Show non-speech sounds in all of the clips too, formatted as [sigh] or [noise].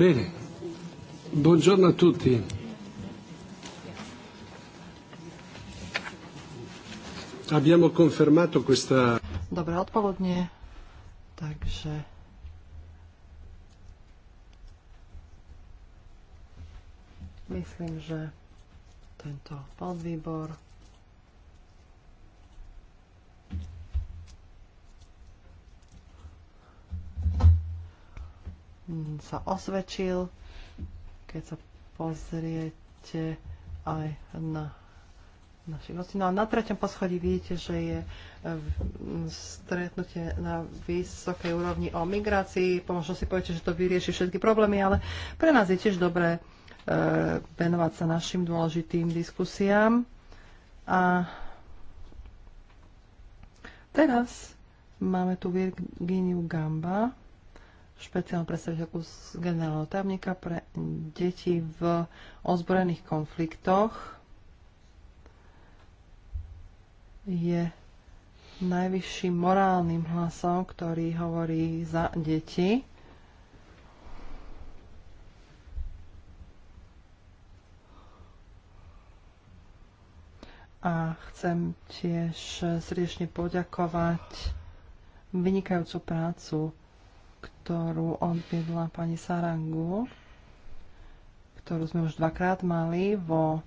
Bene, buongiorno a tutti. Abbiamo confermato questa... Dobre odpoludne, takže... Myslím, že tento podvýbor sa osvedčil. Keď sa pozriete aj na našich hostí. No a na treťom poschodí vidíte, že je e, stretnutie na vysokej úrovni o migrácii. Možno si poviete, že to vyrieši všetky problémy, ale pre nás je tiež dobré e, venovať sa našim dôležitým diskusiám. A teraz máme tu Virginiu Gamba, špeciálnu predstaviteľku z generálneho tajomníka pre deti v ozbrojených konfliktoch. Je najvyšším morálnym hlasom, ktorý hovorí za deti. A chcem tiež srdečne poďakovať vynikajúcu prácu ktorú odviedla pani Sarangu, ktorú sme už dvakrát mali vo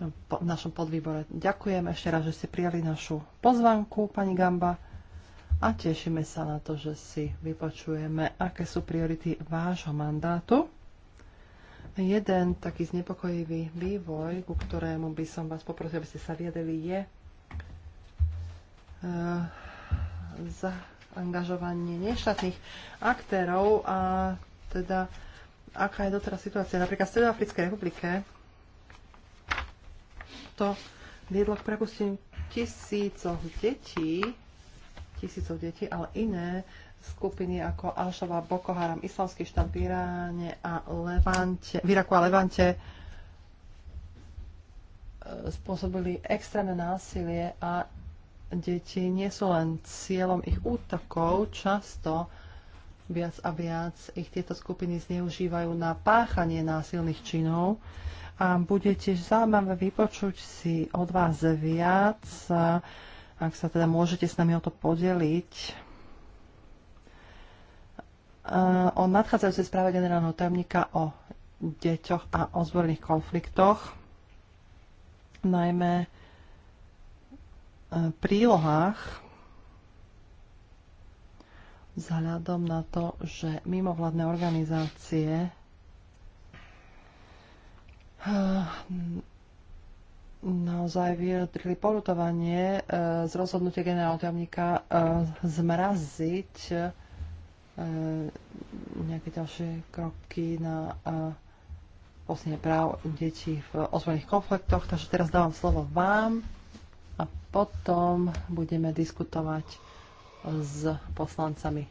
v našom podvýbore. Ďakujem ešte raz, že ste prijali našu pozvanku, pani Gamba, a tešíme sa na to, že si vypočujeme, aké sú priority vášho mandátu. Jeden taký znepokojivý vývoj, ku ktorému by som vás poprosil, aby ste sa viedeli, je uh, za, angažovanie neštátnych aktérov a teda aká je doteraz situácia. Napríklad v Stredoafrickej republike to viedlo k prepustení tisícov detí, tisícov detí, ale iné skupiny ako Alšova, Boko Haram, Islamský štát v Iráne a Levante, v Iraku a Levante e, spôsobili extrémne násilie a deti nie sú len cieľom ich útokov, často viac a viac ich tieto skupiny zneužívajú na páchanie násilných činov. A bude tiež zaujímavé vypočuť si od vás viac, ak sa teda môžete s nami o to podeliť. O nadchádzajúcej správe generálneho tajomníka o deťoch a o zborných konfliktoch, najmä prílohách vzhľadom na to, že mimovládne organizácie eh, naozaj vyjadrili porutovanie eh, z rozhodnutia generálneho tajomníka eh, zmraziť nejaké ďalšie kroky na posne práv detí v ozbrojených konfliktoch. Takže teraz dávam slovo vám potom budeme diskutovať s poslancami.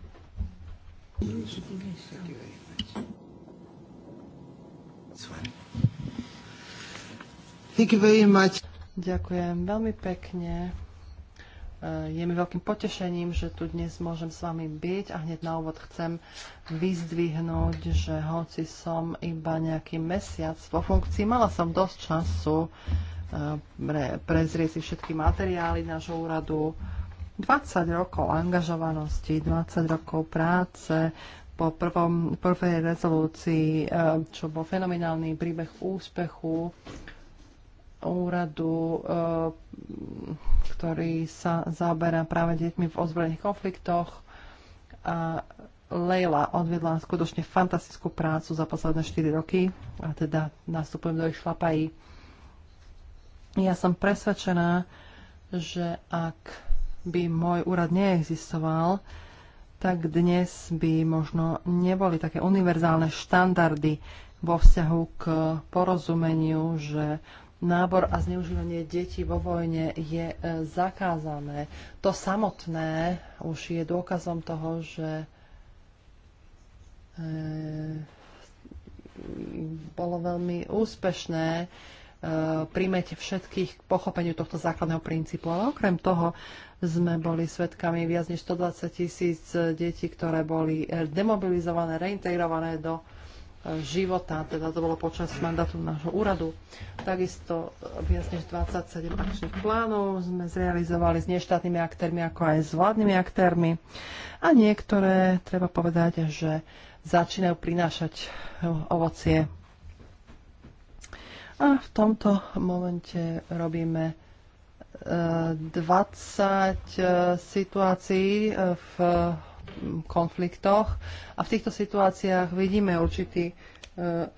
Ďakujem veľmi pekne. E, je mi veľkým potešením, že tu dnes môžem s vami byť a hneď na úvod chcem vyzdvihnúť, že hoci som iba nejaký mesiac vo funkcii, mala som dosť času pre, si všetky materiály nášho úradu. 20 rokov angažovanosti, 20 rokov práce po prvom, prvej rezolúcii, eh, čo bol fenomenálny príbeh úspechu úradu, eh, ktorý sa zaoberá práve deťmi v ozbrojených konfliktoch. A Leila odvedla skutočne fantastickú prácu za posledné 4 roky a teda nastupujem do ich šlapají ja som presvedčená, že ak by môj úrad neexistoval, tak dnes by možno neboli také univerzálne štandardy vo vzťahu k porozumeniu, že nábor a zneužívanie detí vo vojne je e, zakázané. To samotné už je dôkazom toho, že e, bolo veľmi úspešné primeť všetkých k pochopeniu tohto základného princípu. Ale okrem toho sme boli svetkami viac než 120 tisíc detí, ktoré boli demobilizované, reintegrované do e, života, teda to bolo počas mandátu nášho úradu. Takisto viac než 27 akčných plánov sme zrealizovali s neštátnymi aktérmi, ako aj s vládnymi aktérmi. A niektoré, treba povedať, že začínajú prinášať e, ovocie a v tomto momente robíme 20 e, e, situácií e, v konfliktoch a v týchto situáciách vidíme určitý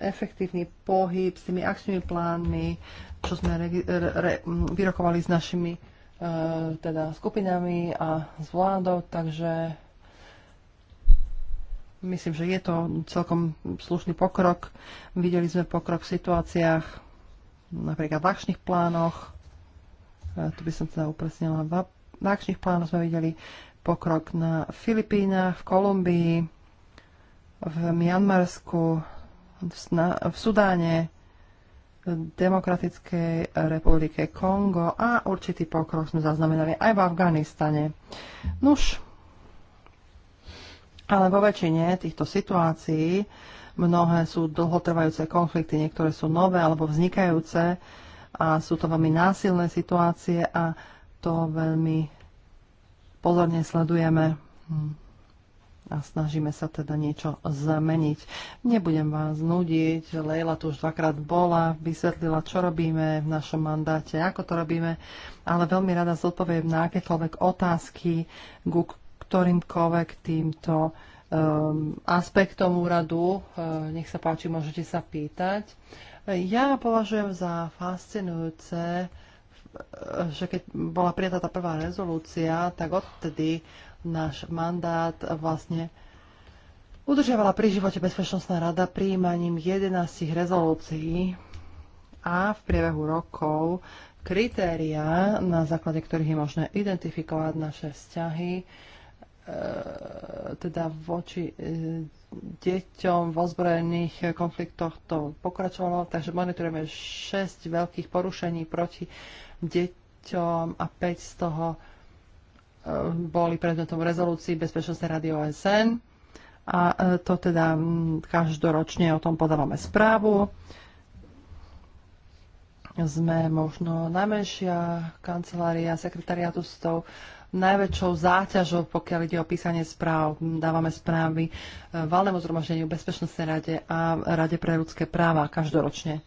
efektívny pohyb s tými akčnými plánmi, čo sme re, re, vyrokovali s našimi teda skupinami a s vládou, takže myslím, že je to celkom slušný pokrok. Videli sme pokrok v situáciách napríklad v akčných plánoch, tu by som teda upresnila, v akčných plánoch sme videli pokrok na Filipínach, v Kolumbii, v Mianmarsku, v, v Sudáne, v Demokratickej republike Kongo a určitý pokrok sme zaznamenali aj v Afganistane. Nuž, ale vo väčšine týchto situácií Mnohé sú dlhotrvajúce konflikty, niektoré sú nové alebo vznikajúce a sú to veľmi násilné situácie a to veľmi pozorne sledujeme hm. a snažíme sa teda niečo zmeniť. Nebudem vás nudiť, Leila tu už dvakrát bola, vysvetlila, čo robíme v našom mandáte, ako to robíme, ale veľmi rada zodpoviem na akékoľvek otázky ku ktorýmkoľvek týmto um, aspektom úradu. Uh, nech sa páči, môžete sa pýtať. Ja považujem za fascinujúce, uh, že keď bola prijatá tá prvá rezolúcia, tak odtedy náš mandát vlastne udržiavala pri živote Bezpečnostná rada príjmaním 11 rezolúcií a v priebehu rokov kritéria, na základe ktorých je možné identifikovať naše vzťahy, E, teda voči e, deťom v ozbrojených konfliktoch to pokračovalo, takže monitorujeme 6 veľkých porušení proti deťom a 5 z toho e, boli predmetom rezolúcií Bezpečnostnej rady OSN a to teda každoročne o tom podávame správu. Sme možno najmenšia kancelária sekretariátu s tou najväčšou záťažou, pokiaľ ide o písanie správ. Dávame správy e, valnému zhromaždeniu, Bezpečnostnej rade a Rade pre ľudské práva každoročne.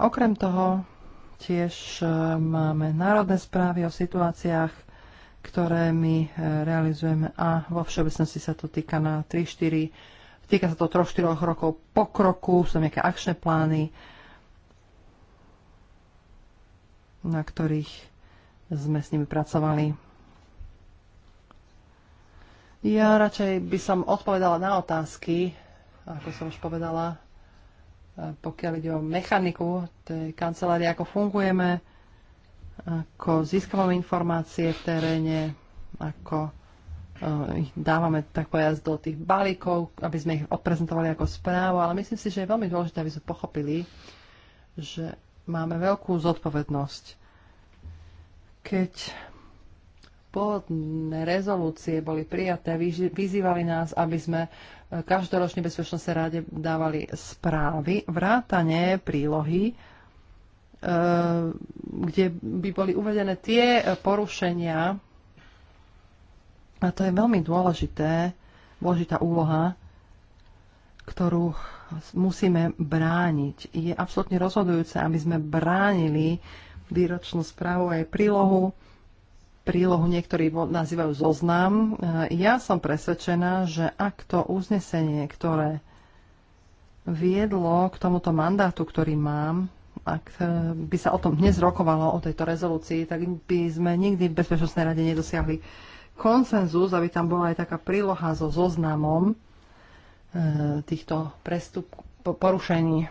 Okrem toho tiež e, máme národné správy o situáciách, ktoré my e, realizujeme a vo všeobecnosti sa to týka na 3-4, týka sa to 3-4 rokov pokroku, sú nejaké akčné plány, na ktorých sme s nimi pracovali ja radšej by som odpovedala na otázky, ako som už povedala, e, pokiaľ ide o mechaniku tej kancelárie, ako fungujeme, ako získavame informácie v teréne, ako e, ich dávame, tak povedať, do tých balíkov, aby sme ich odprezentovali ako správu, ale myslím si, že je veľmi dôležité, aby sme pochopili, že máme veľkú zodpovednosť, keď pôvodné rezolúcie boli prijaté, vyzývali nás, aby sme e, každoročne bezpečnostnej ráde dávali správy, vrátane prílohy, e, kde by boli uvedené tie porušenia, a to je veľmi dôležité, dôležitá úloha, ktorú musíme brániť. Je absolútne rozhodujúce, aby sme bránili výročnú správu aj prílohu, prílohu niektorí nazývajú zoznam. E, ja som presvedčená, že ak to uznesenie, ktoré viedlo k tomuto mandátu, ktorý mám, ak e, by sa o tom dnes rokovalo, o tejto rezolúcii, tak by sme nikdy v Bezpečnostnej rade nedosiahli konsenzus, aby tam bola aj taká príloha so zoznamom e, týchto prestup, porušení.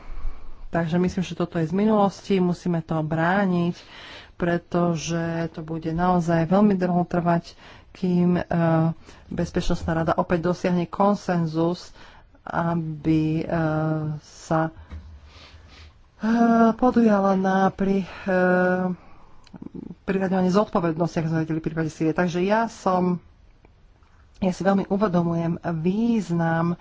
Takže myslím, že toto je z minulosti, musíme to brániť pretože to bude naozaj veľmi dlho trvať, kým e, Bezpečnostná rada opäť dosiahne konsenzus, aby e, sa e, podujala na pri priraďovanie zodpovednosti, ako sme vedeli v prípade Sýrie. Takže ja som, ja si veľmi uvedomujem význam uh,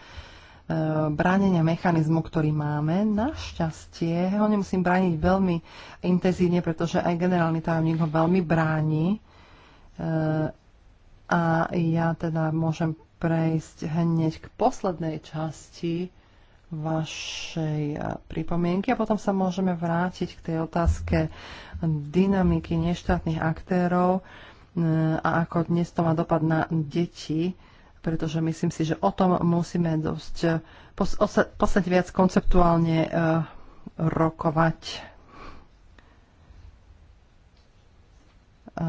bránenia mechanizmu, ktorý máme. Našťastie ho nemusím brániť veľmi intenzívne, pretože aj generálny tajomník ho veľmi bráni. E, a ja teda môžem prejsť hneď k poslednej časti vašej e, pripomienky a potom sa môžeme vrátiť k tej otázke dynamiky neštátnych aktérov e, a ako dnes to má dopad na deti pretože myslím si, že o tom musíme dosť podstate viac konceptuálne e, rokovať. E,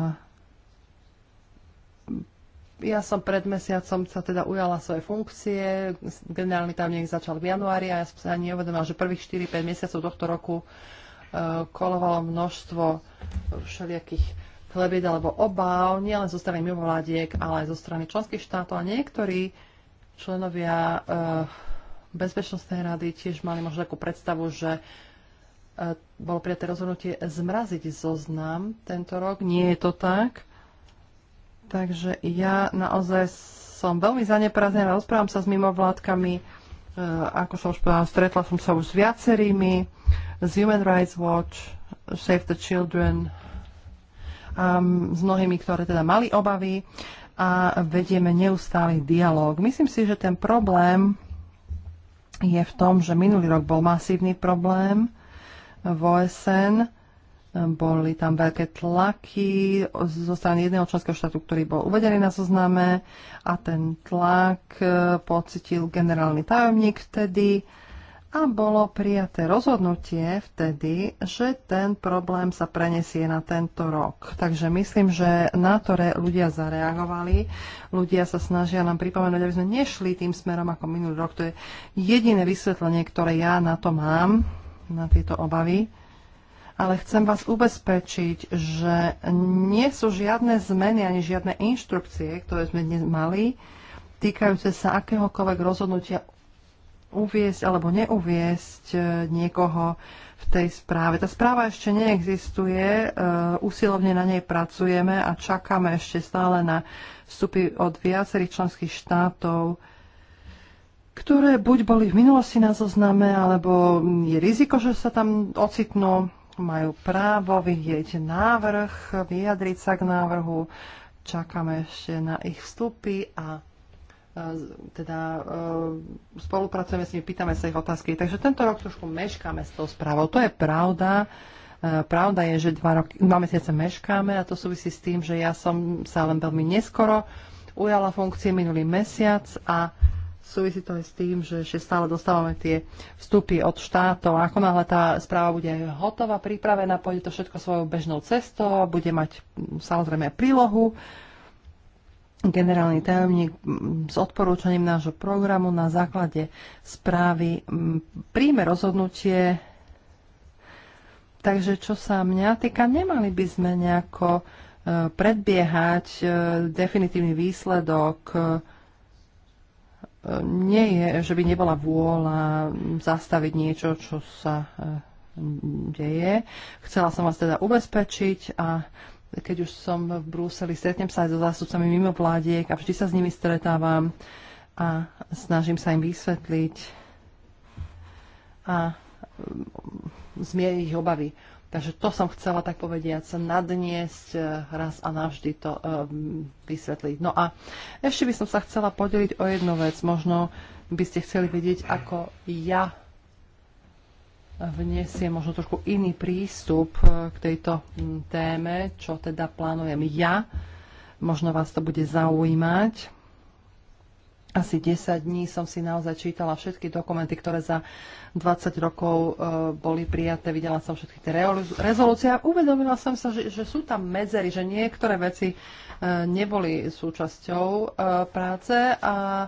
ja som pred mesiacom sa teda ujala svoje funkcie, generálny tajomník začal v januári a ja som sa ani neuvedomila, že prvých 4-5 mesiacov tohto roku e, kolovalo množstvo všelijakých klebiet alebo obáv nielen zo strany mimovládiek, ale aj zo strany členských štátov a niektorí členovia e, Bezpečnostnej rady tiež mali možno takú predstavu, že e, bolo prijaté rozhodnutie zmraziť zoznam tento rok. Nie je to tak. Takže ja naozaj som veľmi zaneprázdnená, rozprávam sa s mimovládkami, e, ako som už povedala, stretla som sa už s viacerými, z Human Rights Watch, Save the Children, um, s mnohými, ktoré teda mali obavy a vedieme neustály dialog. Myslím si, že ten problém je v tom, že minulý rok bol masívny problém v OSN, boli tam veľké tlaky zo strany jedného členského štátu, ktorý bol uvedený na zozname a ten tlak e, pocitil generálny tajomník vtedy a bolo prijaté rozhodnutie vtedy, že ten problém sa prenesie na tento rok. Takže myslím, že na to ľudia zareagovali. Ľudia sa snažia nám pripomenúť, aby sme nešli tým smerom ako minulý rok. To je jediné vysvetlenie, ktoré ja na to mám, na tieto obavy. Ale chcem vás ubezpečiť, že nie sú žiadne zmeny ani žiadne inštrukcie, ktoré sme dnes mali, týkajúce sa akéhokoľvek rozhodnutia uviesť alebo neuviesť e, niekoho v tej správe. Tá správa ešte neexistuje, e, usilovne na nej pracujeme a čakáme ešte stále na vstupy od viacerých členských štátov, ktoré buď boli v minulosti na zozname, alebo mm, je riziko, že sa tam ocitnú, majú právo vidieť návrh, vyjadriť sa k návrhu, čakáme ešte na ich vstupy a E, teda e, spolupracujeme s nimi, pýtame sa ich otázky. Takže tento rok trošku meškáme s tou správou. To je pravda. E, pravda je, že dva, roky, dva mesiace meškáme a to súvisí s tým, že ja som sa len veľmi neskoro ujala funkcie minulý mesiac a súvisí to aj s tým, že ešte stále dostávame tie vstupy od štátov. Ako náhle tá správa bude hotová, pripravená, pôjde to všetko svojou bežnou cestou, bude mať samozrejme prílohu, generálny tajomník s odporúčaním nášho programu na základe správy príjme rozhodnutie. Takže čo sa mňa týka, nemali by sme nejako e, predbiehať e, definitívny výsledok. E, nie je, že by nebola vôľa zastaviť niečo, čo sa deje. Chcela som vás teda ubezpečiť a keď už som v Bruseli, stretnem sa aj so zástupcami vládiek a vždy sa s nimi stretávam a snažím sa im vysvetliť a mm, zmieriť ich obavy. Takže to som chcela, tak povediať, sa nadniesť eh, raz a navždy to um, vysvetliť. No a ešte by som sa chcela podeliť o jednu vec. Možno by ste chceli vedieť, ako ja vniesie možno trošku iný prístup e, k tejto mm, téme, čo teda plánujem ja. Možno vás to bude zaujímať. Asi 10 dní som si naozaj čítala všetky dokumenty, ktoré za 20 rokov e, boli prijaté. Videla som všetky tie rezolúcie a uvedomila som sa, že, že sú tam medzery, že niektoré veci e, neboli súčasťou práce a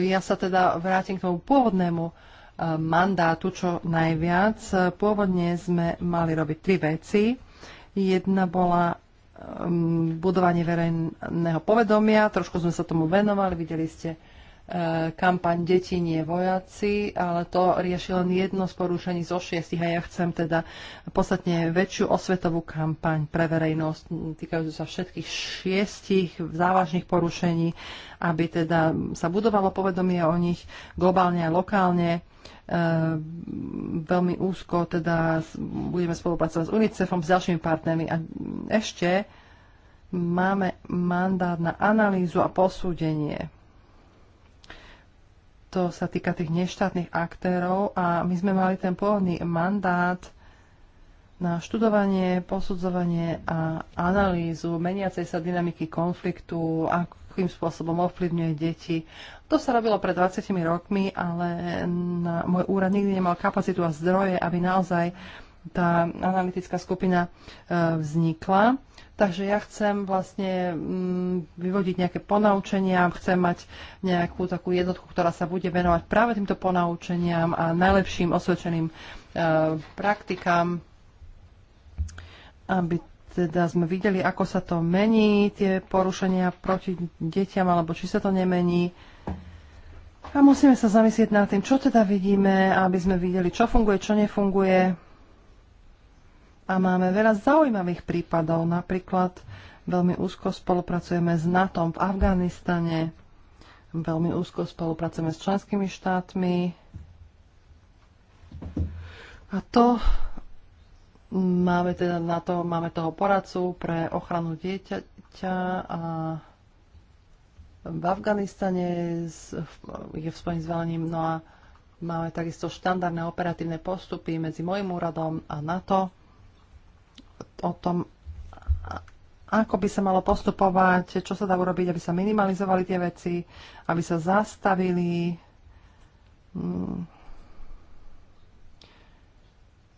ja sa teda vrátim k tomu pôvodnému mandátu čo najviac. Pôvodne sme mali robiť tri veci. Jedna bola um, budovanie verejného povedomia, trošku sme sa tomu venovali, videli ste uh, kampaň Deti nie vojaci, ale to rieši len jedno z porušení zo šiestich a ja chcem teda podstatne väčšiu osvetovú kampaň pre verejnosť týkajúcu sa všetkých šiestich závažných porušení, aby teda sa budovalo povedomie o nich globálne a lokálne Ehm, veľmi úzko teda budeme spolupracovať s UNICEFom, s ďalšími partnermi a ešte máme mandát na analýzu a posúdenie. To sa týka tých neštátnych aktérov a my sme mali ten pôvodný mandát na študovanie, posudzovanie a analýzu meniacej sa dynamiky konfliktu, akým spôsobom ovplyvňuje deti to sa robilo pred 20 rokmi, ale na, môj úrad nikdy nemal kapacitu a zdroje, aby naozaj tá analytická skupina e, vznikla. Takže ja chcem vlastne mm, vyvodiť nejaké ponaučenia, chcem mať nejakú takú jednotku, ktorá sa bude venovať práve týmto ponaučeniam a najlepším osvedčeným e, praktikám, aby teda sme videli, ako sa to mení, tie porušenia proti deťam, alebo či sa to nemení. A musíme sa zamyslieť nad tým, čo teda vidíme, aby sme videli, čo funguje, čo nefunguje. A máme veľa zaujímavých prípadov. Napríklad veľmi úzko spolupracujeme s NATO v Afganistane, veľmi úzko spolupracujeme s členskými štátmi. A to máme teda na to, máme toho poradcu pre ochranu dieťaťa a v Afganistane je v spojení s velením. No a máme takisto štandardné operatívne postupy medzi môjim úradom a NATO o tom, ako by sa malo postupovať, čo sa dá urobiť, aby sa minimalizovali tie veci, aby sa zastavili. Hmm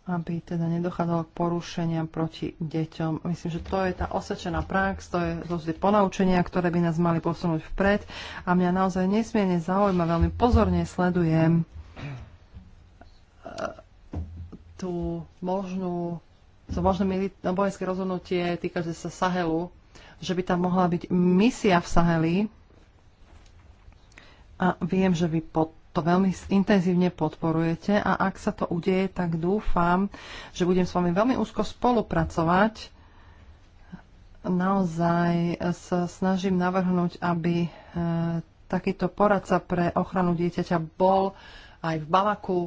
aby teda nedochádzalo k porušeniam proti deťom. Myslím, že to je tá osvedčená prax, to je zložité ponaučenia, ktoré by nás mali posunúť vpred a mňa naozaj nesmierne zaujíma, veľmi pozorne sledujem eh, tú možnú, to možné no, vojenské rozhodnutie týka sa Sahelu, že by tam mohla byť misia v Saheli a viem, že vy pod to veľmi intenzívne podporujete a ak sa to udeje, tak dúfam, že budem s vami veľmi úzko spolupracovať. Naozaj sa snažím navrhnúť, aby e, takýto poradca pre ochranu dieťaťa bol aj v Bavaku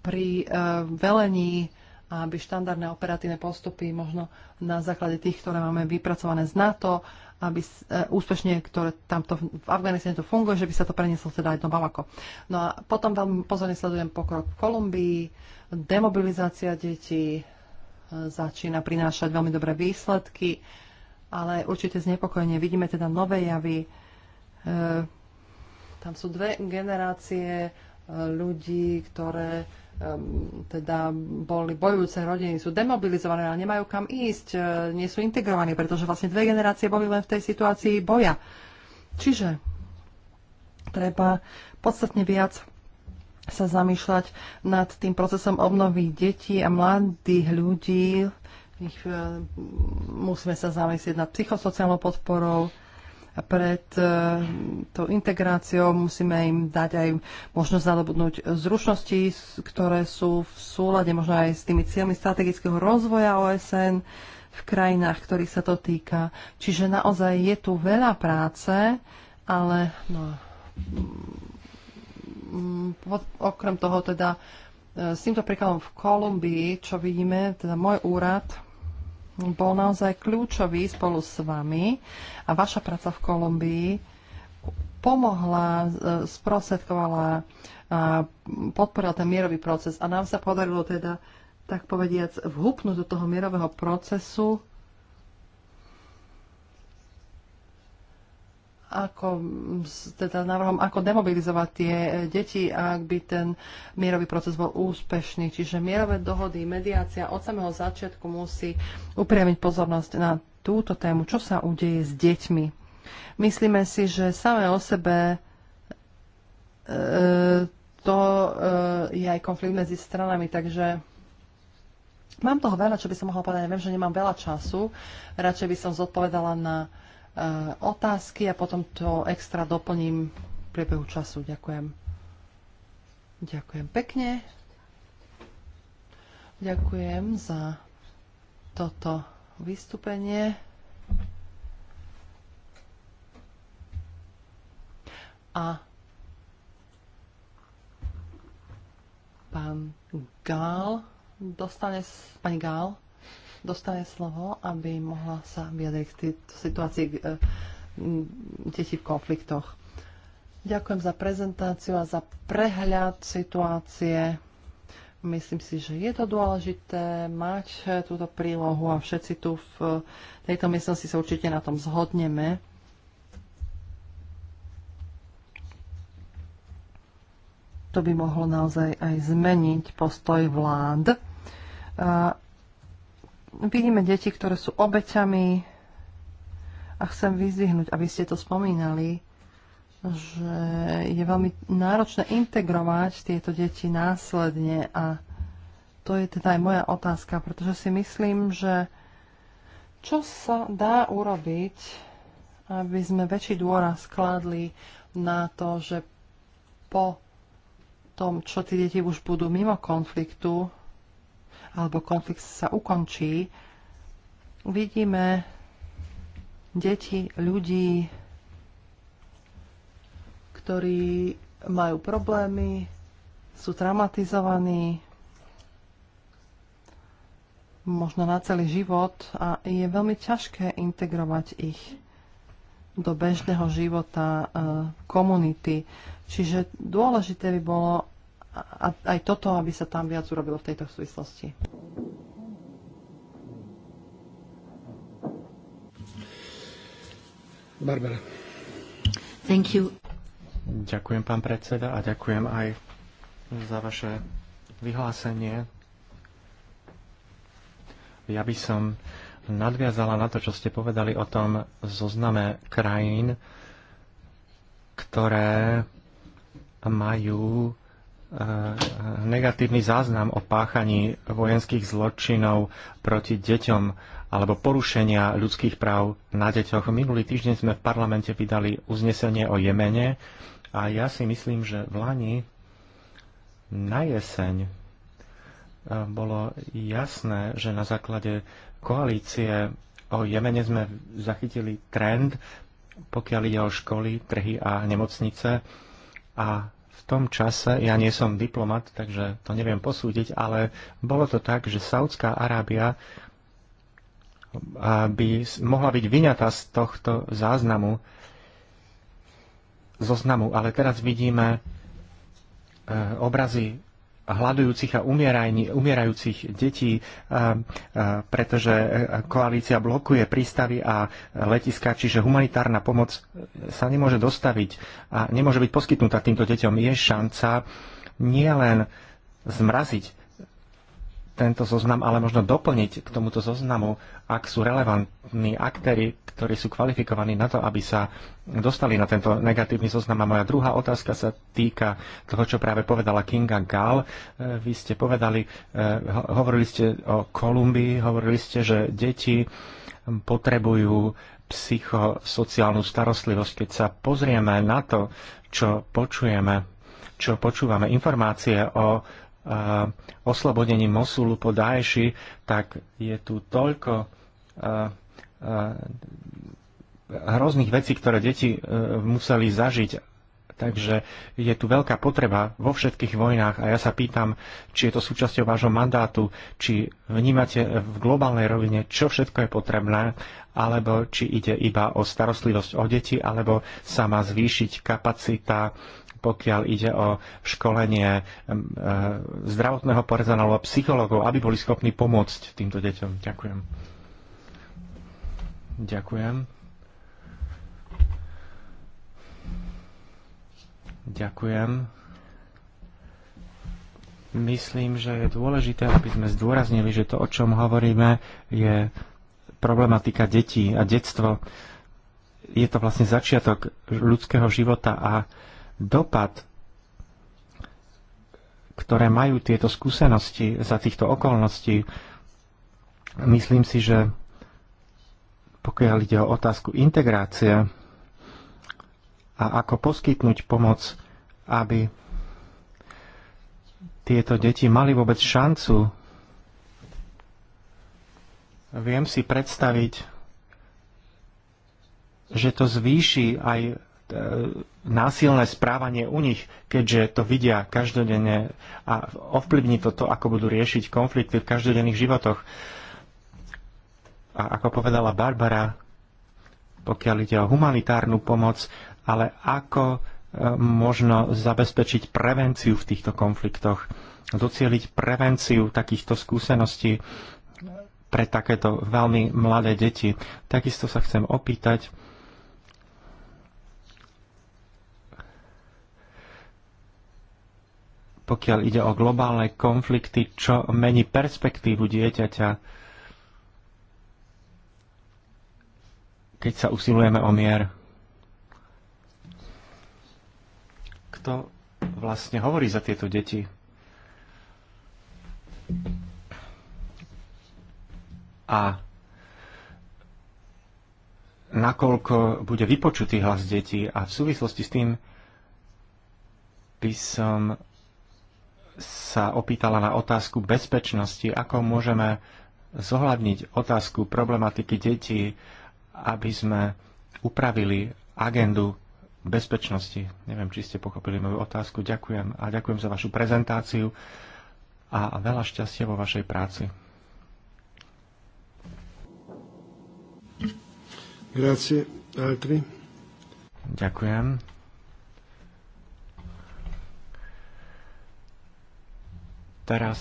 pri e, velení aby štandardné operatívne postupy možno na základe tých, ktoré máme vypracované z NATO, aby e, úspešne, ktoré tamto v Afganistane to funguje, že by sa to prenieslo teda aj do Bamako. No a potom veľmi pozorne sledujem pokrok v Kolumbii, demobilizácia detí e, začína prinášať veľmi dobré výsledky, ale určite znepokojenie. Vidíme teda nové javy. E, tam sú dve generácie e, ľudí, ktoré teda boli bojujúce rodiny, sú demobilizované, ale nemajú kam ísť, e, nie sú integrovaní, pretože vlastne dve generácie boli len v tej situácii boja. Čiže treba podstatne viac sa zamýšľať nad tým procesom obnovy detí a mladých ľudí. Ich, e, musíme sa zamyslieť nad psychosociálnou podporou, pred e, tou integráciou. Musíme im dať aj možnosť zadobudnúť zručnosti, ktoré sú v súlade možno aj s tými cieľmi strategického rozvoja OSN v krajinách, ktorých sa to týka. Čiže naozaj je tu veľa práce, ale no, mm, okrem toho teda e, s týmto príkladom v Kolumbii, čo vidíme, teda môj úrad bol naozaj kľúčový spolu s vami a vaša práca v Kolumbii pomohla, e, sprostredkovala a podporila ten mierový proces. A nám sa podarilo teda, tak povediac, vhupnúť do toho mierového procesu ako, teda návrhom, ako demobilizovať tie e, deti, ak by ten mierový proces bol úspešný. Čiže mierové dohody, mediácia od samého začiatku musí upriamiť pozornosť na túto tému, čo sa udeje s deťmi. Myslíme si, že samé o sebe e, to e, je aj konflikt medzi stranami, takže mám toho veľa, čo by som mohla povedať. Ja viem, že nemám veľa času, radšej by som zodpovedala na Eh, otázky a potom to extra doplním v priebehu času. Ďakujem. Ďakujem pekne. Ďakujem za toto vystúpenie. A pán Gál dostane, pani Gál dostane slovo, aby mohla sa vyjadriť k tejto situácii detí v konfliktoch. Ďakujem za prezentáciu a za prehľad situácie. Myslím si, že je to dôležité mať túto prílohu a všetci tu v tejto miestnosti sa určite na tom zhodneme. To by mohlo naozaj aj zmeniť postoj vlád. Vidíme deti, ktoré sú obeťami a chcem vyzdvihnúť, aby ste to spomínali, že je veľmi náročné integrovať tieto deti následne a to je teda aj moja otázka, pretože si myslím, že čo sa dá urobiť, aby sme väčší dôraz skladli na to, že po tom, čo tí deti už budú mimo konfliktu, alebo konflikt sa ukončí, vidíme deti, ľudí, ktorí majú problémy, sú traumatizovaní možno na celý život a je veľmi ťažké integrovať ich do bežného života eh, komunity. Čiže dôležité by bolo aj toto, aby sa tam viac urobilo v tejto súvislosti. Barbara. Thank you. Ďakujem, pán predseda, a ďakujem aj za vaše vyhlásenie. Ja by som nadviazala na to, čo ste povedali o tom zozname krajín, ktoré majú Eh, negatívny záznam o páchaní vojenských zločinov proti deťom alebo porušenia ľudských práv na deťoch. Minulý týždeň sme v parlamente vydali uznesenie o Jemene a ja si myslím, že v Lani na jeseň eh, bolo jasné, že na základe koalície o Jemene sme zachytili trend, pokiaľ ide o školy, trhy a nemocnice a tom čase, ja nie som diplomat, takže to neviem posúdiť, ale bolo to tak, že Saudská Arábia by mohla byť vyňatá z tohto záznamu, zoznamu, ale teraz vidíme e, obrazy hľadujúcich a umierajúcich detí, pretože e, koalícia blokuje prístavy a letiska, čiže humanitárna pomoc sa nemôže dostaviť a nemôže byť poskytnutá týmto deťom. Je šanca nielen zmraziť tento zoznam ale možno doplniť k tomuto zoznamu, ak sú relevantní aktéry, ktorí sú kvalifikovaní na to, aby sa dostali na tento negatívny zoznam. A moja druhá otázka sa týka toho, čo práve povedala Kinga Gall. E, vy ste povedali, e, hovorili ste o Kolumbii, hovorili ste, že deti potrebujú psychosociálnu starostlivosť. Keď sa pozrieme na to, čo počujeme, čo počúvame, informácie o oslobodení Mosulu po Daeši, tak je tu toľko hrozných vecí, ktoré deti e, museli zažiť. Takže je tu veľká potreba vo všetkých vojnách a ja sa pýtam, či je to súčasťou vášho mandátu, či vnímate v globálnej rovine, čo všetko je potrebné, alebo či ide iba o starostlivosť o deti, alebo sa má zvýšiť kapacita pokiaľ ide o školenie zdravotného personálu a psychologov, aby boli schopní pomôcť týmto deťom. Ďakujem. Ďakujem. Ďakujem. Myslím, že je dôležité, aby sme zdôraznili, že to, o čom hovoríme, je problematika detí a detstvo je to vlastne začiatok ľudského života a dopad, ktoré majú tieto skúsenosti za týchto okolností, myslím si, že pokiaľ ide o otázku integrácie a ako poskytnúť pomoc, aby tieto deti mali vôbec šancu. Viem si predstaviť, že to zvýši aj násilné správanie u nich, keďže to vidia každodenne a ovplyvní to to, ako budú riešiť konflikty v každodenných životoch. A ako povedala Barbara, pokiaľ ide o humanitárnu pomoc, ale ako e, možno zabezpečiť prevenciu v týchto konfliktoch, docieliť prevenciu takýchto skúseností pre takéto veľmi mladé deti. Takisto sa chcem opýtať, pokiaľ ide o globálne konflikty, čo mení perspektívu dieťaťa, keď sa usilujeme o mier. Kto vlastne hovorí za tieto deti? A nakoľko bude vypočutý hlas detí a v súvislosti s tým by som sa opýtala na otázku bezpečnosti, ako môžeme zohľadniť otázku problematiky detí, aby sme upravili agendu bezpečnosti. Neviem, či ste pochopili moju otázku. Ďakujem a ďakujem za vašu prezentáciu a veľa šťastia vo vašej práci. Grazie, altri. Ďakujem. Teraz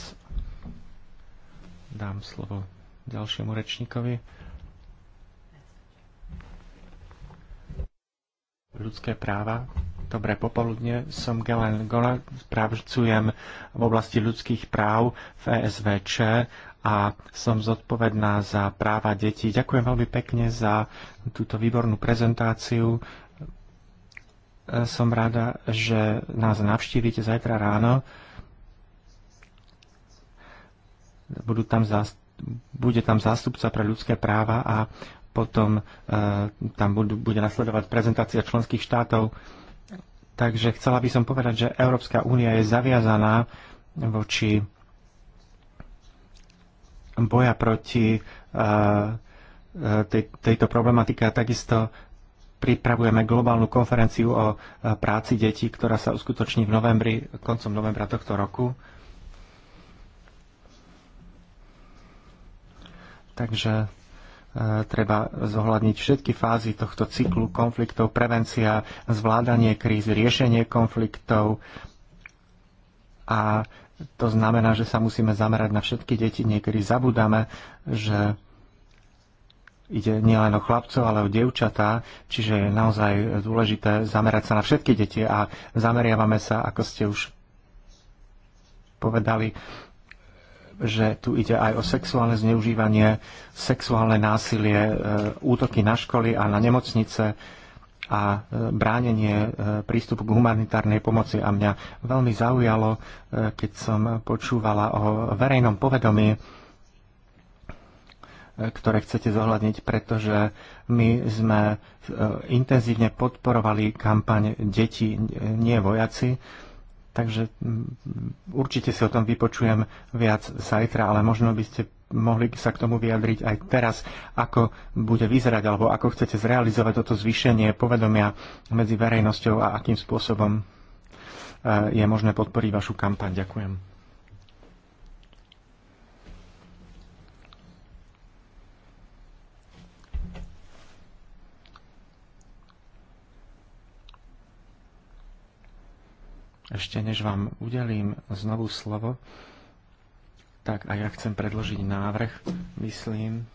dám slovo ďalšiemu rečníkovi. Ľudské práva. Dobré popoludne, som Gelen Gola, správcujem v oblasti ľudských práv v ESVČ a som zodpovedná za práva detí. Ďakujem veľmi pekne za túto výbornú prezentáciu. Som rada, že nás navštívite zajtra ráno budú tam zást- bude tam zástupca pre ľudské práva a potom e, tam budú, bude nasledovať prezentácia členských štátov. Takže chcela by som povedať, že Európska únia je zaviazaná voči boja proti e, e tej, tejto problematike a takisto pripravujeme globálnu konferenciu o e, práci detí, ktorá sa uskutoční v novembri, koncom novembra tohto roku. Takže e, treba zohľadniť všetky fázy tohto cyklu konfliktov, prevencia, zvládanie kríz, riešenie konfliktov a to znamená, že sa musíme zamerať na všetky deti. Niekedy zabudáme, že ide nielen o chlapcov, ale o dievčatá, čiže je naozaj dôležité zamerať sa na všetky deti a zameriavame sa, ako ste už povedali, že tu ide aj o sexuálne zneužívanie, sexuálne násilie, e, útoky na školy a na nemocnice a e, bránenie e, prístupu k humanitárnej pomoci. A mňa veľmi zaujalo, keď som počúvala o verejnom povedomí, ktoré chcete zohľadniť, pretože my sme intenzívne podporovali kampaň Deti nie vojaci, Takže mm, určite si o tom vypočujem viac zajtra, ale možno by ste mohli sa k tomu vyjadriť aj teraz, ako bude vyzerať alebo ako chcete zrealizovať toto zvýšenie povedomia medzi verejnosťou a akým spôsobom eh, je možné podporiť vašu kampaň. Ďakujem. Ešte než vám udelím znovu slovo, tak aj ja chcem predložiť návrh, myslím,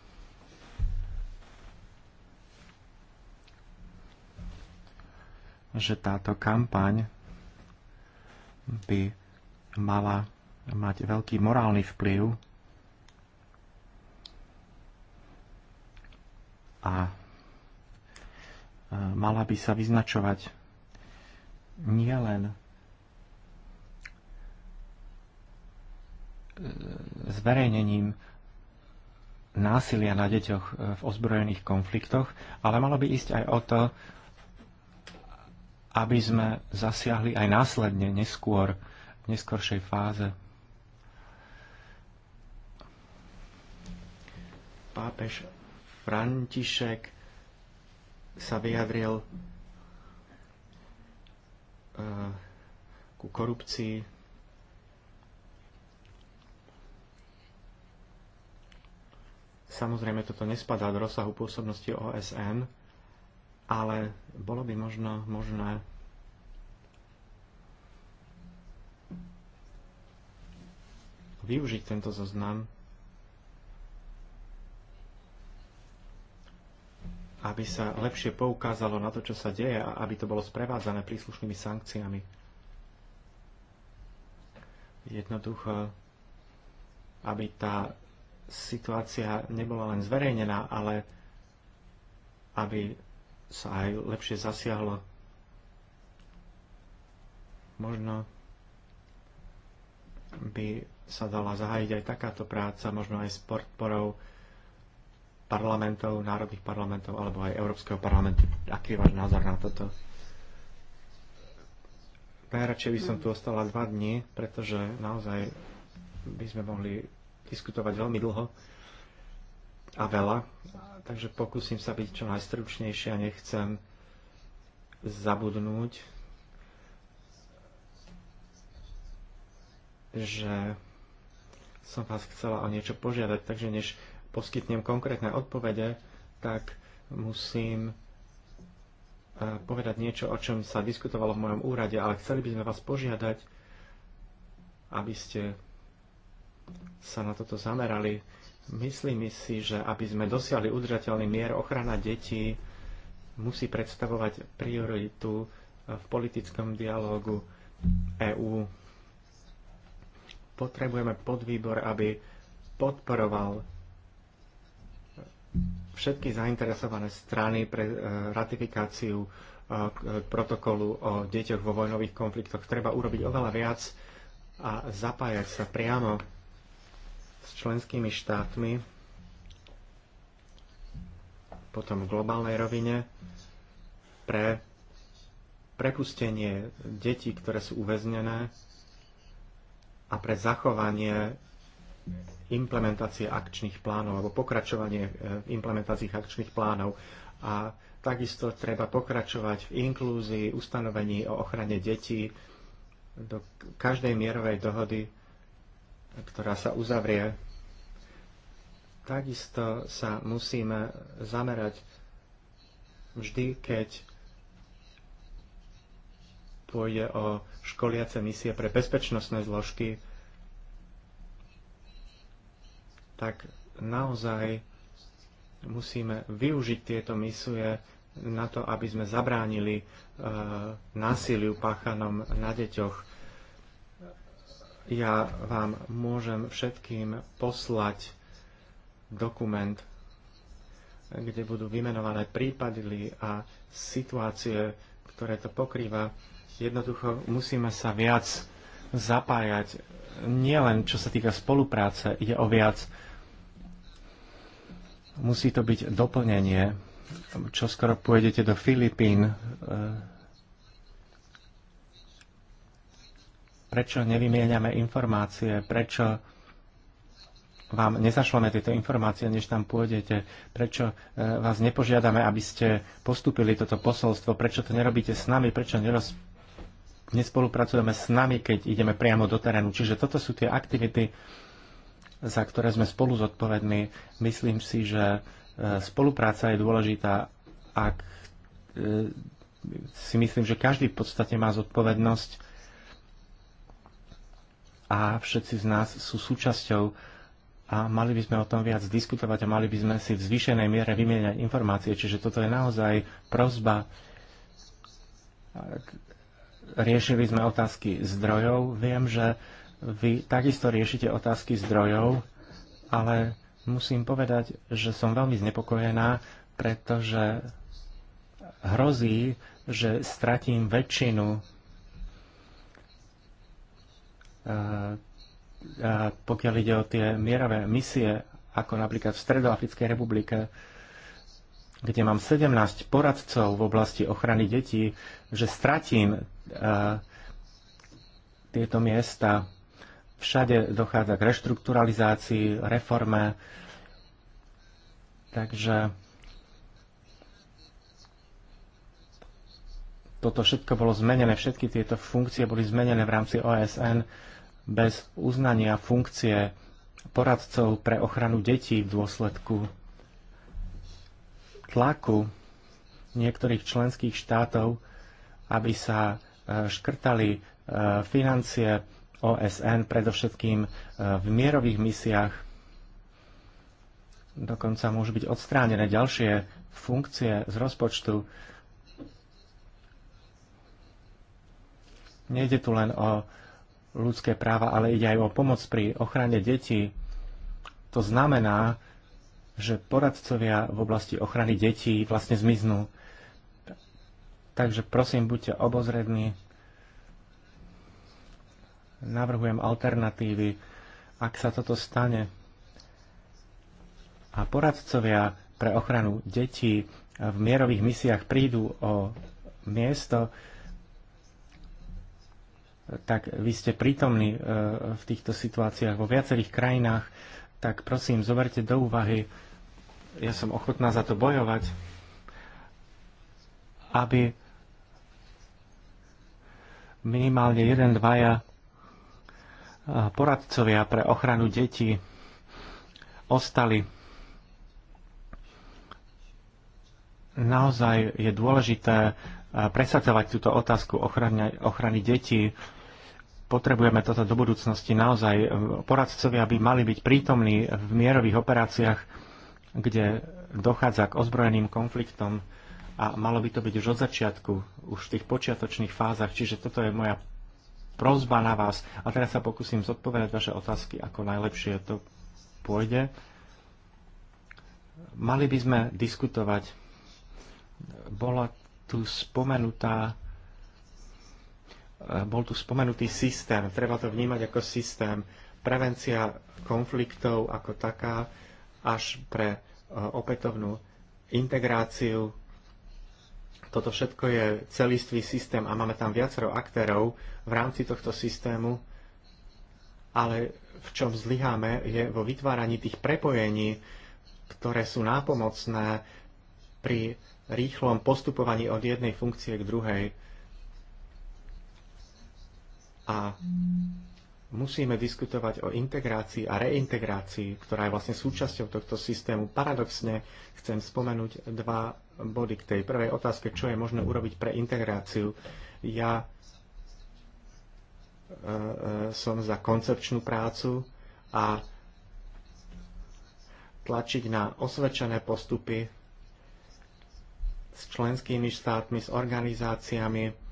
že táto kampaň by mala mať veľký morálny vplyv a e, mala by sa vyznačovať nielen zverejnením násilia na deťoch e, v ozbrojených konfliktoch, ale malo by ísť aj o to, aby sme zasiahli aj následne, neskôr, v neskoršej fáze. Pápež František sa vyjadril e, ku korupcii Samozrejme, toto nespadá do rozsahu pôsobnosti OSN, ale bolo by možno možné využiť tento zoznam, aby sa lepšie poukázalo na to, čo sa deje a aby to bolo sprevádzané príslušnými sankciami. Jednoducho, aby tá situácia nebola len zverejnená, ale aby sa aj lepšie zasiahlo. Možno by sa dala zahájiť aj takáto práca, možno aj s podporou parlamentov, národných parlamentov alebo aj Európskeho parlamentu. Aký je váš názor na toto? Najradšej by som tu ostala dva dní, pretože naozaj by sme mohli diskutovať veľmi dlho a veľa, takže pokúsim sa byť čo najstručnejšie a nechcem zabudnúť, že som vás chcela o niečo požiadať, takže než poskytnem konkrétne odpovede, tak musím e, povedať niečo, o čom sa diskutovalo v mojom úrade, ale chceli by sme vás požiadať, aby ste sa na toto zamerali. Myslím si, že aby sme dosiahli udržateľný mier, ochrana detí musí predstavovať prioritu v politickom dialógu EÚ. Potrebujeme podvýbor, aby podporoval všetky zainteresované strany pre e, ratifikáciu e, protokolu o deťoch vo vojnových konfliktoch. Treba urobiť oveľa viac a zapájať sa priamo s členskými štátmi, potom v globálnej rovine pre prepustenie detí, ktoré sú uväznené a pre zachovanie implementácie akčných plánov alebo pokračovanie v e, implementácii akčných plánov. A takisto treba pokračovať v inklúzii ustanovení o ochrane detí do každej mierovej dohody ktorá sa uzavrie. Takisto sa musíme zamerať vždy, keď pôjde o školiace misie pre bezpečnostné zložky, tak naozaj musíme využiť tieto misie na to, aby sme zabránili e, násiliu páchanom na deťoch ja vám môžem všetkým poslať dokument, kde budú vymenované prípady a situácie, ktoré to pokrýva. Jednoducho musíme sa viac zapájať, nielen čo sa týka spolupráce, ide o viac. Musí to byť doplnenie. Čo skoro pôjdete do Filipín, eh, prečo nevymieňame informácie, prečo vám nezašleme tieto informácie, než tam pôjdete, prečo e, vás nepožiadame, aby ste postúpili toto posolstvo, prečo to nerobíte s nami, prečo neroz... nespolupracujeme s nami, keď ideme priamo do terénu. Čiže toto sú tie aktivity, za ktoré sme spolu zodpovední. Myslím si, že e, spolupráca je dôležitá, ak e, si myslím, že každý v podstate má zodpovednosť a všetci z nás sú súčasťou a mali by sme o tom viac diskutovať a mali by sme si v zvýšenej miere vymieňať informácie. Čiže toto je naozaj prozba. Riešili sme otázky zdrojov. Viem, že vy takisto riešite otázky zdrojov, ale musím povedať, že som veľmi znepokojená, pretože hrozí, že stratím väčšinu a pokiaľ ide o tie mierové misie, ako napríklad v Stredoafrickej republike, kde mám 17 poradcov v oblasti ochrany detí, že stratím a, tieto miesta. Všade dochádza k reštrukturalizácii, reforme. Takže toto všetko bolo zmenené, všetky tieto funkcie boli zmenené v rámci OSN bez uznania funkcie poradcov pre ochranu detí v dôsledku tlaku niektorých členských štátov, aby sa e, škrtali e, financie OSN, predovšetkým e, v mierových misiách. Dokonca môžu byť odstránené ďalšie funkcie z rozpočtu. Nejde tu len o ľudské práva, ale ide aj o pomoc pri ochrane detí. To znamená, že poradcovia v oblasti ochrany detí vlastne zmiznú. Takže prosím, buďte obozrední. Navrhujem alternatívy, ak sa toto stane. A poradcovia pre ochranu detí v mierových misiách prídu o miesto, tak vy ste prítomní e, v týchto situáciách vo viacerých krajinách, tak prosím, zoberte do úvahy, ja som ochotná za to bojovať, aby minimálne jeden, dvaja e, poradcovia pre ochranu detí ostali. Naozaj je dôležité e, presadzovať túto otázku ochrany, ochrany detí potrebujeme toto do budúcnosti naozaj. E, poradcovia by mali byť prítomní v mierových operáciách, kde dochádza k ozbrojeným konfliktom a malo by to byť už od začiatku, už v tých počiatočných fázach. Čiže toto je moja prozba na vás. A teraz sa pokúsim zodpovedať vaše otázky, ako najlepšie to pôjde. Mali by sme diskutovať. Bola tu spomenutá Eh, bol tu spomenutý systém, treba to vnímať ako systém. Prevencia konfliktov ako taká až pre eh, opätovnú integráciu. Toto všetko je celistvý systém a máme tam viacero aktérov v rámci tohto systému, ale v čom zlyháme je vo vytváraní tých prepojení, ktoré sú nápomocné pri rýchlom postupovaní od jednej funkcie k druhej a musíme diskutovať o integrácii a reintegrácii, ktorá je vlastne súčasťou tohto systému. Paradoxne chcem spomenúť dva body k tej prvej otázke, čo je možné urobiť pre integráciu. Ja e, e, som za koncepčnú prácu a tlačiť na osvedčené postupy s členskými štátmi, s organizáciami,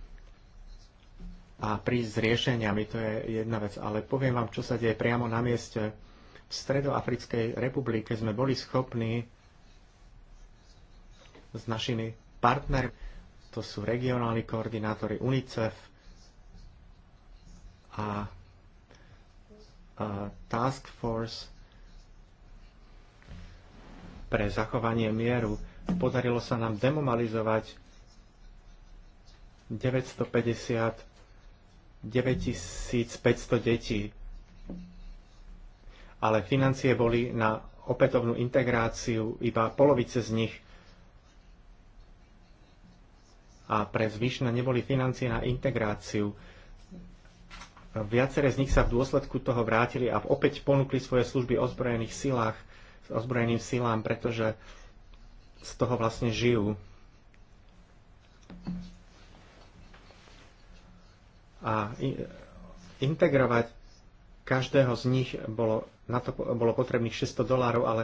a prísť s riešeniami, to je jedna vec. Ale poviem vám, čo sa deje priamo na mieste. V Stredoafrickej republike sme boli schopní s našimi partnermi, to sú regionálni koordinátori UNICEF a, Task Force pre zachovanie mieru. Podarilo sa nám demomalizovať 950 9500 detí. Ale financie boli na opätovnú integráciu iba polovice z nich. A pre zvyšné neboli financie na integráciu. Viaceré z nich sa v dôsledku toho vrátili a opäť ponúkli svoje služby ozbrojených silách, ozbrojeným silám, pretože z toho vlastne žijú a integrovať každého z nich bolo, na to bolo potrebných 600 dolárov, ale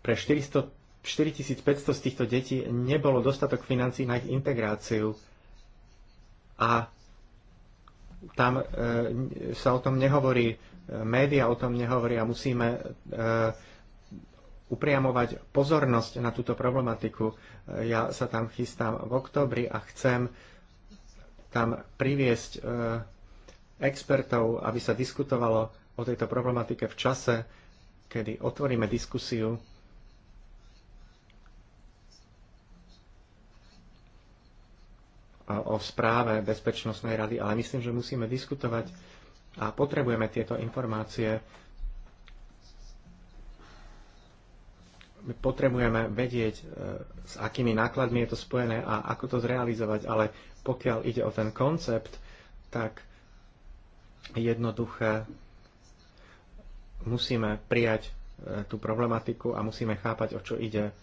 pre 400, 4500 z týchto detí nebolo dostatok financí na ich integráciu a tam e, sa o tom nehovorí, e, média o tom nehovoria, musíme e, upriamovať pozornosť na túto problematiku. Ja sa tam chystám v oktobri a chcem tam priviesť e, expertov, aby sa diskutovalo o tejto problematike v čase, kedy otvoríme diskusiu o správe Bezpečnostnej rady, ale myslím, že musíme diskutovať a potrebujeme tieto informácie My potrebujeme vedieť, e, s akými nákladmi je to spojené a ako to zrealizovať, ale pokiaľ ide o ten koncept, tak jednoduché musíme prijať e, tú problematiku a musíme chápať, o čo ide.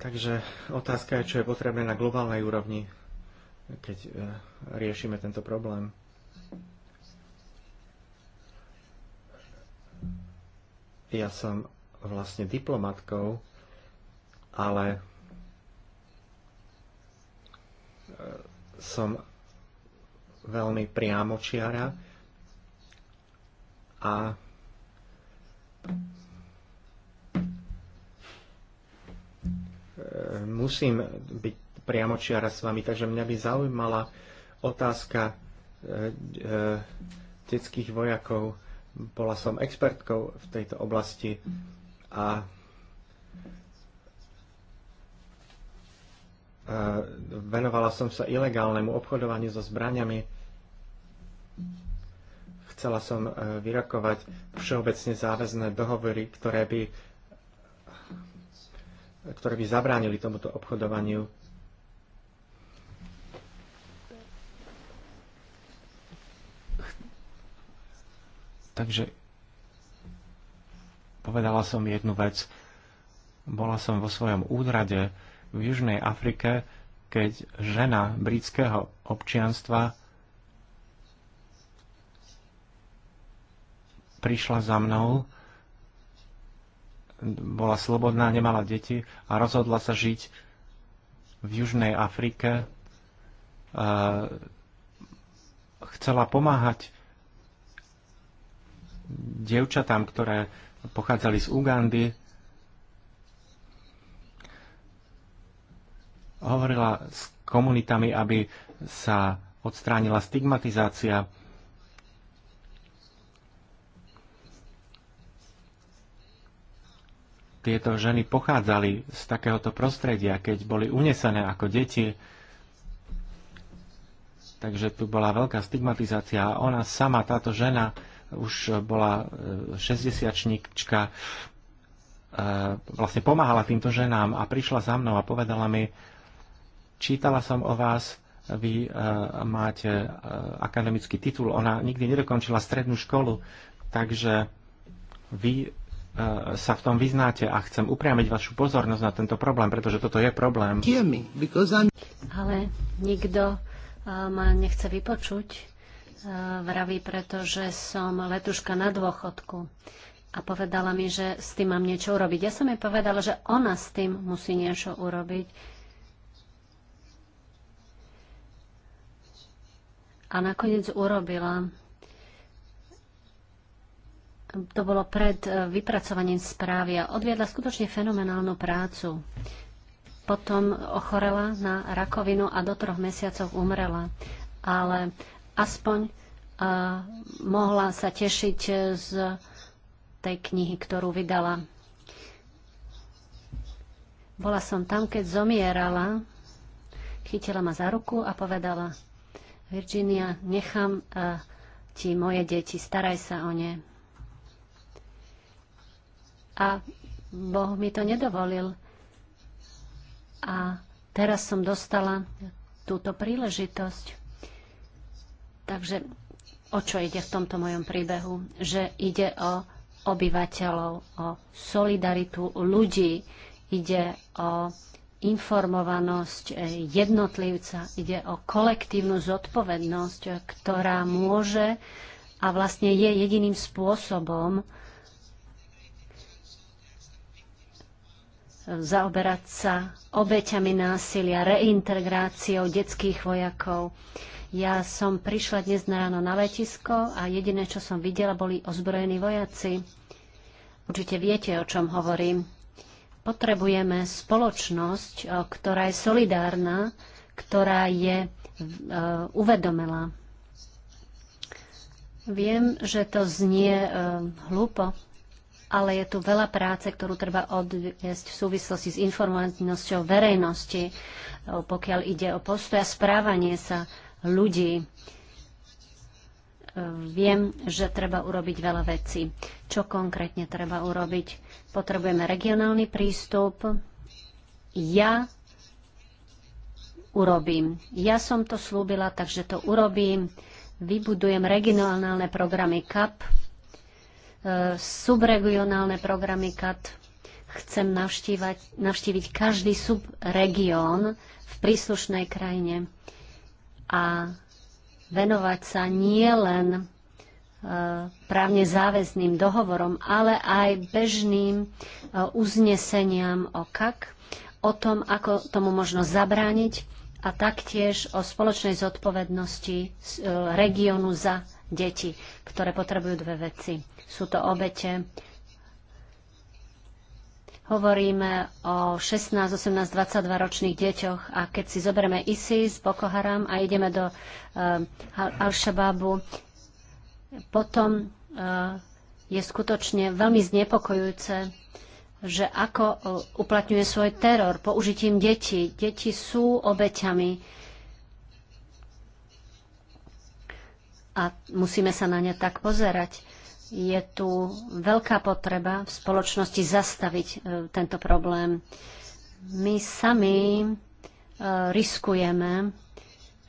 Takže otázka je, čo je potrebné na globálnej úrovni, keď e, riešime tento problém. ja som vlastne diplomatkou, ale e, som veľmi priamočiara a musím byť priamočiara s vami, takže mňa by zaujímala otázka e, e, detských vojakov bola som expertkou v tejto oblasti a e, venovala som sa ilegálnemu obchodovaniu so zbraniami. Chcela som e, vyrokovať všeobecne záväzné dohovory, ktoré by, ktoré by zabránili tomuto obchodovaniu. Takže povedala som jednu vec. Bola som vo svojom úrade v Južnej Afrike, keď žena britského občianstva prišla za mnou, bola slobodná, nemala deti a rozhodla sa žiť v Južnej Afrike. E, chcela pomáhať dievčatám, ktoré pochádzali z Ugandy. Hovorila s komunitami, aby sa odstránila stigmatizácia. Tieto ženy pochádzali z takéhoto prostredia, keď boli unesené ako deti. Takže tu bola veľká stigmatizácia a ona sama, táto žena, už bola 60 e, e, vlastne pomáhala týmto ženám a prišla za mnou a povedala mi, čítala som o vás, vy e, máte akademický titul, ona nikdy nedokončila strednú školu, takže vy sa v tom vyznáte a chcem upriamiť vašu pozornosť na tento problém, pretože toto je problém. Ale nikto ma nechce vypočuť E, vraví, pretože som letuška na dôchodku. A povedala mi, že s tým mám niečo urobiť. Ja som jej povedala, že ona s tým musí niečo urobiť. A nakoniec urobila. To bolo pred e, vypracovaním správy a odviedla skutočne fenomenálnu prácu. Potom ochorela na rakovinu a do troch mesiacov umrela. Ale aspoň a mohla sa tešiť z tej knihy, ktorú vydala. Bola som tam, keď zomierala, chytila ma za ruku a povedala, Virginia, nechám e, ti moje deti, staraj sa o ne. A Boh mi to nedovolil. A teraz som dostala túto príležitosť. Takže o čo ide v tomto mojom príbehu? Že ide o obyvateľov, o solidaritu ľudí, ide o informovanosť jednotlivca, ide o kolektívnu zodpovednosť, ktorá môže a vlastne je jediným spôsobom zaoberať sa obeťami násilia, reintegráciou detských vojakov. Ja som prišla dnes na ráno na letisko a jediné, čo som videla, boli ozbrojení vojaci. Určite viete, o čom hovorím. Potrebujeme spoločnosť, ktorá je solidárna, ktorá je uh, e, uvedomila. Viem, že to znie e, hlúpo, ale je tu veľa práce, ktorú treba odviesť v súvislosti s informovanosťou verejnosti, pokiaľ ide o postoj a správanie sa ľudí. Viem, že treba urobiť veľa vecí. Čo konkrétne treba urobiť? Potrebujeme regionálny prístup. Ja urobím. Ja som to slúbila, takže to urobím. Vybudujem regionálne programy CAP, e, subregionálne programy CAP. Chcem navštíviť každý subregión v príslušnej krajine a venovať sa nie len e, právne záväzným dohovorom, ale aj bežným e, uzneseniam o KAK, o tom, ako tomu možno zabrániť a taktiež o spoločnej zodpovednosti e, regiónu za deti, ktoré potrebujú dve veci. Sú to obete Hovoríme o 16, 18, 22 ročných deťoch a keď si zoberieme ISIS, Boko Haram a ideme do uh, Al-Shababu, potom uh, je skutočne veľmi znepokojujúce, že ako uh, uplatňuje svoj teror použitím detí. Deti sú obeťami. a musíme sa na ne tak pozerať je tu veľká potreba v spoločnosti zastaviť e, tento problém. My sami e, riskujeme,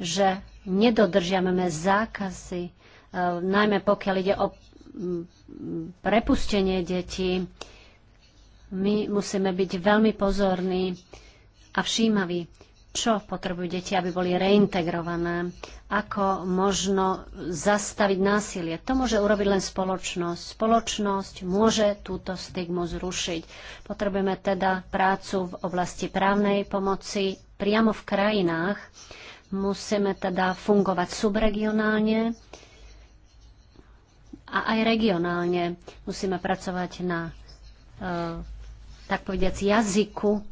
že nedodržiame zákazy, e, najmä pokiaľ ide o mm, prepustenie detí. My musíme byť veľmi pozorní a všímaví, čo potrebujú deti, aby boli reintegrované ako možno zastaviť násilie. To môže urobiť len spoločnosť. Spoločnosť môže túto stigmu zrušiť. Potrebujeme teda prácu v oblasti právnej pomoci priamo v krajinách. Musíme teda fungovať subregionálne a aj regionálne. Musíme pracovať na, e, tak povediac, jazyku,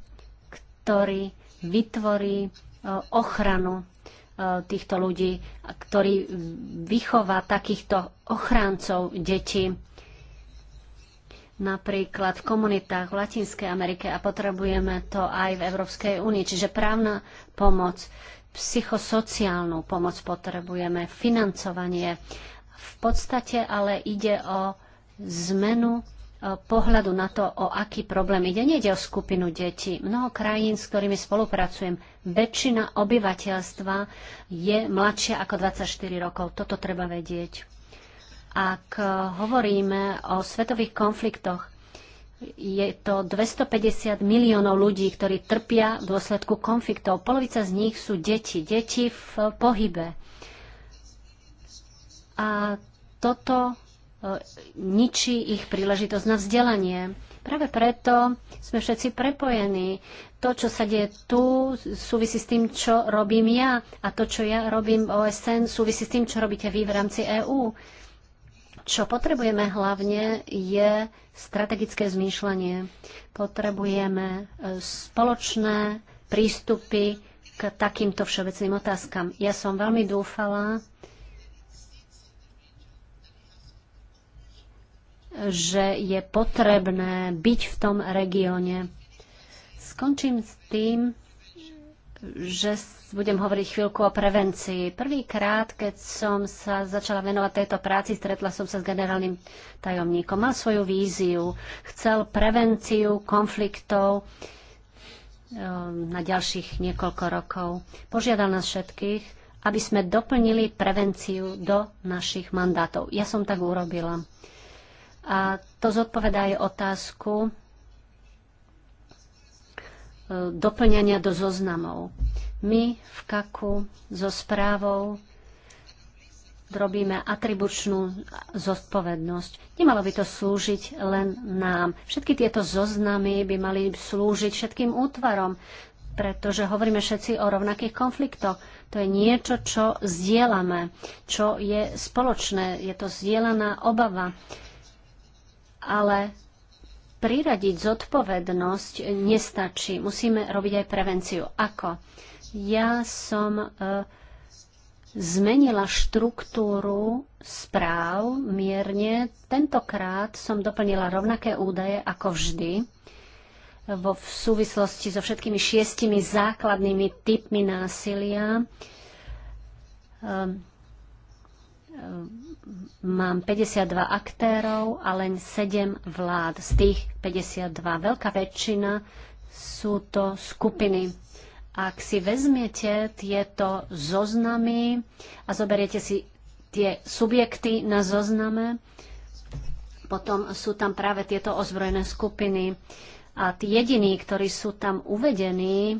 ktorý vytvorí eh, ochranu týchto ľudí, ktorý vychová takýchto ochráncov detí napríklad v komunitách v Latinskej Amerike a potrebujeme to aj v Európskej únii. Čiže právna pomoc, psychosociálnu pomoc potrebujeme, financovanie. V podstate ale ide o zmenu pohľadu na to, o aký problém ide. Nejde o skupinu detí. Mnoho krajín, s ktorými spolupracujem, väčšina obyvateľstva je mladšia ako 24 rokov. Toto treba vedieť. Ak hovoríme o svetových konfliktoch, je to 250 miliónov ľudí, ktorí trpia v dôsledku konfliktov. Polovica z nich sú deti, deti v pohybe. A toto ničí ich príležitosť na vzdelanie. Práve preto sme všetci prepojení. To, čo sa deje tu, súvisí s tým, čo robím ja. A to, čo ja robím OSN, súvisí s tým, čo robíte vy v rámci EÚ. Čo potrebujeme hlavne je strategické zmýšľanie. Potrebujeme e, spoločné prístupy k takýmto všeobecným otázkam. Ja som veľmi dúfala, že je potrebné byť v tom regióne. Skončím s tým, že budem hovoriť chvíľku o prevencii. Prvýkrát, keď som sa začala venovať tejto práci, stretla som sa s generálnym tajomníkom. Mal svoju víziu, chcel prevenciu konfliktov um, na ďalších niekoľko rokov. Požiadal nás všetkých, aby sme doplnili prevenciu do našich mandátov. Ja som tak urobila. A to zodpovedá aj otázku e, doplňania do zoznamov. My v KAKu so správou robíme atribučnú zodpovednosť. Nemalo by to slúžiť len nám. Všetky tieto zoznamy by mali slúžiť všetkým útvarom, pretože hovoríme všetci o rovnakých konfliktoch. To je niečo, čo zdieľame, čo je spoločné. Je to zdieľaná obava ale priradiť zodpovednosť nestačí. Musíme robiť aj prevenciu. Ako? Ja som e, zmenila štruktúru správ mierne. Tentokrát som doplnila rovnaké údaje ako vždy vo v súvislosti so všetkými šiestimi základnými typmi násilia. E, mám 52 aktérov a len 7 vlád. Z tých 52 veľká väčšina sú to skupiny. Ak si vezmete tieto zoznamy a zoberiete si tie subjekty na zozname, potom sú tam práve tieto ozbrojené skupiny. A tí jediní, ktorí sú tam uvedení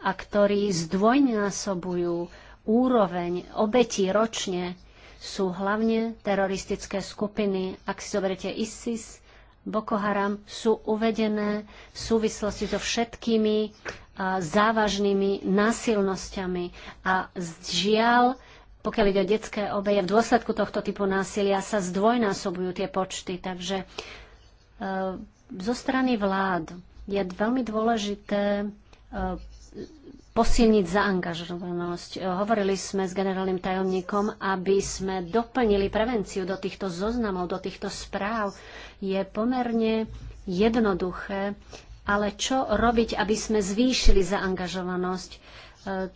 a ktorí zdvojnásobujú úroveň obetí ročne sú hlavne teroristické skupiny. Ak si zoberiete ISIS, Boko Haram, sú uvedené v súvislosti so všetkými závažnými násilnosťami. A žiaľ, pokiaľ ide o detské obeje, v dôsledku tohto typu násilia sa zdvojnásobujú tie počty. Takže e, zo strany vlád je veľmi dôležité e, posilniť zaangažovanosť. E, hovorili sme s generálnym tajomníkom, aby sme doplnili prevenciu do týchto zoznamov, do týchto správ. Je pomerne jednoduché, ale čo robiť, aby sme zvýšili zaangažovanosť e,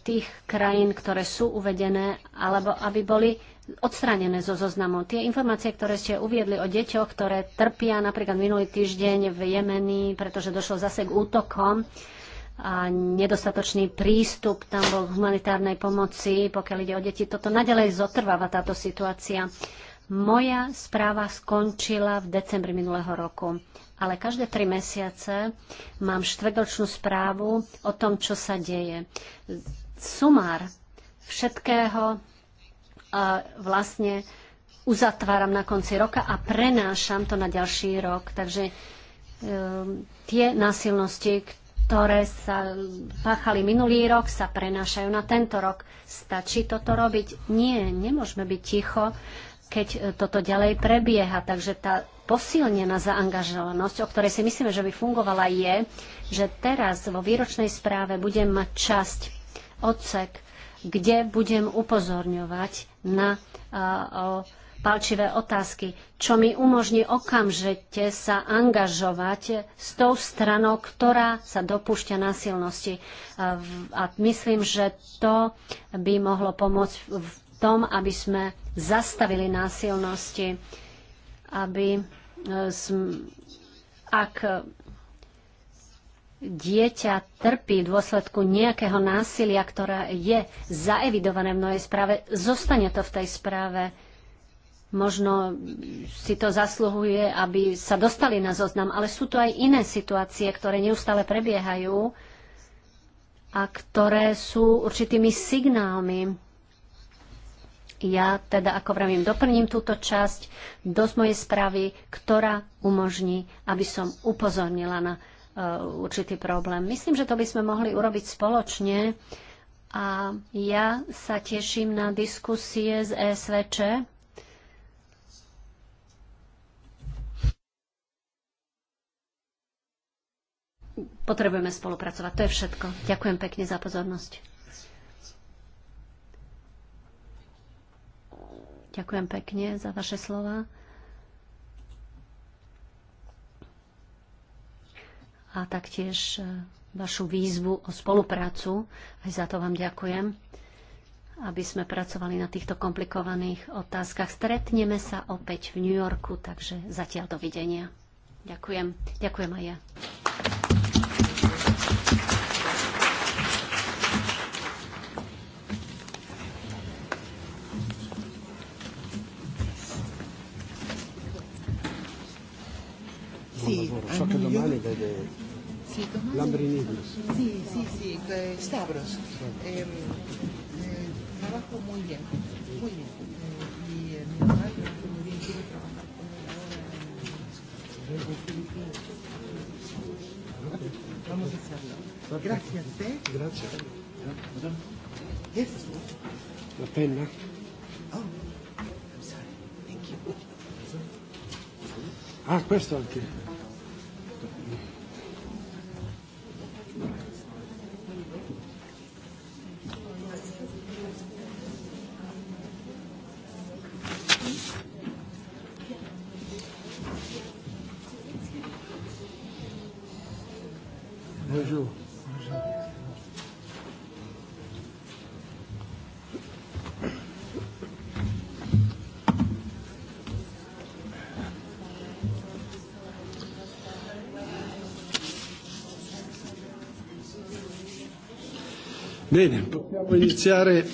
tých krajín, ktoré sú uvedené, alebo aby boli odstranené zo zoznamu. Tie informácie, ktoré ste uviedli o deťoch, ktoré trpia napríklad minulý týždeň v Jemeni, pretože došlo zase k útokom, a nedostatočný prístup tam bol v humanitárnej pomoci, pokiaľ ide o deti. Toto nadalej zotrváva táto situácia. Moja správa skončila v decembri minulého roku, ale každé tri mesiace mám štvrtočnú správu o tom, čo sa deje. Sumár všetkého e, vlastne uzatváram na konci roka a prenášam to na ďalší rok. Takže e, tie násilnosti, ktoré sa páchali minulý rok, sa prenášajú na tento rok. Stačí toto robiť? Nie, nemôžeme byť ticho, keď toto ďalej prebieha. Takže tá posilnená zaangažovanosť, o ktorej si myslíme, že by fungovala, je, že teraz vo výročnej správe budem mať časť, odsek, kde budem upozorňovať na uh, uh, palčivé otázky, čo mi umožní okamžite sa angažovať s tou stranou, ktorá sa dopúšťa násilnosti. A myslím, že to by mohlo pomôcť v tom, aby sme zastavili násilnosti, aby e, ak dieťa trpí v dôsledku nejakého násilia, ktoré je zaevidované v mnohej správe, zostane to v tej správe možno si to zasluhuje, aby sa dostali na zoznam, ale sú tu aj iné situácie, ktoré neustále prebiehajú a ktoré sú určitými signálmi. Ja teda, ako vravím, doplním túto časť do mojej správy, ktorá umožní, aby som upozornila na e, určitý problém. Myslím, že to by sme mohli urobiť spoločne a ja sa teším na diskusie z ESVČ potrebujeme spolupracovať. To je všetko. Ďakujem pekne za pozornosť. Ďakujem pekne za vaše slova. A taktiež e, vašu výzvu o spoluprácu. Aj za to vám ďakujem, aby sme pracovali na týchto komplikovaných otázkach. Stretneme sa opäť v New Yorku, takže zatiaľ dovidenia. Ďakujem. Ďakujem aj ja. Sì, so che ah, domani vede sì, domani... Lambrinidis. Sì, sì, sì, Stavros. Eh, eh, trabajo muy bien, Vamos a hacerlo. Grazie eh. a te? Grazie. La penna. Oh, I'm sorry. Thank you. Ah, questo anche. Bene, possiamo iniziare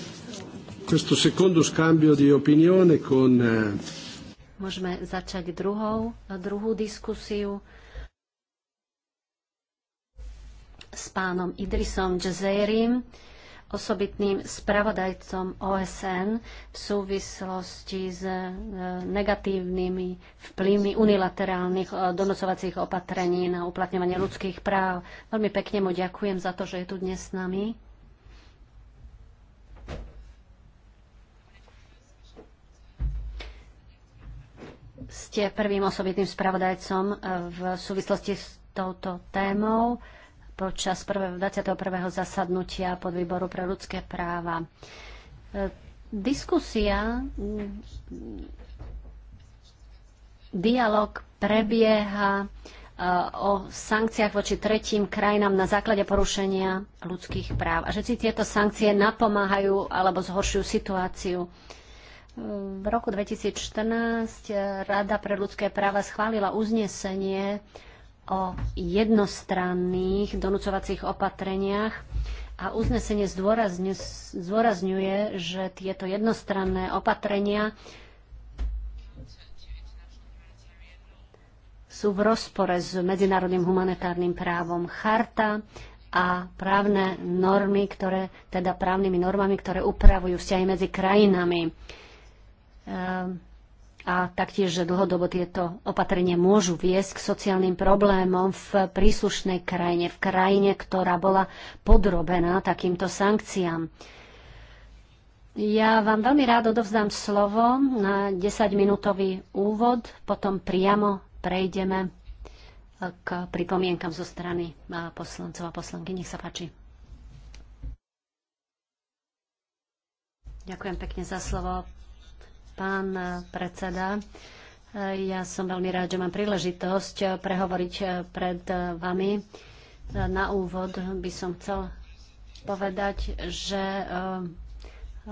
questo secondo scambio di opinione con... Eh, Môžeme začať druhou, druhú diskusiu s pánom Idrisom Džezérim, osobitným spravodajcom OSN v súvislosti s e, negatívnymi vplyvmi unilaterálnych e, donosovacích opatrení na uplatňovanie ľudských práv. Veľmi pekne mu ďakujem za to, že je tu dnes s nami. ste prvým osobitným spravodajcom eh, v súvislosti s touto témou počas 21. zasadnutia podvýboru pre ľudské práva. Eh, diskusia, mm, dialog prebieha eh, o sankciách voči tretím krajinám na základe porušenia ľudských práv. A že si tieto sankcie napomáhajú alebo zhoršujú situáciu v roku 2014 Rada pre ľudské práva schválila uznesenie o jednostranných donúcovacích opatreniach a uznesenie zdôrazňuje, že tieto jednostranné opatrenia sú v rozpore s medzinárodným humanitárnym právom charta a právne normy, ktoré, teda právnymi normami, ktoré upravujú vzťahy medzi krajinami. Ehm, a taktiež, že dlhodobo tieto opatrenia môžu viesť k sociálnym problémom v príslušnej krajine, v krajine, ktorá bola podrobená takýmto sankciám. Ja vám veľmi rád odovzdám slovo na 10-minútový úvod, potom priamo prejdeme k pripomienkam zo strany poslancov a poslanky. Nech sa páči. Ďakujem pekne za slovo, pán predseda. Ja som veľmi rád, že mám príležitosť prehovoriť pred vami. Na úvod by som chcel povedať, že eh, eh,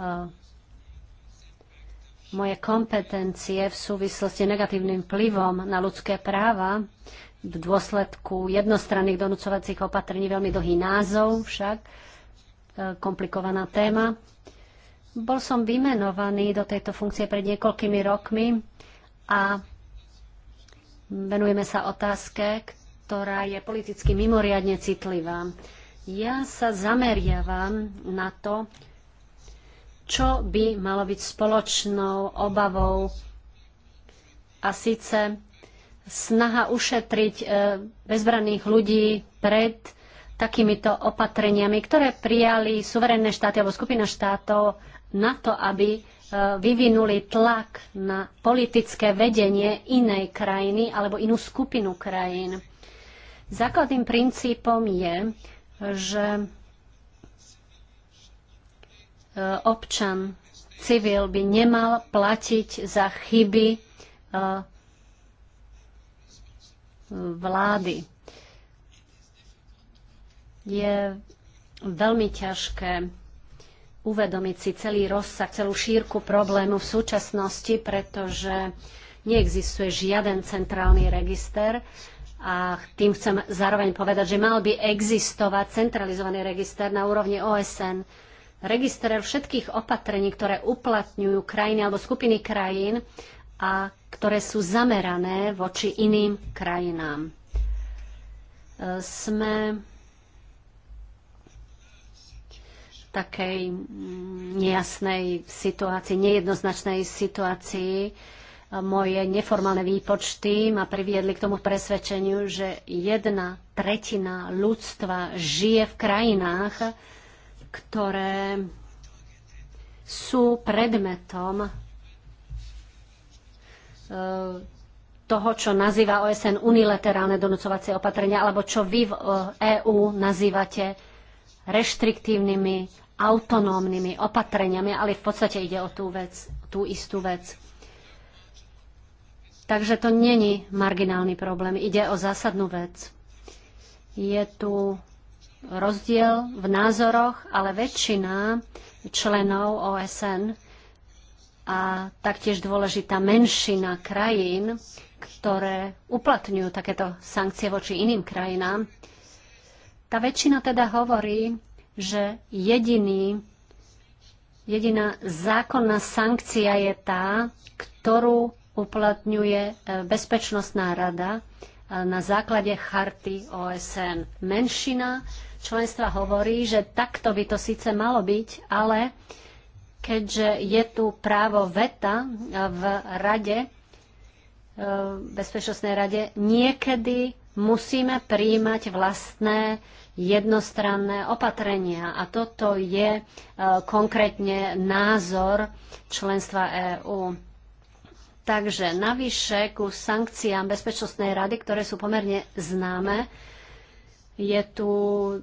moje kompetencie v súvislosti s negatívnym vplyvom na ľudské práva v dôsledku jednostranných donúcovacích opatrení, veľmi dlhý názov však, eh, komplikovaná téma, bol som vymenovaný do tejto funkcie pred niekoľkými rokmi a venujeme sa otázke, ktorá je politicky mimoriadne citlivá. Ja sa zameriavam na to, čo by malo byť spoločnou obavou a síce snaha ušetriť e, bezbranných ľudí pred takýmito opatreniami, ktoré prijali suverénne štáty alebo skupina štátov na to, aby e, vyvinuli tlak na politické vedenie inej krajiny alebo inú skupinu krajín. Základným princípom je, že e, občan, civil by nemal platiť za chyby e, vlády. Je veľmi ťažké uvedomiť si celý rozsah, celú šírku problému v súčasnosti, pretože neexistuje žiaden centrálny register a tým chcem zároveň povedať, že mal by existovať centralizovaný register na úrovni OSN, register všetkých opatrení, ktoré uplatňujú krajiny alebo skupiny krajín a ktoré sú zamerané voči iným krajinám. E, sme takej nejasnej situácii, nejednoznačnej situácii moje neformálne výpočty ma priviedli k tomu presvedčeniu, že jedna tretina ľudstva žije v krajinách, ktoré sú predmetom e, toho, čo nazýva OSN unilaterálne donúcovacie opatrenia, alebo čo vy v EÚ e nazývate reštriktívnymi autonómnymi opatreniami, ale v podstate ide o tú vec, tú istú vec. Takže to není marginálny problém, ide o zásadnú vec. Je tu rozdiel v názoroch, ale väčšina členov OSN a taktiež dôležitá menšina krajín, ktoré uplatňujú takéto sankcie voči iným krajinám. Tá väčšina teda hovorí, že jediný, jediná zákonná sankcia je tá, ktorú uplatňuje e, Bezpečnostná rada e, na základe charty OSN. Menšina členstva hovorí, že takto by to síce malo byť, ale keďže je tu právo veta e, v rade, v Bezpečnostnej rade, niekedy musíme príjmať vlastné jednostranné opatrenia. A toto je e, konkrétne názor členstva EÚ. Takže navyše ku sankciám Bezpečnostnej rady, ktoré sú pomerne známe, je tu e,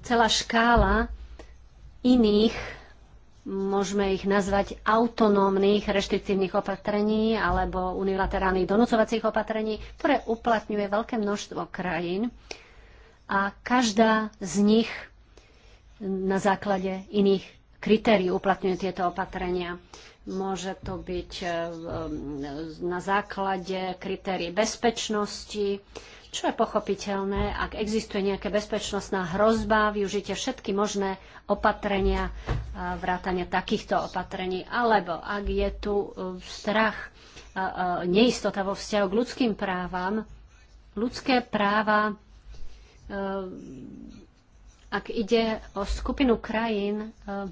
celá škála iných, môžeme ich nazvať autonómnych reštriktívnych opatrení alebo unilaterálnych donúcovacích opatrení, ktoré uplatňuje veľké množstvo krajín a každá z nich na základe iných kritérií uplatňuje tieto opatrenia. Môže to byť e, e, na základe kritérií bezpečnosti, čo je pochopiteľné, ak existuje nejaká bezpečnostná hrozba, využite všetky možné opatrenia, e, vrátane takýchto opatrení, alebo ak je tu strach, neistota vo vzťahu k ľudským právam, ľudské práva Ehm, ak ide o skupinu krajín, ehm,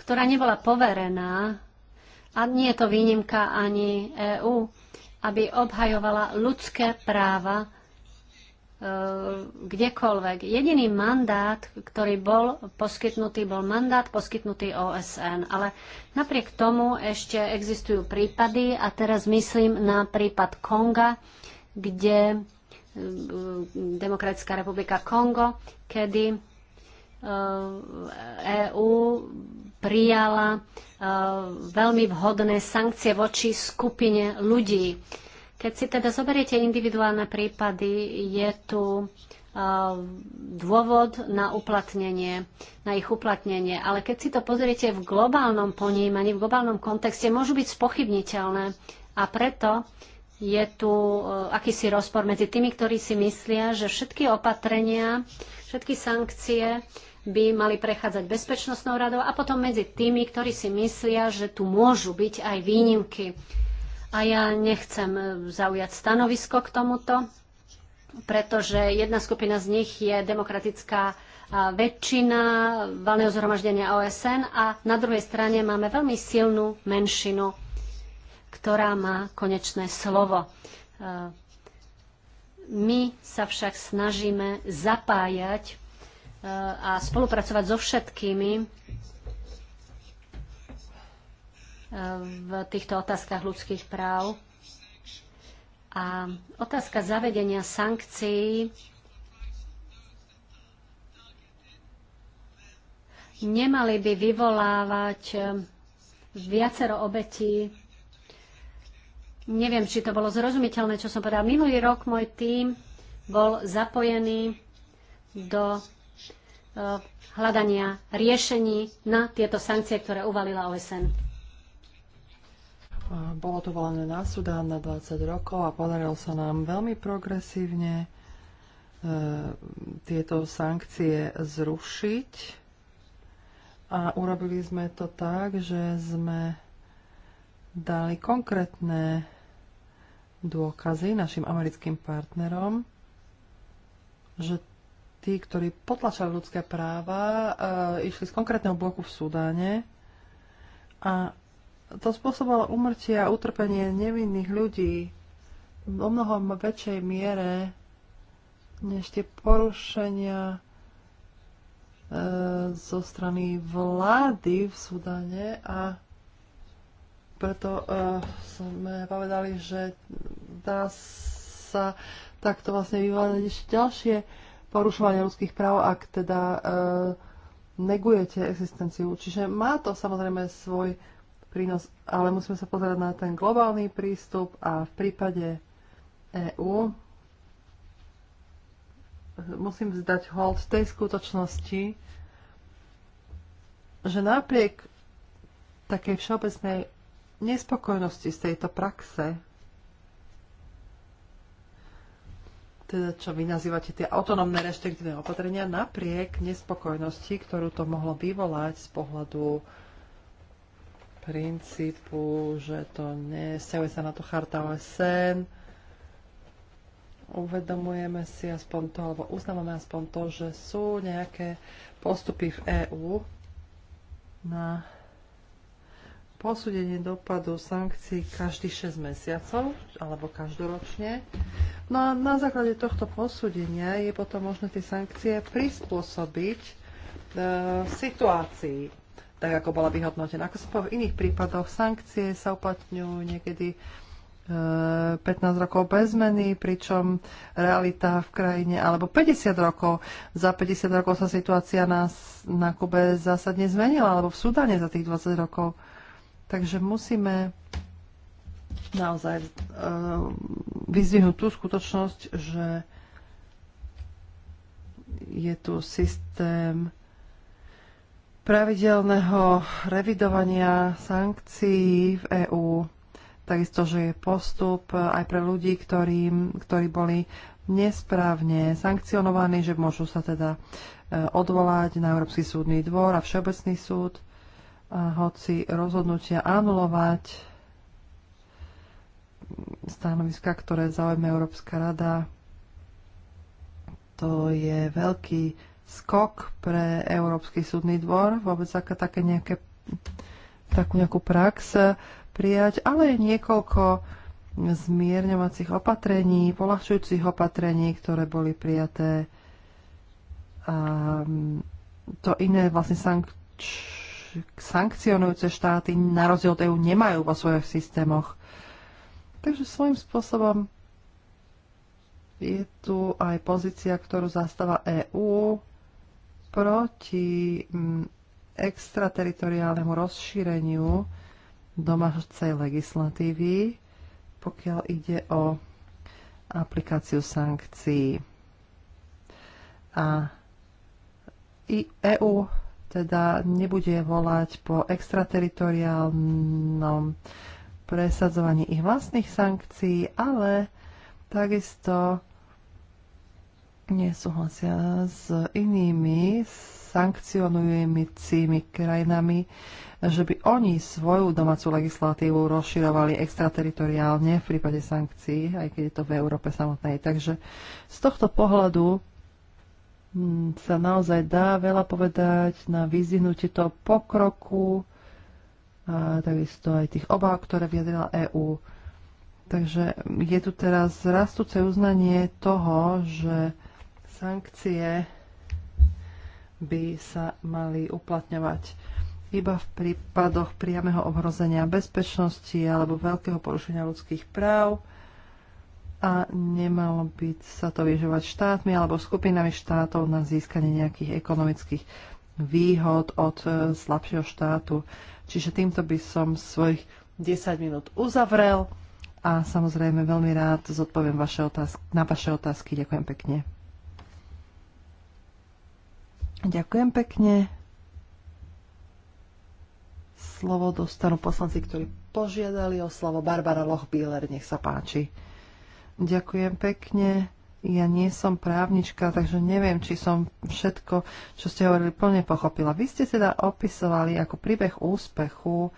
ktorá nebola poverená, a nie je to výnimka ani EÚ, aby obhajovala ľudské práva kdekoľvek. Jediný mandát, ktorý bol poskytnutý, bol mandát poskytnutý OSN. Ale napriek tomu ešte existujú prípady a teraz myslím na prípad Konga, kde eh, Demokratická republika Kongo, kedy EU eh, e prijala eh, veľmi vhodné sankcie voči skupine ľudí keď si teda zoberiete individuálne prípady, je tu e, dôvod na uplatnenie, na ich uplatnenie. Ale keď si to pozriete v globálnom ponímaní, v globálnom kontexte, môžu byť spochybniteľné. A preto je tu e, akýsi rozpor medzi tými, ktorí si myslia, že všetky opatrenia, všetky sankcie by mali prechádzať bezpečnostnou radou a potom medzi tými, ktorí si myslia, že tu môžu byť aj výnimky a ja nechcem e, zaujať stanovisko k tomuto, pretože jedna skupina z nich je demokratická e, väčšina valného zhromaždenia OSN a na druhej strane máme veľmi silnú menšinu, ktorá má konečné slovo. E, my sa však snažíme zapájať a spolupracovať so všetkými, v týchto otázkach ľudských práv. A otázka zavedenia sankcií nemali by vyvolávať e, viacero obetí. Neviem, či to bolo zrozumiteľné, čo som povedal. Minulý rok môj tím bol zapojený do e, hľadania riešení na tieto sankcie, ktoré uvalila OSN. Bolo to volené na Sudán na 20 rokov a podarilo sa nám veľmi progresívne e, tieto sankcie zrušiť. A urobili sme to tak, že sme dali konkrétne dôkazy našim americkým partnerom, že tí, ktorí potlačali ľudské práva, e, išli z konkrétneho bloku v Sudáne a to spôsobovalo umrtie a utrpenie nevinných ľudí o mnoho väčšej miere než tie porušenia e, zo strany vlády v Sudane a preto e, sme povedali, že dá sa takto vlastne vyvolať ešte ďalšie porušovanie ľudských práv, ak teda e, negujete existenciu. Čiže má to samozrejme svoj prínos, ale musíme sa pozerať na ten globálny prístup a v prípade EÚ musím vzdať hold tej skutočnosti, že napriek takej všeobecnej nespokojnosti z tejto praxe, teda čo vy nazývate tie autonómne reštriktívne opatrenia, napriek nespokojnosti, ktorú to mohlo vyvolať z pohľadu uh, princípu, že to nesťahuje sa na to charta sen. Uvedomujeme si aspoň to, alebo uznávame aspoň to, že sú nejaké postupy v EÚ na posúdenie dopadu sankcií každých 6 mesiacov alebo každoročne. No a na základe tohto posúdenia je potom možné tie sankcie prispôsobiť e, situácii tak ako bola vyhodnotená. Ako sa povedal, v iných prípadoch sankcie sa uplatňujú niekedy 15 e, rokov bez zmeny, pričom realita v krajine, alebo 50 rokov. Za 50 rokov sa situácia na, na Kube zásadne zmenila, alebo v Sudane za tých 20 rokov. Takže musíme naozaj uh, vyzvihnúť tú skutočnosť, že je tu systém pravidelného revidovania sankcií v EÚ, takisto, že je postup aj pre ľudí, ktorí, ktorí boli nesprávne sankcionovaní, že môžu sa teda e, odvolať na Európsky súdny dvor a Všeobecný súd, a hoci rozhodnutia anulovať stanoviska, ktoré zaujme Európska rada, to je veľký skok pre Európsky súdny dvor, vôbec také, také nejaké, takú nejakú prax eh, prijať, ale aj niekoľko zmierňovacích opatrení, polahčujúcich opatrení, ktoré boli prijaté. A mm, to iné vlastne sank- sankcionujúce štáty na rozdiel od EU nemajú vo svojich systémoch. Takže svojím spôsobom je tu aj pozícia, ktorú zastáva EÚ proti mm, extrateritoriálnemu rozšíreniu domácej legislatívy, pokiaľ ide o aplikáciu sankcií. A EU teda nebude volať po extrateritoriálnom presadzovaní ich vlastných sankcií, ale takisto nesúhlasia s inými sankcionujúcimi krajinami, že by oni svoju domácu legislatívu rozširovali extrateritoriálne v prípade sankcií, aj keď je to v Európe samotnej. Takže z tohto pohľadu mm, sa naozaj dá veľa povedať na vyzvihnutie toho pokroku a takisto aj tých obáv, ktoré vyjadrila EÚ. Takže je tu teraz rastúce uznanie toho, že sankcie by sa mali uplatňovať iba v prípadoch priameho ohrozenia bezpečnosti alebo veľkého porušenia ľudských práv a nemalo by sa to vyžovať štátmi alebo skupinami štátov na získanie nejakých ekonomických výhod od e, slabšieho štátu. Čiže týmto by som svojich 10 minút uzavrel a samozrejme veľmi rád zodpoviem vaše otázky, na vaše otázky. Ďakujem pekne. Ďakujem pekne. Slovo dostanú poslanci, ktorí požiadali o slovo. Barbara Lochbíler, nech sa páči. Ďakujem pekne. Ja nie som právnička, takže neviem, či som všetko, čo ste hovorili, plne pochopila. Vy ste teda opisovali ako príbeh úspechu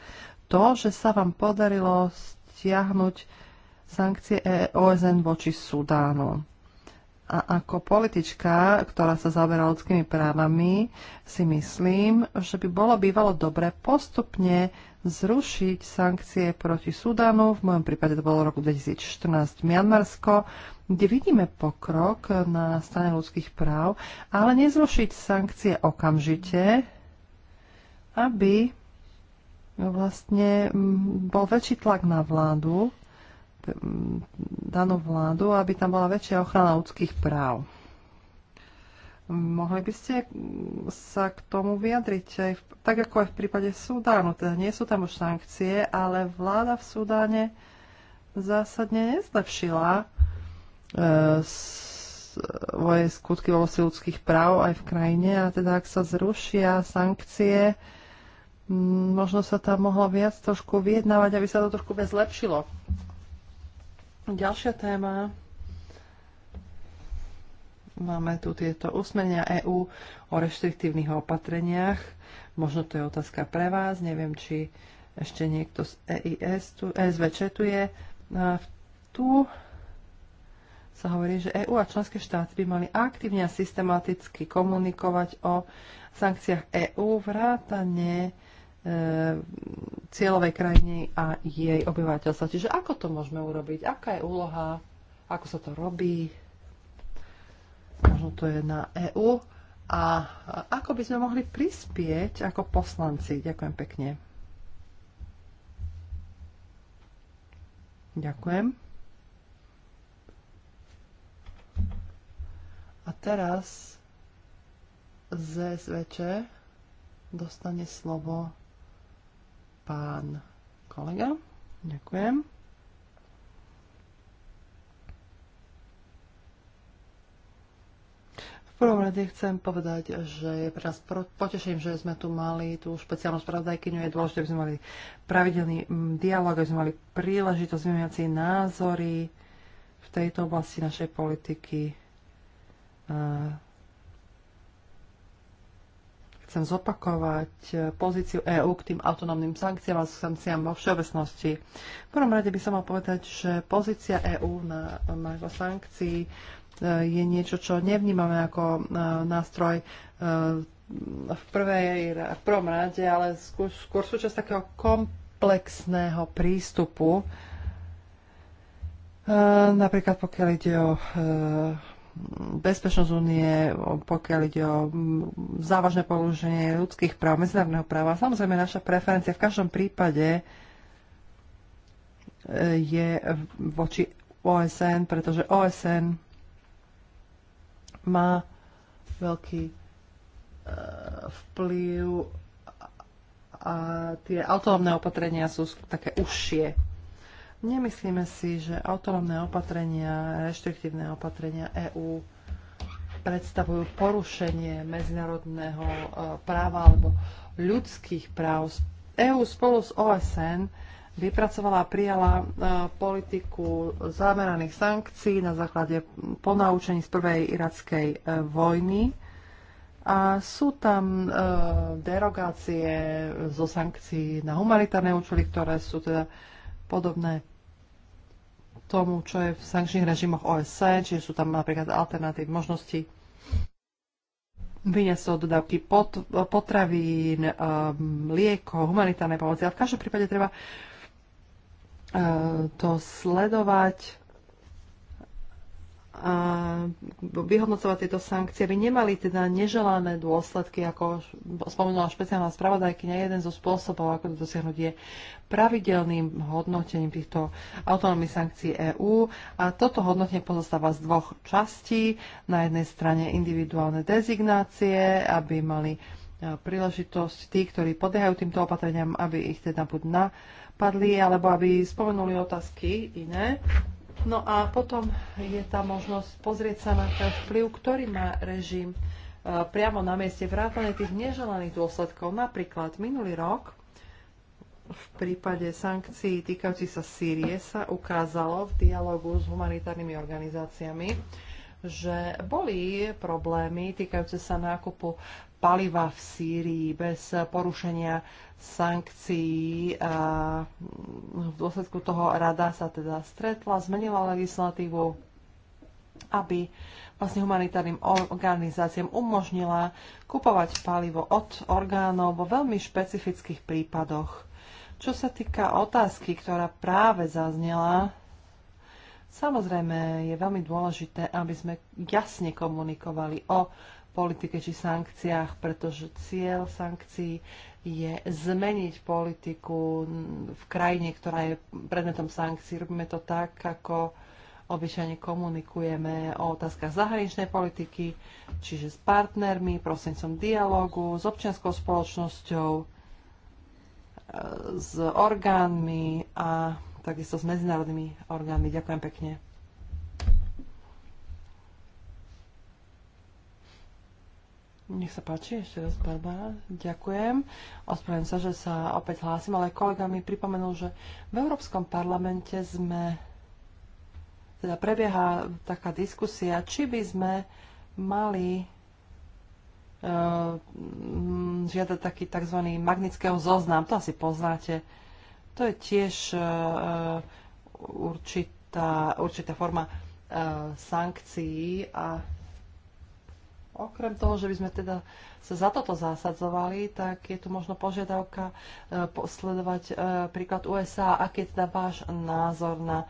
to, že sa vám podarilo stiahnuť sankcie e- OSN voči Sudánu. A ako politička, ktorá sa zaoberá ľudskými právami, si myslím, že by bolo bývalo dobre postupne zrušiť sankcie proti Sudanu, v mojom prípade to bolo v roku 2014 Mianmarsko, kde vidíme pokrok na strane ľudských práv, ale nezrušiť sankcie okamžite, aby vlastne mm, bol väčší tlak na vládu, danú vládu, aby tam bola väčšia ochrana ľudských práv. Mohli by ste sa k tomu vyjadriť, aj v, tak ako aj v prípade Sudánu. Teda nie sú tam už sankcie, ale vláda v Sudáne zásadne nezlepšila e, svoje skutky vo ľudských práv aj v krajine. A teda ak sa zrušia sankcie, možno sa tam mohlo viac trošku vyjednávať, aby sa to trošku viac zlepšilo. Ďalšia téma. Máme tu tieto usmenia EÚ o reštriktívnych opatreniach. Možno to je otázka pre vás. Neviem, či ešte niekto z EIS tu, e SVČ tu je. Tu sa hovorí, že EÚ a členské štáty by mali aktívne a systematicky komunikovať o sankciách EÚ vrátane e, cieľovej krajine a jej obyvateľstva. Čiže ako to môžeme urobiť? Aká je úloha? Ako sa to robí? Možno to je na EÚ. A ako by sme mohli prispieť ako poslanci? Ďakujem pekne. Ďakujem. A teraz ZSVČ dostane slovo pán kolega. Ďakujem. V prvom rade chcem povedať, že je pre nás potešením, že sme tu mali tú špeciálnu spravodajkyňu. Je dôležité, aby sme mali pravidelný mm, dialog, aby sme mali príležitosť vymeniať si názory v tejto oblasti našej politiky chcem zopakovať e, pozíciu EÚ k tým autonómnym sankciám a sankciám vo všeobecnosti. V prvom rade by som mal povedať, že pozícia EÚ na množstvo sankcií e, je niečo, čo nevnímame ako e, nástroj v, prvej, v prvom rade, ale skôr, skôr súčasť takého komplexného prístupu. Napríklad pokiaľ ide o bezpečnosť únie, pokiaľ ide o závažné porušenie ľudských práv, medzinárodného práva. Samozrejme, naša preferencia v každom prípade e, je voči OSN, pretože OSN má veľký e, vplyv a tie autonómne opatrenia sú také užšie Nemyslíme si, že autonómne opatrenia, reštriktívne opatrenia EÚ predstavujú porušenie medzinárodného e, práva alebo ľudských práv. EÚ spolu s OSN vypracovala a prijala e, politiku zameraných sankcií na základe ponaučení z prvej irackej e, vojny. A sú tam derogácie zo sankcií na humanitárne účely, ktoré sú teda podobné tomu, čo je v sankčných režimoch OSN, e, čiže sú tam napríklad alternatívne možnosti vyniesť od dodávky pot, potravín, um, mlieko, humanitárnej pomoci. A v každom prípade treba uh, to sledovať a vyhodnocovať tieto sankcie by nemali teda neželané dôsledky, ako spomenula špeciálna spravodajkyňa, jeden zo spôsobov, ako to dosiahnuť je pravidelným hodnotením týchto autonómnych sankcií EÚ a toto hodnotenie pozostáva z dvoch častí. Na jednej strane individuálne dezignácie, aby mali e, príležitosť tí, ktorí podliehajú týmto opatreniam, aby ich teda buď napadli, alebo aby spomenuli otázky iné No a potom je tá možnosť pozrieť sa na ten vplyv, ktorý má režim e, priamo na mieste vrátane tých neželaných dôsledkov. Napríklad minulý rok v prípade sankcií týkajúci sa Sýrie sa ukázalo v dialogu s humanitárnymi organizáciami, že boli problémy týkajúce sa nákupu paliva v Sýrii bez porušenia sankcií. A v dôsledku toho rada sa teda stretla, zmenila legislatívu, aby vlastne humanitárnym organizáciám umožnila kupovať palivo od orgánov vo veľmi špecifických prípadoch. Čo sa týka otázky, ktorá práve zaznela, samozrejme je veľmi dôležité, aby sme jasne komunikovali o politike či sankciách, pretože cieľ sankcií je zmeniť politiku v krajine, ktorá je predmetom sankcií. Robíme to tak, ako obyčajne komunikujeme o otázkach zahraničnej politiky, čiže s partnermi, prostrednícom dialogu, s občianskou spoločnosťou, e, s orgánmi a takisto s medzinárodnými orgánmi. Ďakujem pekne. Nech sa páči, ešte raz Barba, Ďakujem. Ospravedlňujem sa, že sa opäť hlásim, ale kolega mi pripomenul, že v Európskom parlamente sme teda prebieha taká diskusia, či by sme mali uh, žiadať taký tzv. magnického zoznam. To asi poznáte. To je tiež uh, určitá, určitá forma uh, sankcií a okrem toho, že by sme teda sa za toto zásadzovali, tak je tu možno požiadavka e, sledovať e, príklad USA, aký je teda váš názor na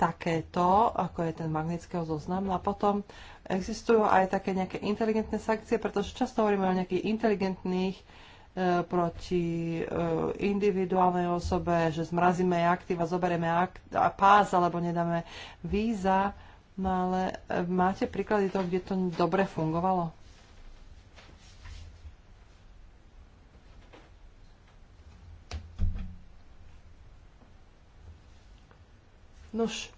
takéto, ako je ten magnického zoznam. No a potom existujú aj také nejaké inteligentné sankcie, pretože často hovoríme o nejakých inteligentných e, proti individuálnej osobe, že zmrazíme aktíva, zoberieme akt, a pás alebo nedáme víza. No ale e, máte príklady toho, kde to dobre fungovalo? Nož,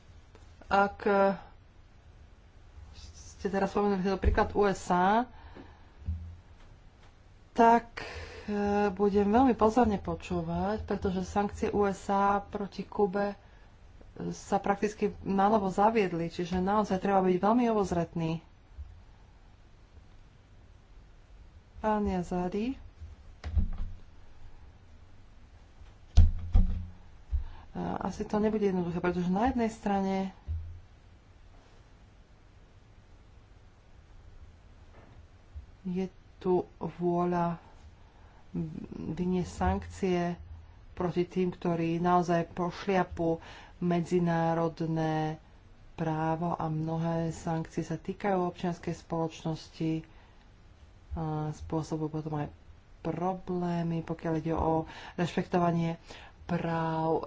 ak e, ste teraz spomenuli tento príklad USA, tak e, budem veľmi pozorne počúvať, pretože sankcie USA proti Kube sa prakticky nanovo zaviedli, čiže naozaj treba byť veľmi obozretný. Pán Jazari. Asi to nebude jednoduché, pretože na jednej strane je tu vôľa vyniesť sankcie proti tým, ktorí naozaj pošliapu medzinárodné právo a mnohé sankcie sa týkajú občianskej spoločnosti, spôsobujú potom aj problémy, pokiaľ ide o rešpektovanie práv e,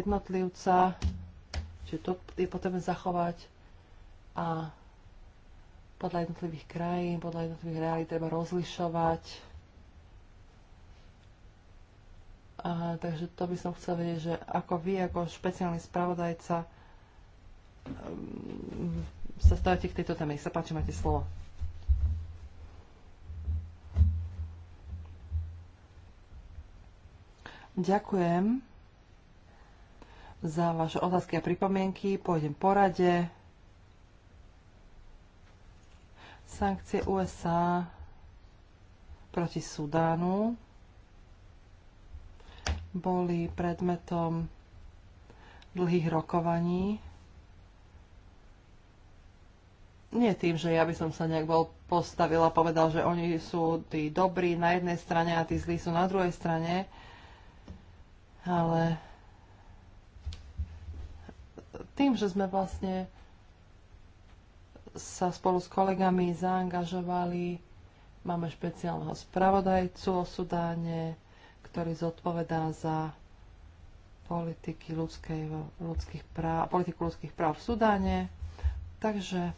jednotlivca, čiže to je potrebné zachovať a podľa jednotlivých krajín, podľa jednotlivých reálí treba rozlišovať A, takže to by som chcel vedieť, že ako vy, ako špeciálny spravodajca, um, sa stavíte k tejto téme. Nech sa páči, máte slovo. Ďakujem za vaše otázky a pripomienky. Pôjdem po rade. Sankcie USA proti Sudánu boli predmetom dlhých rokovaní. Nie tým, že ja by som sa nejak bol postavil a povedal, že oni sú tí dobrí na jednej strane a tí zlí sú na druhej strane, ale tým, že sme vlastne sa spolu s kolegami zaangažovali, máme špeciálneho spravodajcu o Sudáne, ktorý zodpovedá za politiky ľudskej, ľudských práv, politiku ľudských práv v Sudáne. Takže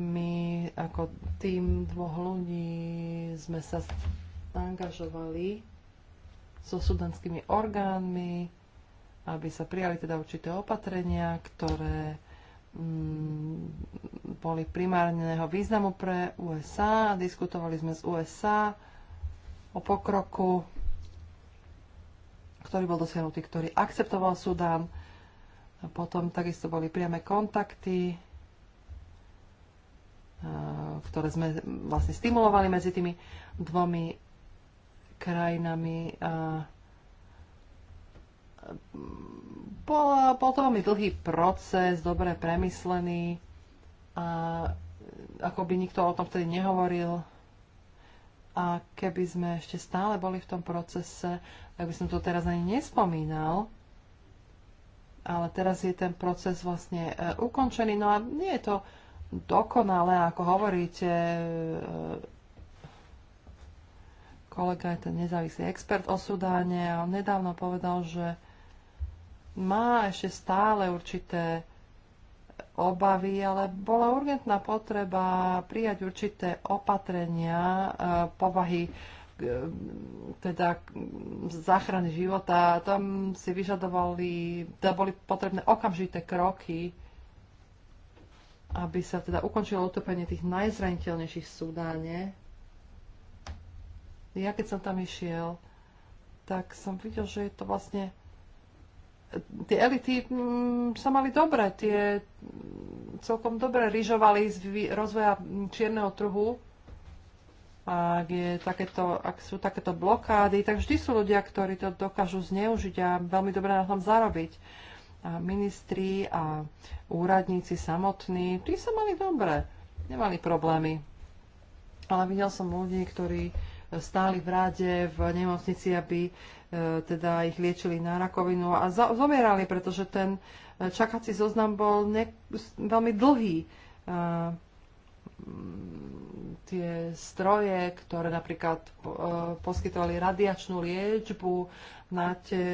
my ako tým dvoch ľudí sme sa angažovali so sudanskými orgánmi, aby sa prijali teda určité opatrenia, ktoré mm, boli primárneho významu pre USA. Diskutovali sme s USA o pokroku ktorý bol dosiahnutý, ktorý akceptoval Sudán. Potom takisto boli priame kontakty, e, ktoré sme vlastne stimulovali medzi tými dvomi krajinami. A bol, bol to veľmi dlhý proces, dobre premyslený a ako by nikto o tom vtedy nehovoril a keby sme ešte stále boli v tom procese, tak by som to teraz ani nespomínal, ale teraz je ten proces vlastne e, ukončený. No a nie je to dokonalé, ako hovoríte, e, kolega je ten nezávislý expert o Sudáne a on nedávno povedal, že má ešte stále určité obavy, ale bola urgentná potreba prijať určité opatrenia e, povahy e, teda záchrany života. Tam si vyžadovali, teda boli potrebné okamžité kroky, aby sa teda ukončilo utopenie tých najzraniteľnejších v Sudáne. Ja keď som tam išiel, tak som videl, že je to vlastne tie elity mm, sa mali dobre, tie celkom dobre ryžovali z rozvoja čierneho trhu, ak, je takéto, ak sú takéto blokády, tak vždy sú ľudia, ktorí to dokážu zneužiť a veľmi dobre na tom zarobiť. A ministri a úradníci samotní, tí sa mali dobre, nemali problémy. Ale videl som ľudí, ktorí stáli v rade v nemocnici, aby E, teda ich liečili na rakovinu a zomierali, pretože ten e, čakací zoznam bol ne- veľmi dlhý. A e, tie stroje, ktoré napríklad poskytovali radiačnú liečbu, na tie,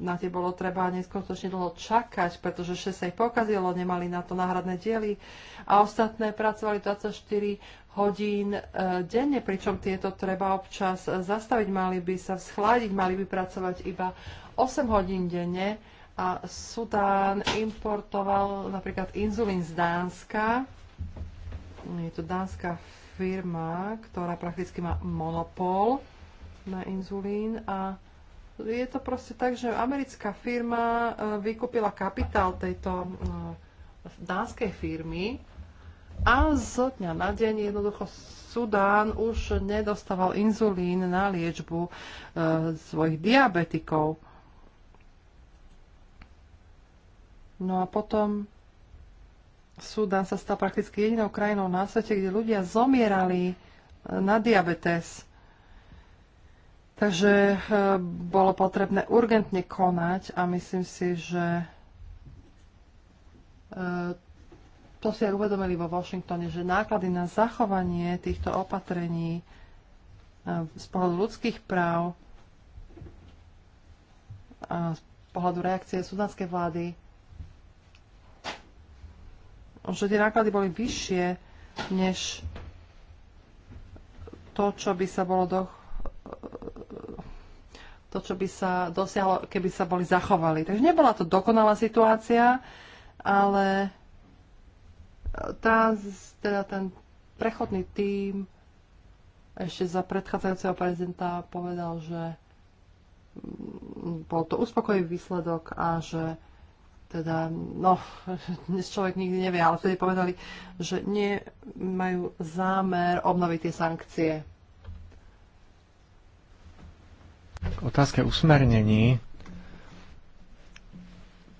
na tie bolo treba neskutočne dlho čakať, pretože 6 sa ich pokazilo, nemali na to náhradné diely a ostatné pracovali 24 hodín e, denne, pričom tieto treba občas zastaviť, mali by sa schladiť, mali by pracovať iba 8 hodín denne a Sudán importoval napríklad inzulín z Dánska. Je to dánska firma, ktorá prakticky má monopol na inzulín a je to proste tak, že americká firma e, vykúpila kapitál tejto e, dánskej firmy a z dňa na deň jednoducho Sudán už nedostával inzulín na liečbu e, svojich diabetikov. No a potom Sudán sa stal prakticky jedinou krajinou na svete, kde ľudia zomierali e, na diabetes. Takže e, bolo potrebné urgentne konať a myslím si, že e, to si aj uvedomili vo Washingtone, že náklady na zachovanie týchto opatrení e, z pohľadu ľudských práv a z pohľadu reakcie sudanskej vlády, že tie náklady boli vyššie než to, čo by sa bolo do, to, čo by sa dosiahlo, keby sa boli zachovali. Takže nebola to dokonalá situácia, ale tá, teda ten prechodný tím ešte za predchádzajúceho prezidenta povedal, že mm, bol to uspokojivý výsledok a že teda, no, [laughs] dnes človek nikdy nevie, ale vtedy povedali, že nemajú zámer obnoviť tie sankcie. K otázke usmernení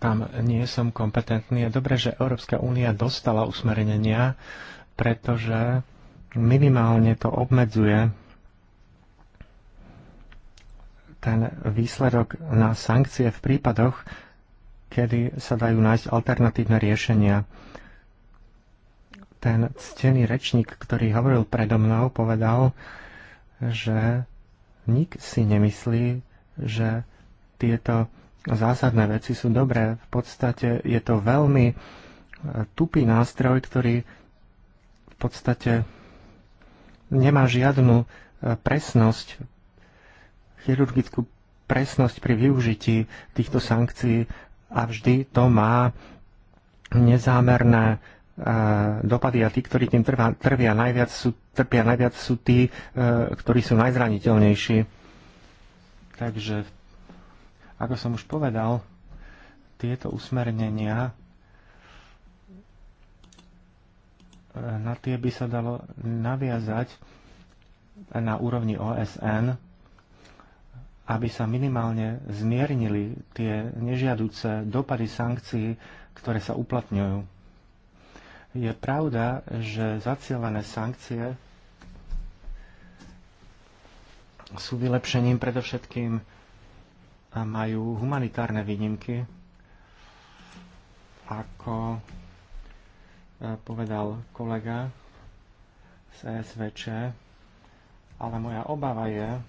tam nie som kompetentný. Je dobré, že Európska únia dostala usmerenia, pretože minimálne to obmedzuje ten výsledok na sankcie v prípadoch, kedy sa dajú nájsť alternatívne riešenia. Ten ctený rečník, ktorý hovoril predo mnou, povedal, že nik si nemyslí, že tieto zásadné veci sú dobré. V podstate je to veľmi e, tupý nástroj, ktorý v podstate nemá žiadnu e, presnosť, chirurgickú presnosť pri využití týchto sankcií a vždy to má nezámerné e, dopady a tí, ktorí tým trvá, trvia najviac sú, trpia najviac, sú tí, ktorí sú najzraniteľnejší. Takže v ako som už povedal, tieto usmernenia e, na tie by sa dalo naviazať na úrovni OSN, aby sa minimálne zmiernili tie nežiaduce dopady sankcií, ktoré sa uplatňujú. Je pravda, že zacielené sankcie sú vylepšením predovšetkým majú humanitárne výnimky, ako e, povedal kolega z SVČ, ale moja obava je,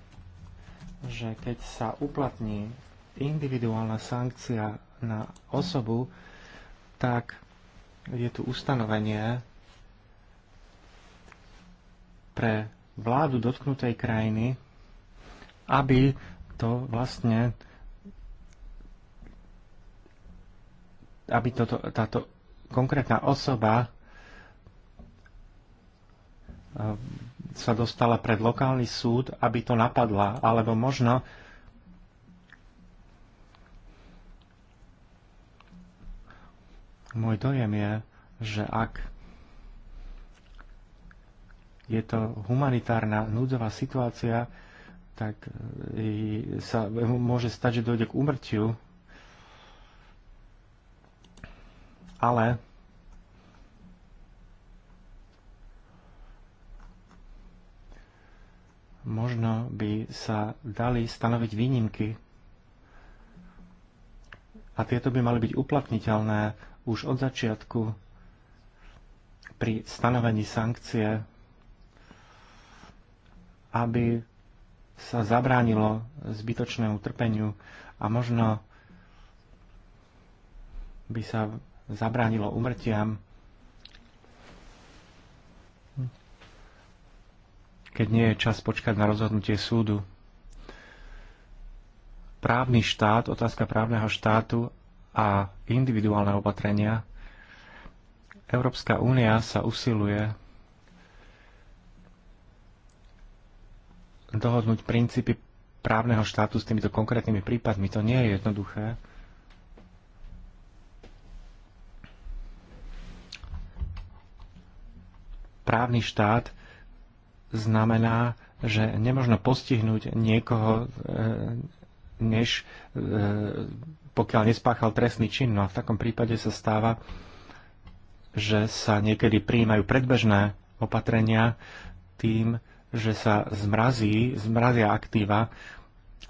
že keď sa uplatní individuálna sankcia na osobu, tak je tu ustanovenie pre vládu dotknutej krajiny, aby to vlastne aby toto, táto konkrétna osoba eh, sa dostala pred lokálny súd, aby to napadla, alebo možno môj dojem je, že ak je to humanitárna núdzová situácia, tak eh, sa môže stať, že dojde k úmrtiu ale možno by sa dali stanoviť výnimky a tieto by mali byť uplatniteľné už od začiatku pri stanovení sankcie, aby sa zabránilo zbytočnému trpeniu a možno by sa zabránilo umrtiam. Keď nie je čas počkať na rozhodnutie súdu. Právny štát, otázka právneho štátu a individuálne opatrenia. Európska únia sa usiluje dohodnúť princípy právneho štátu s týmito konkrétnymi prípadmi. To nie je jednoduché. právny štát znamená, že nemožno postihnúť niekoho, e, než e, pokiaľ nespáchal trestný čin. No a v takom prípade sa stáva, že sa niekedy prijímajú predbežné opatrenia tým, že sa zmrazí, zmrazia aktíva,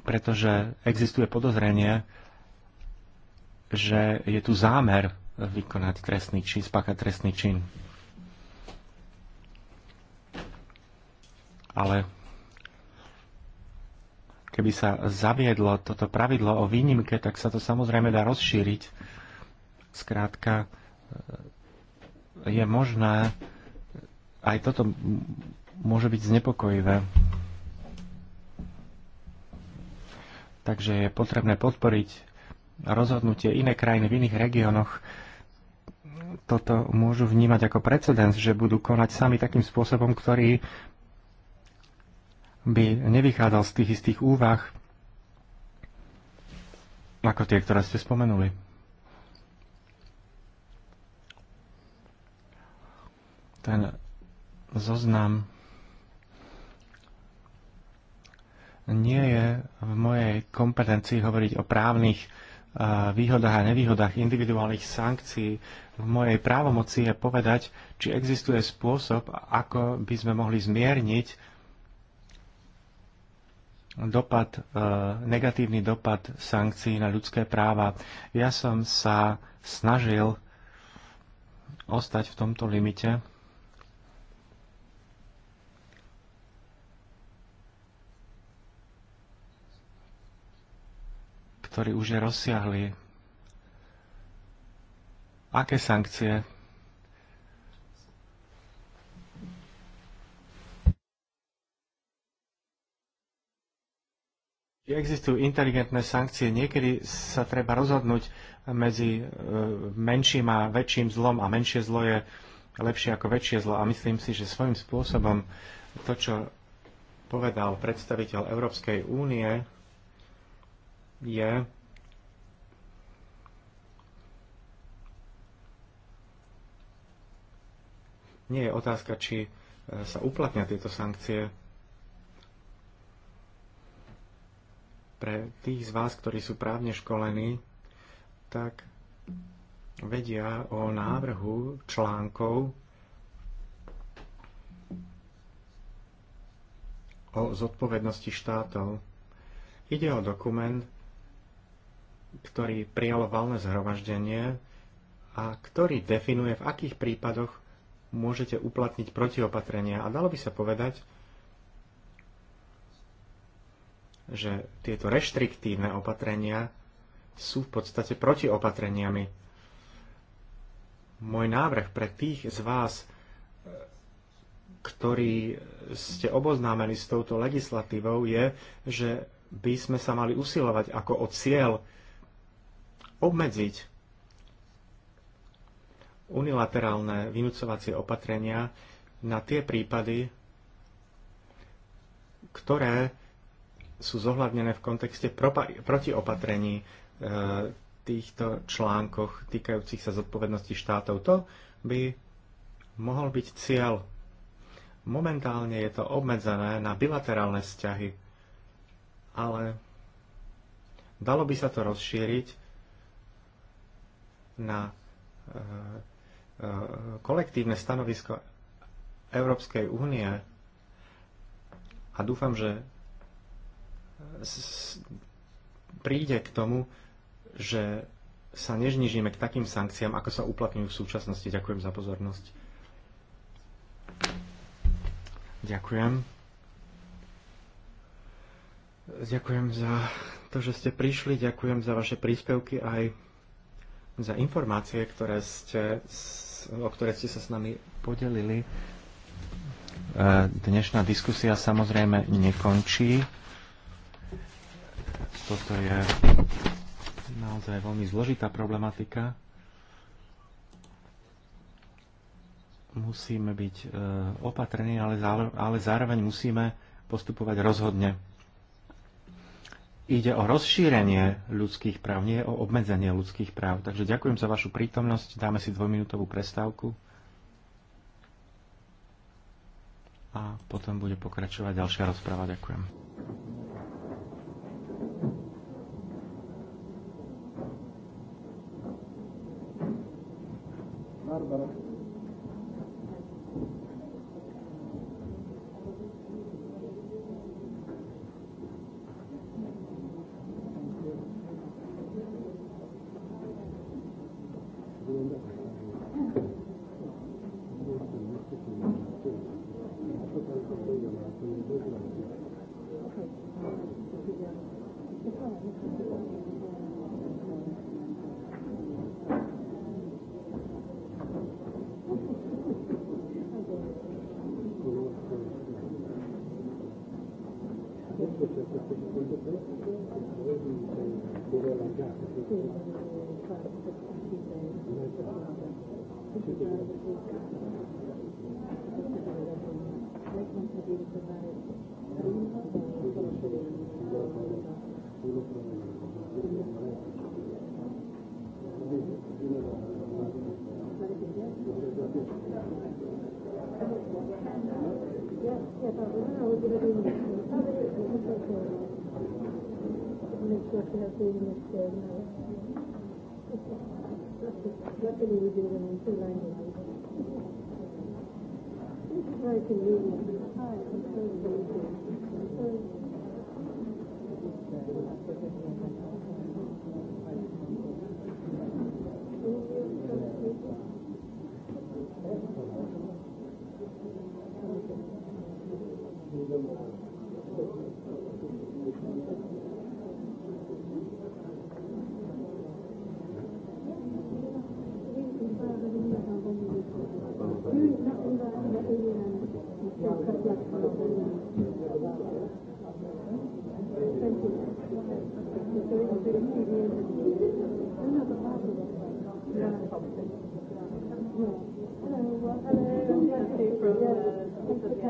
pretože existuje podozrenie, že je tu zámer vykonať trestný čin, spáchať trestný čin. ale keby sa zaviedlo toto pravidlo o výnimke, tak sa to samozrejme dá rozšíriť. Skrátka, je možné, aj toto môže byť znepokojivé. Takže je potrebné podporiť rozhodnutie iné krajiny v iných regiónoch. Toto môžu vnímať ako precedens, že budú konať sami takým spôsobom, ktorý by nevychádzal z tých istých úvah, ako tie, ktoré ste spomenuli. Ten zoznam nie je v mojej kompetencii hovoriť o právnych e, výhodách a nevýhodách individuálnych sankcií. V mojej právomoci je povedať, či existuje spôsob, ako by sme mohli zmierniť dopad, e, negatívny dopad sankcií na ľudské práva. Ja som sa snažil ostať v tomto limite. ktorý už je rozsiahli. Aké sankcie existujú inteligentné sankcie. Niekedy sa treba rozhodnúť medzi e, menším a väčším zlom a menšie zlo je lepšie ako väčšie zlo. A myslím si, že svojím spôsobom to, čo povedal predstaviteľ Európskej únie, je, nie je otázka, či e, sa uplatnia tieto sankcie Pre tých z vás, ktorí sú právne školení, tak vedia o návrhu článkov o zodpovednosti štátov. Ide o dokument, ktorý prijalo valné zhromaždenie a ktorý definuje, v akých prípadoch môžete uplatniť protiopatrenia. A dalo by sa povedať, že tieto reštriktívne opatrenia sú v podstate protiopatreniami. Môj návrh pre tých z vás, e, ktorí ste oboznámení s touto legislatívou, je, že by sme sa mali usilovať ako o cieľ obmedziť unilaterálne vynúcovacie opatrenia na tie prípady, ktoré sú zohľadnené v kontexte protiopatrení e, týchto článkoch týkajúcich sa zodpovednosti štátov. To by mohol byť cieľ. Momentálne je to obmedzené na bilaterálne vzťahy, ale dalo by sa to rozšíriť na e, e, kolektívne stanovisko Európskej únie a dúfam, že príde k tomu, že sa nežnižíme k takým sankciám, ako sa uplatňujú v súčasnosti. Ďakujem za pozornosť. Ďakujem. Ďakujem za to, že ste prišli, ďakujem za vaše príspevky aj za informácie, ktoré ste, o ktoré ste sa s nami podelili. E, dnešná diskusia samozrejme nekončí. Toto je naozaj veľmi zložitá problematika. Musíme byť e, opatrní, ale, ale zároveň musíme postupovať rozhodne. Ide o rozšírenie ľudských práv, nie o obmedzenie ľudských práv. Takže ďakujem za vašu prítomnosť. Dáme si dvojminútovú prestávku. A potom bude pokračovať ďalšia rozpráva. Ďakujem. Barbara. Luckily we do them in two languages. This is very convenient. Hi, I'm so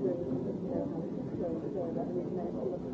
triggered. So, so that we've made all of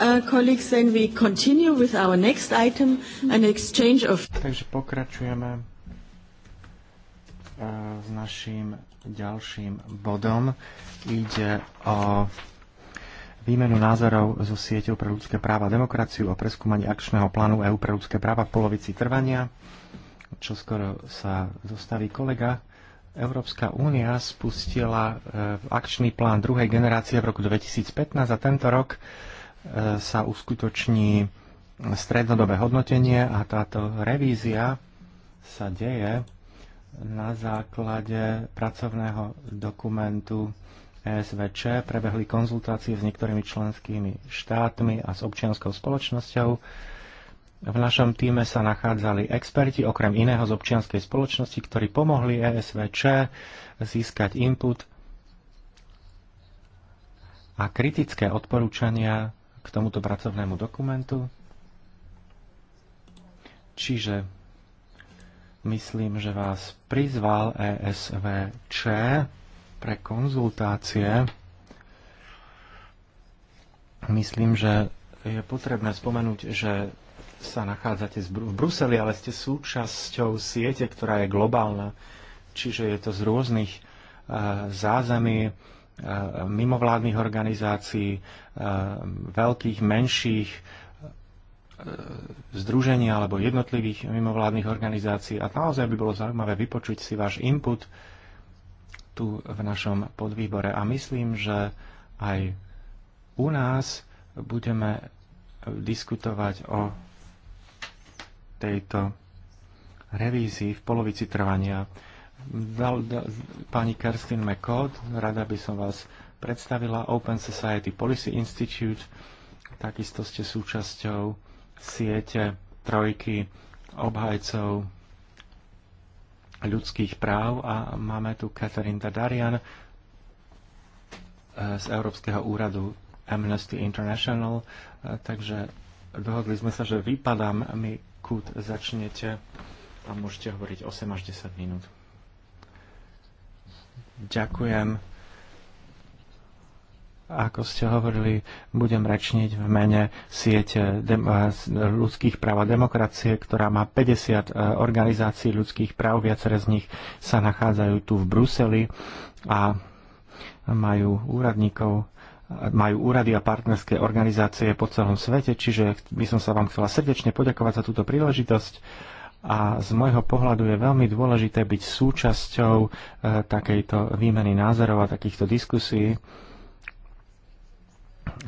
Uh, colleagues, then we continue with our next item, an exchange of... Takže pokračujeme uh, s našim ďalším bodom. Ide o výmenu názorov so sieťou pre ľudské práva a demokraciu o preskúmaní akčného plánu EÚ pre ľudské práva v polovici trvania, čo skoro sa zostaví kolega. Európska únia spustila uh, akčný plán druhej generácie v roku 2015 a tento rok sa uskutoční strednodobé hodnotenie a táto revízia sa deje na základe pracovného dokumentu SVČ. Prebehli konzultácie s niektorými členskými štátmi a s občianskou spoločnosťou. V našom týme sa nachádzali experti, okrem iného z občianskej spoločnosti, ktorí pomohli ESVČ získať input a kritické odporúčania k tomuto pracovnému dokumentu. Čiže myslím, že vás prizval ESVČ pre konzultácie. Myslím, že je potrebné spomenúť, že sa nachádzate v Bruseli, ale ste súčasťou siete, ktorá je globálna, čiže je to z rôznych e, zázemí, Eh, mimovládnych organizácií, eh, veľkých, menších, eh, združení alebo jednotlivých mimovládnych organizácií a naozaj by bolo zaujímavé vypočuť si váš input tu v našom podvýbore a myslím, že aj u nás budeme diskutovať o tejto revízii v polovici trvania Pani Kerstin McCord, rada by som vás predstavila Open Society Policy Institute. Takisto ste súčasťou siete trojky obhajcov ľudských práv a máme tu Catherine Dadarian eh, z Európskeho úradu Amnesty International, eh, takže dohodli sme sa, že vypadám, my, kút začnete a môžete hovoriť 8 až 10 minút. Ďakujem. Ako ste hovorili, budem rečniť v mene siete ľudských práv a demokracie, ktorá má 50 e, organizácií ľudských práv, viacere z nich sa nachádzajú tu v Bruseli a majú úradníkov majú úrady a partnerské organizácie po celom svete, čiže by som sa vám chcela srdečne poďakovať za túto príležitosť a z môjho pohľadu je veľmi dôležité byť súčasťou e, takejto výmeny názorov a takýchto diskusí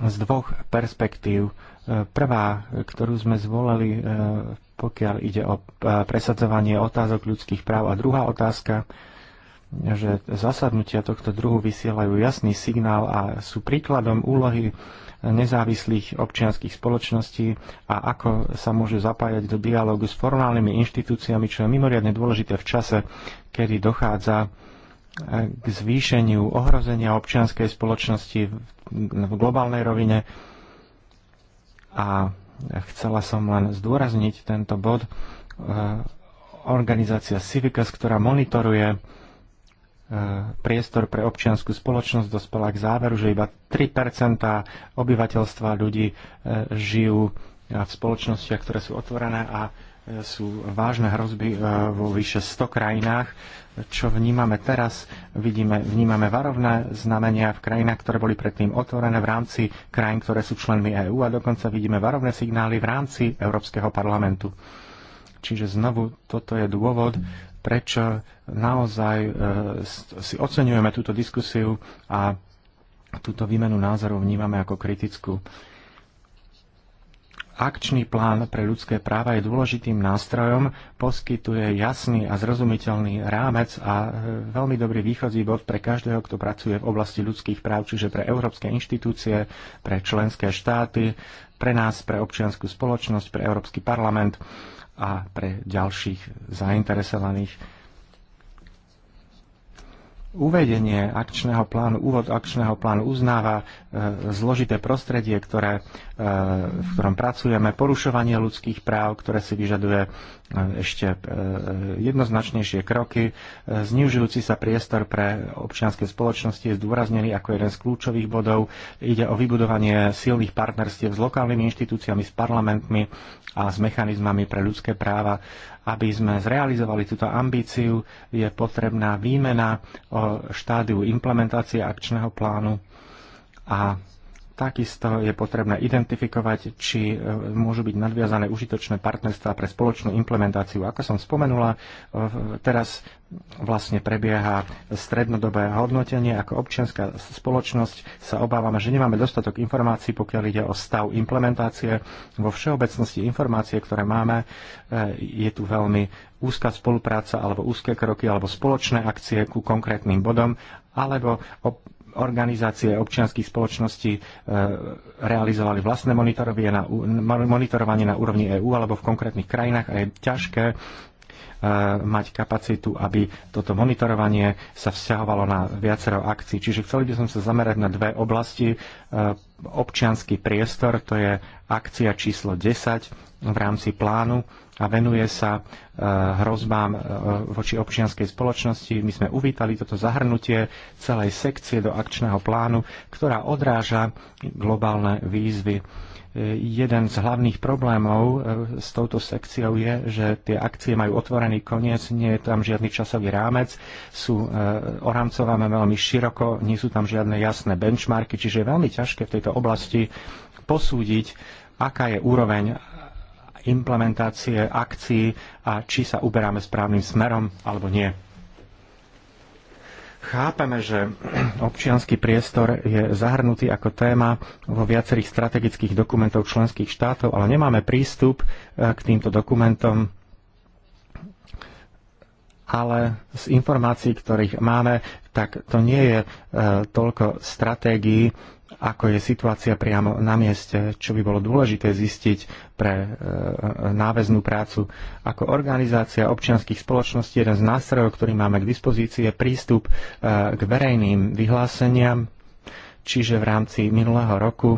z dvoch perspektív. E, prvá, ktorú sme zvolali, e, pokiaľ ide o presadzovanie otázok ľudských práv a druhá otázka, že zasadnutia tohto druhu vysielajú jasný signál a sú príkladom úlohy nezávislých občianských spoločností a ako sa môžu zapájať do dialógu s formálnymi inštitúciami, čo je mimoriadne dôležité v čase, kedy dochádza e, k zvýšeniu ohrozenia občianskej spoločnosti v globálnej rovine. A chcela som len zdôrazniť tento bod. E, organizácia Civicas, ktorá monitoruje E, priestor pre občianskú spoločnosť dospela k záveru, že iba 3 obyvateľstva ľudí e, žijú e, v spoločnostiach, ktoré sú otvorené a sú vážne hrozby vo vyše 100 krajinách. Čo vnímame teraz, vidíme, vnímame varovné znamenia v krajinách, ktoré boli predtým otvorené v rámci krajín, ktoré sú členmi EÚ a dokonca vidíme varovné signály v rámci Európskeho parlamentu. Čiže znovu toto je dôvod, prečo naozaj e, si oceňujeme túto diskusiu a túto výmenu názorov vnímame ako kritickú. Akčný plán pre ľudské práva je dôležitým nástrojom, poskytuje jasný a zrozumiteľný rámec a e, veľmi dobrý výchozí bod pre každého, kto pracuje v oblasti ľudských práv, čiže pre európske inštitúcie, pre členské štáty, pre nás, pre občianskú spoločnosť, pre Európsky parlament a pre ďalších zainteresovaných uvedenie akčného plánu, úvod akčného plánu uznáva e, zložité prostredie, ktoré, e, v ktorom pracujeme, porušovanie ľudských práv, ktoré si vyžaduje e, ešte jednoznačnejšie kroky, znižujúci sa priestor pre občianske spoločnosti je zdôraznený ako jeden z kľúčových bodov. Ide o vybudovanie silných partnerstiev s lokálnymi inštitúciami, s parlamentmi a s mechanizmami pre ľudské práva aby sme zrealizovali túto ambíciu, je potrebná výmena o štádiu implementácie akčného plánu a Takisto je potrebné identifikovať, či e, môžu byť nadviazané užitočné partnerstvá pre spoločnú implementáciu. Ako som spomenula, e, teraz vlastne prebieha strednodobé hodnotenie. Ako občianská spoločnosť sa obávame, že nemáme dostatok informácií, pokiaľ ide o stav implementácie. Vo všeobecnosti informácie, ktoré máme, e, je tu veľmi úzka spolupráca alebo úzke kroky alebo spoločné akcie ku konkrétnym bodom alebo organizácie občianských spoločností e, realizovali vlastné monitorovanie na úrovni EÚ alebo v konkrétnych krajinách a je ťažké e, mať kapacitu, aby toto monitorovanie sa vzťahovalo na viacero akcií. Čiže chceli by som sa zamerať na dve oblasti. E, občianský priestor, to je akcia číslo 10 v rámci plánu a venuje sa e, hrozbám e, voči občianskej spoločnosti. My sme uvítali toto zahrnutie celej sekcie do akčného plánu, ktorá odráža globálne výzvy. E, jeden z hlavných problémov s touto sekciou je, že tie akcie majú otvorený koniec, nie je tam žiadny časový rámec, sú oramcované veľmi široko, nie sú tam žiadne jasné benchmarky, čiže je veľmi ťažké v tejto oblasti posúdiť, aká je úroveň implementácie akcií a či sa uberáme správnym smerom alebo nie. Chápeme, že občianský priestor je zahrnutý ako téma vo viacerých strategických dokumentov členských štátov, ale nemáme prístup e, k týmto dokumentom ale z informácií, ktorých máme, tak to nie je e, toľko stratégií, ako je situácia priamo na mieste, čo by bolo dôležité zistiť pre e, náväznú prácu. Ako organizácia občianských spoločností jeden z nástrojov, ktorý máme k dispozícii, je prístup e, k verejným vyhláseniam, čiže v rámci minulého roku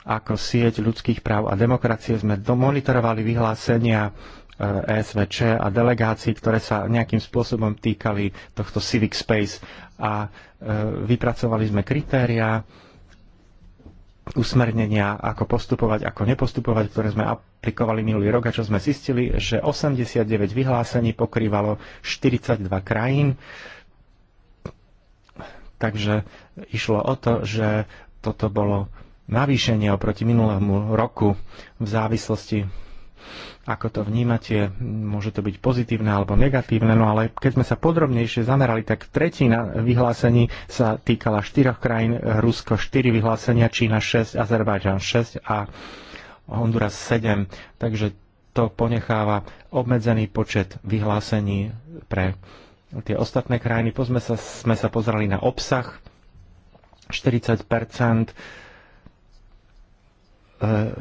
ako sieť ľudských práv a demokracie sme monitorovali vyhlásenia ESVČ eh, e a delegácií, ktoré sa nejakým spôsobom týkali tohto Civic Space a eh, vypracovali sme kritériá, usmernenia, ako postupovať, ako nepostupovať, ktoré sme aplikovali minulý rok a čo sme zistili, že 89 vyhlásení pokrývalo 42 krajín. Takže išlo o to, že toto bolo navýšenie oproti minulému roku v závislosti ako to vnímate, môže to byť pozitívne alebo negatívne, no ale keď sme sa podrobnejšie zamerali, tak tretina vyhlásení sa týkala štyroch krajín, Rusko 4 vyhlásenia, Čína 6, Azerbajdžan 6 a Honduras 7. Takže to ponecháva obmedzený počet vyhlásení pre tie ostatné krajiny. Pozme sa, sme sa pozrali na obsah 40 e,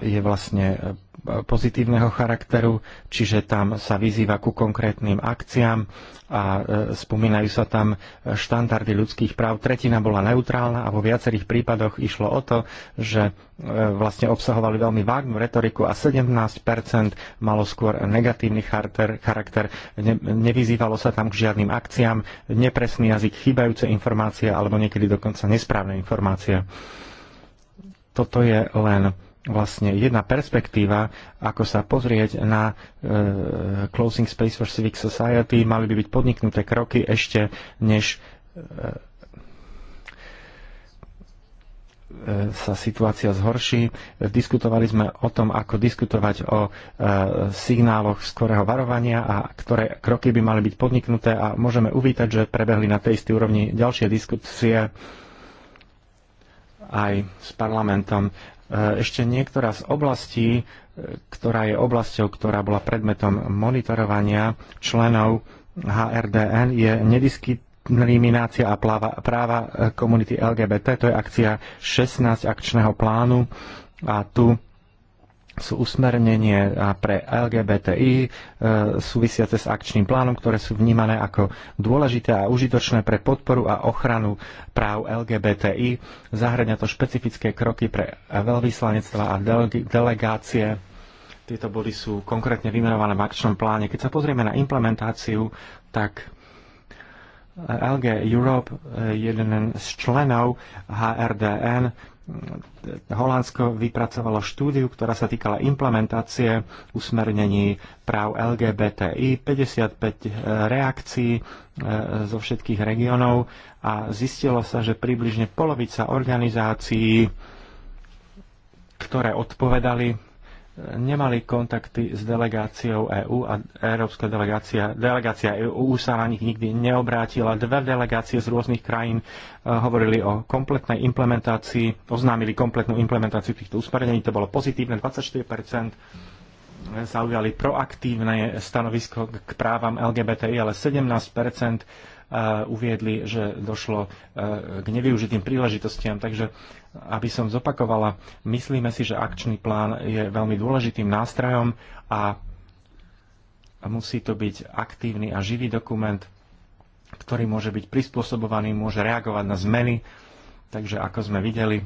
je vlastne pozitívneho charakteru, čiže tam sa vyzýva ku konkrétnym akciám a e, spomínajú sa tam štandardy ľudských práv. Tretina bola neutrálna a vo viacerých prípadoch išlo o to, že e, vlastne obsahovali veľmi vágnu retoriku a 17% malo skôr negatívny charakter, charakter. Ne, nevyzývalo sa tam k žiadnym akciám, nepresný jazyk, chýbajúce informácie alebo niekedy dokonca nesprávne informácie. Toto je len vlastne jedna perspektíva, ako sa pozrieť na e, Closing Space for Civic Society. Mali by byť podniknuté kroky ešte, než e, e sa situácia zhorší. Diskutovali sme o tom, ako diskutovať o e, signáloch skorého varovania a ktoré kroky by mali byť podniknuté a môžeme uvítať, že prebehli na tej istej úrovni ďalšie diskusie aj s parlamentom. E, ešte niektorá z oblastí, e, ktorá je oblasťou, ktorá bola predmetom monitorovania členov HRDN, je nediskit a práva e, komunity LGBT. To je akcia 16 akčného plánu a tu sú usmernenie pre LGBTI e, súvisiace s akčným plánom, ktoré sú vnímané ako dôležité a užitočné pre podporu a ochranu práv LGBTI. Zahrania to špecifické kroky pre veľvyslanectva a delegácie. Tieto body sú konkrétne vymenované v akčnom pláne. Keď sa pozrieme na implementáciu, tak LG Europe, e, jeden z členov HRDN, Holandsko vypracovalo štúdiu, ktorá sa týkala implementácie usmernení práv LGBTI, 55 eh, reakcií eh, zo všetkých regiónov a zistilo sa, že približne polovica organizácií, ktoré odpovedali nemali kontakty s delegáciou EÚ a Európska delegácia, delegácia EÚ sa na nich nikdy neobrátila. Dve delegácie z rôznych krajín e, hovorili o kompletnej implementácii, oznámili kompletnú implementáciu týchto usmernení, to bolo pozitívne, 24% zaujali proaktívne stanovisko k právam LGBTI, ale 17% e, uviedli, že došlo e, k nevyužitým príležitostiam. Takže aby som zopakovala, myslíme si, že akčný plán je veľmi dôležitým nástrojom a musí to byť aktívny a živý dokument, ktorý môže byť prispôsobovaný, môže reagovať na zmeny. Takže ako sme videli,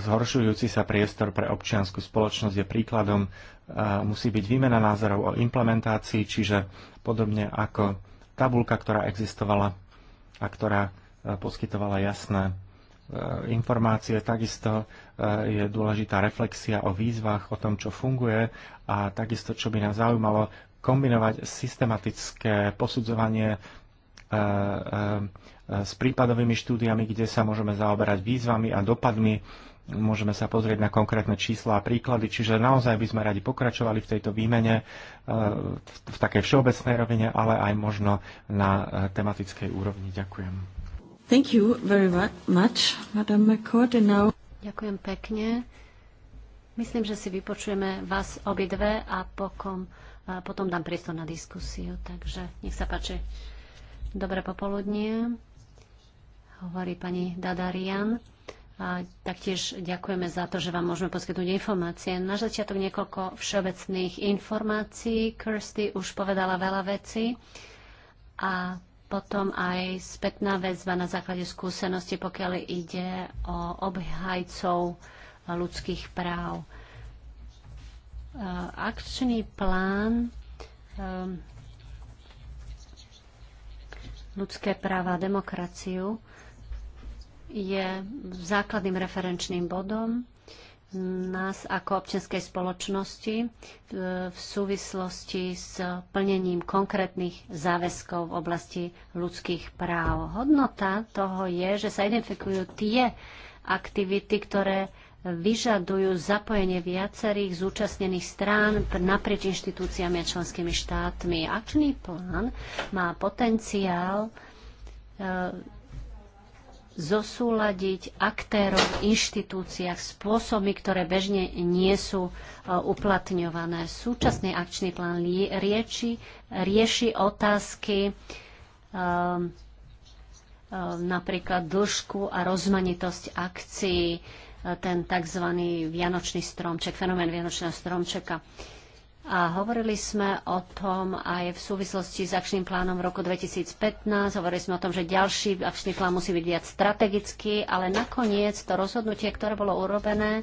zhoršujúci sa priestor pre občianskú spoločnosť je príkladom, musí byť výmena názorov o implementácii, čiže podobne ako tabulka, ktorá existovala a ktorá e, poskytovala jasné e, informácie. Takisto e, je dôležitá reflexia o výzvach, o tom, čo funguje a takisto, čo by nás zaujímalo, kombinovať systematické posudzovanie s prípadovými štúdiami, kde sa môžeme zaoberať výzvami a dopadmi môžeme sa pozrieť na konkrétne čísla a príklady, čiže naozaj by sme radi pokračovali v tejto výmene e, v takej všeobecnej rovine, ale aj možno na e, tematickej úrovni. Ďakujem. Thank you very much, Madam McCord, and now... Ďakujem pekne. Myslím, že si vypočujeme vás obidve a pokom, potom dám priestor na diskusiu. Takže nech sa páči. Dobré popoludnie. Hovorí pani Dadarian. A taktiež ďakujeme za to, že vám môžeme poskytnúť informácie. Na začiatok niekoľko všeobecných informácií. Kirsty už povedala veľa vecí a potom aj spätná väzba na základe skúsenosti, pokiaľ ide o obhajcov ľudských práv. Akčný plán ehm, ľudské práva a demokraciu je základným referenčným bodom nás ako občianskej spoločnosti v súvislosti s plnením konkrétnych záväzkov v oblasti ľudských práv. Hodnota toho je, že sa identifikujú tie aktivity, ktoré vyžadujú zapojenie viacerých zúčastnených strán naprieč inštitúciami a členskými štátmi. Akčný plán má potenciál e, zosúladiť aktérov v inštitúciách spôsoby, ktoré bežne nie sú e, uplatňované. Súčasný akčný plán rieči, rieši otázky um, um, napríklad dĺžku a rozmanitosť akcií, ten tzv. vianočný stromček, fenomén vianočného stromčeka. A hovorili sme o tom aj v súvislosti s akčným plánom v roku 2015. Hovorili sme o tom, že ďalší akčný plán musí byť viac strategický, ale nakoniec to rozhodnutie, ktoré bolo urobené,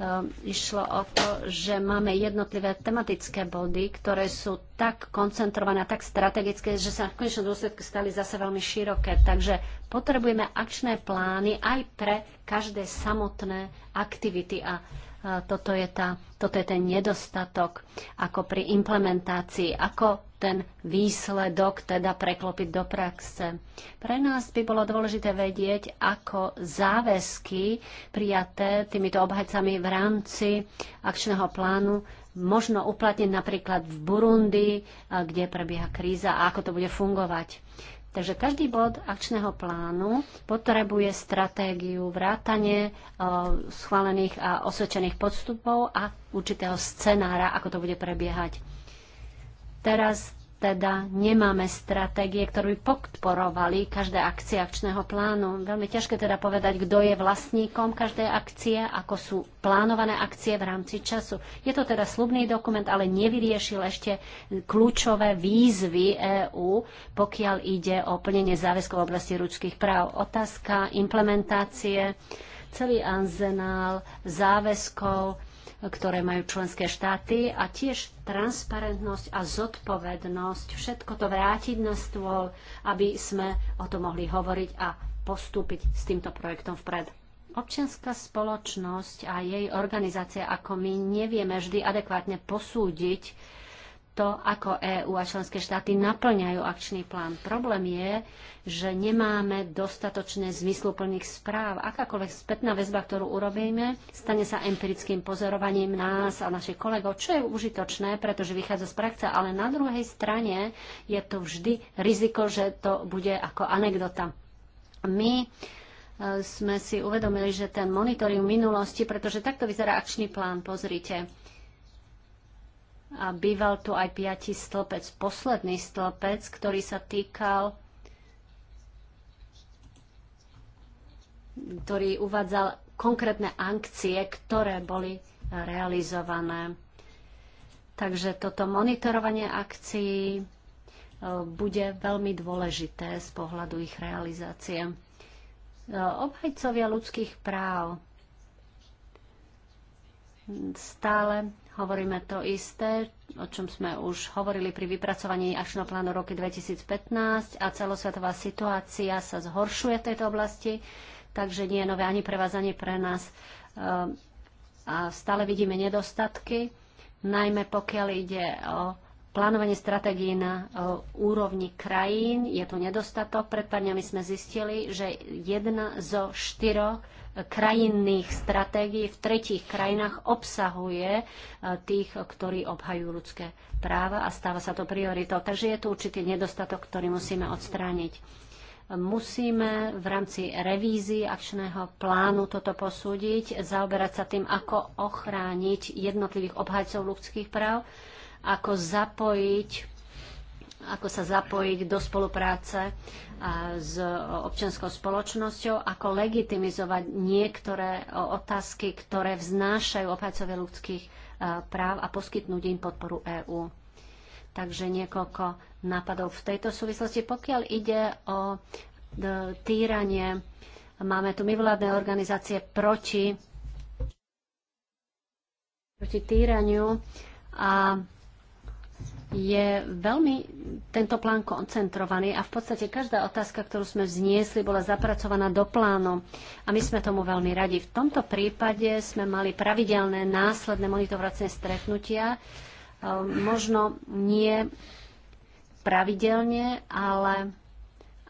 um, išlo o to, že máme jednotlivé tematické body, ktoré sú tak koncentrované, tak strategické, že sa v konečnom dôsledku stali zase veľmi široké. Takže potrebujeme akčné plány aj pre každé samotné aktivity a toto je, tá, toto je ten nedostatok, ako pri implementácii, ako ten výsledok teda preklopiť do praxe. Pre nás by bolo dôležité vedieť, ako záväzky prijaté týmito obhajcami v rámci akčného plánu možno uplatniť napríklad v Burundi, kde prebieha kríza a ako to bude fungovať. Takže každý bod akčného plánu potrebuje stratégiu vrátane e, schválených a osvedčených podstupov a určitého scenára, ako to bude prebiehať. Teraz teda nemáme stratégie, ktorú by podporovali každé akcie akčného plánu. Veľmi ťažké teda povedať, kto je vlastníkom každej akcie, ako sú plánované akcie v rámci času. Je to teda slubný dokument, ale nevyriešil ešte kľúčové výzvy EÚ, pokiaľ ide o plnenie záväzkov v oblasti ľudských práv. Otázka implementácie, celý anzenál záväzkov, ktoré majú členské štáty a tiež transparentnosť a zodpovednosť, všetko to vrátiť na stôl, aby sme o tom mohli hovoriť a postúpiť s týmto projektom vpred. Občianská spoločnosť a jej organizácia ako my nevieme vždy adekvátne posúdiť to, ako EÚ a členské štáty naplňajú akčný plán. Problém je, že nemáme dostatočne zmysluplných správ. Akákoľvek spätná väzba, ktorú urobíme, stane sa empirickým pozorovaním nás a našich kolegov, čo je užitočné, pretože vychádza z praxe, ale na druhej strane je to vždy riziko, že to bude ako anekdota. My e, sme si uvedomili, že ten monitoring minulosti, pretože takto vyzerá akčný plán, pozrite a býval tu aj piatý stĺpec, posledný stĺpec, ktorý sa týkal ktorý uvádzal konkrétne akcie, ktoré boli realizované. Takže toto monitorovanie akcií e, bude veľmi dôležité z pohľadu ich realizácie. E, obhajcovia ľudských práv stále Hovoríme to isté, o čom sme už hovorili pri vypracovaní akčného plánu roky 2015 a celosvetová situácia sa zhoršuje v tejto oblasti, takže nie je nové ani pre vás, ani pre nás. Eh, a stále vidíme nedostatky, najmä pokiaľ ide o plánovanie stratégií na e, úrovni krajín. Je tu nedostatok. Pred pár dňami sme zistili, že jedna zo štyroch krajinných stratégií v tretích krajinách obsahuje e, tých, ktorí obhajujú ľudské práva a stáva sa to prioritou. Takže je tu určitý nedostatok, ktorý musíme odstrániť musíme v rámci revízii akčného plánu toto posúdiť, zaoberať sa tým, ako ochrániť jednotlivých obhajcov ľudských práv ako zapojiť ako sa zapojiť do spolupráce s občianskou spoločnosťou, ako legitimizovať niektoré otázky, ktoré vznášajú obhajcovia ľudských práv a poskytnúť im podporu EÚ. Takže niekoľko nápadov v tejto súvislosti. Pokiaľ ide o týranie, máme tu mimovládne organizácie proti, proti týraniu a je veľmi tento plán koncentrovaný a v podstate každá otázka, ktorú sme vzniesli, bola zapracovaná do plánu a my sme tomu veľmi radi. V tomto prípade sme mali pravidelné následné monitorovacie stretnutia, e, možno nie pravidelne, ale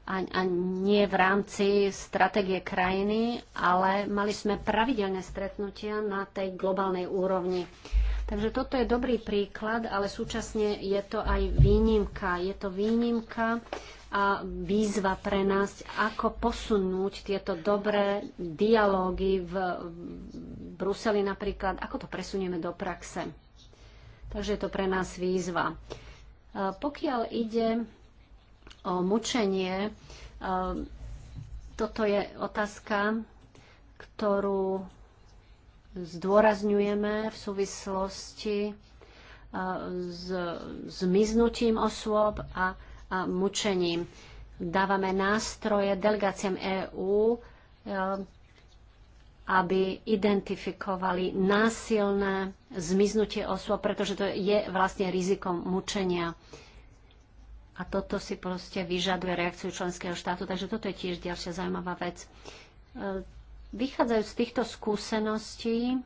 a, a nie v rámci stratégie krajiny, ale mali sme pravidelné stretnutia na tej globálnej úrovni. Takže toto je dobrý príklad, ale súčasne je to aj výnimka. Je to výnimka a výzva pre nás, ako posunúť tieto dobré dialógy v Bruseli napríklad, ako to presunieme do praxe. Takže je to pre nás výzva. E, pokiaľ ide o mučenie, e, toto je otázka, ktorú zdôrazňujeme v súvislosti e, s zmiznutím osôb a, a mučením. Dávame nástroje delegáciám EÚ, e, aby identifikovali násilné zmiznutie osôb, pretože to je vlastne rizikom mučenia. A toto si proste vyžaduje reakciu členského štátu. Takže toto je tiež ďalšia zaujímavá vec. E, Vychádzajú z týchto skúseností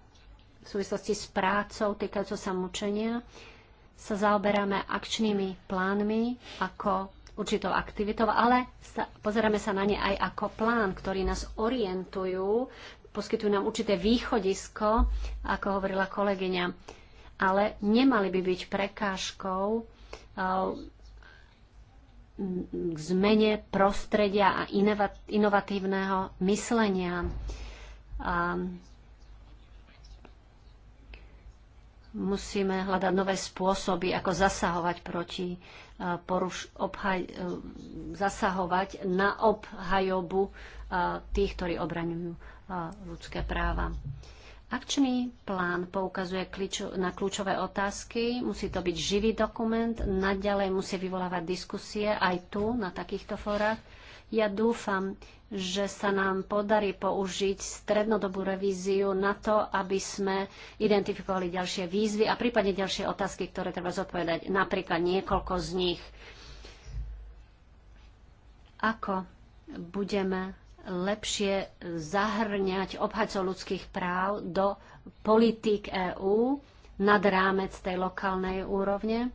v súvislosti s prácou týkajúco sa mučenia, sa zaoberáme akčnými plánmi ako určitou aktivitou, ale sa, pozeráme sa na ne aj ako plán, ktorý nás orientujú, poskytujú nám určité východisko, ako hovorila kolegyňa. Ale nemali by byť prekážkou k zmene prostredia a inovatívneho myslenia. A musíme hľadať nové spôsoby, ako zasahovať proti e, poruš- obhaj- e, zasahovať na obhajobu e, tých, ktorí obraňujú ľudské práva. Akčný plán poukazuje na kľúčové otázky, musí to byť živý dokument, naďalej musí vyvolávať diskusie aj tu, na takýchto forách. Ja dúfam, že sa nám podarí použiť strednodobú revíziu na to, aby sme identifikovali ďalšie výzvy a prípadne ďalšie otázky, ktoré treba zodpovedať, napríklad niekoľko z nich. Ako budeme lepšie zahrňať obhajcov ľudských práv do politík EÚ nad rámec tej lokálnej úrovne.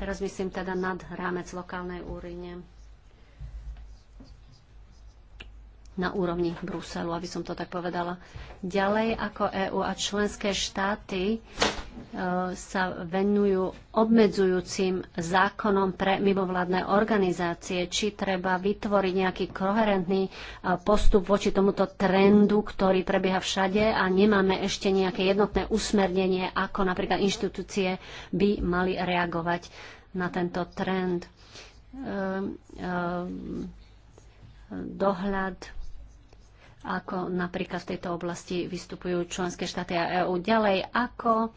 Teraz myslím teda nad rámec lokálnej úrovne. na úrovni Bruselu, aby som to tak povedala. Ďalej ako EÚ a členské štáty e, sa venujú obmedzujúcim zákonom pre mimovládne organizácie, či treba vytvoriť nejaký koherentný e, postup voči tomuto trendu, ktorý prebieha všade a nemáme ešte nejaké jednotné usmernenie, ako napríklad inštitúcie by mali reagovať na tento trend. E, dohľad ako napríklad v tejto oblasti vystupujú členské štáty a EÚ. Ďalej, ako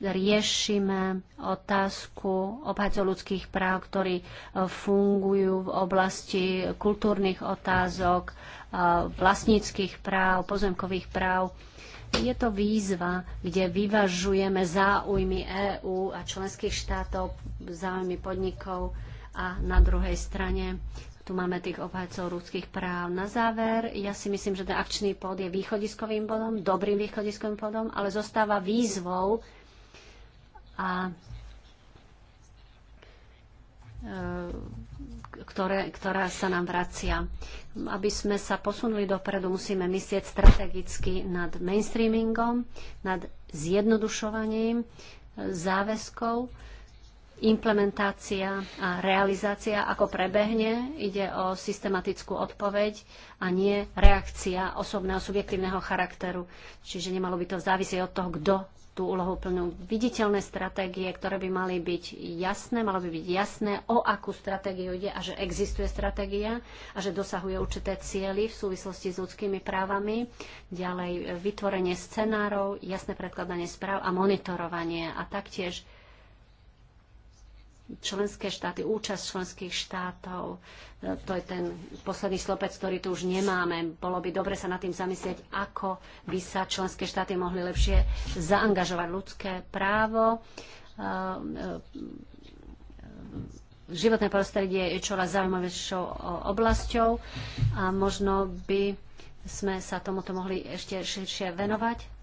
riešime otázku obhajcov ľudských práv, ktorí e, fungujú v oblasti kultúrnych otázok, e, vlastníckých práv, pozemkových práv. Je to výzva, kde vyvažujeme záujmy EÚ a členských štátov, záujmy podnikov a na druhej strane tu máme tých obhajcov ľudských práv. Na záver, ja si myslím, že ten akčný pod je východiskovým bodom, dobrým východiskovým bodom, ale zostáva výzvou a e, ktoré, ktorá sa nám vracia. Aby sme sa posunuli dopredu, musíme myslieť strategicky nad mainstreamingom, nad zjednodušovaním e, záväzkov implementácia a realizácia, ako prebehne. Ide o systematickú odpoveď a nie reakcia osobného subjektívneho charakteru. Čiže nemalo by to závisieť od toho, kto tú úlohu plnú. Viditeľné stratégie, ktoré by mali byť jasné, malo by byť jasné, o akú stratégiu ide a že existuje stratégia a že dosahuje určité cieľy v súvislosti s ľudskými právami. Ďalej vytvorenie scenárov, jasné predkladanie správ a monitorovanie a taktiež členské štáty, účasť členských štátov. E, to je ten posledný slopec, ktorý tu už nemáme. Bolo by dobre sa nad tým zamyslieť, ako by sa členské štáty mohli lepšie zaangažovať ľudské právo. E, e, životné prostredie je čoraz zaujímavejšou oblasťou a možno by sme sa tomuto mohli ešte širšie venovať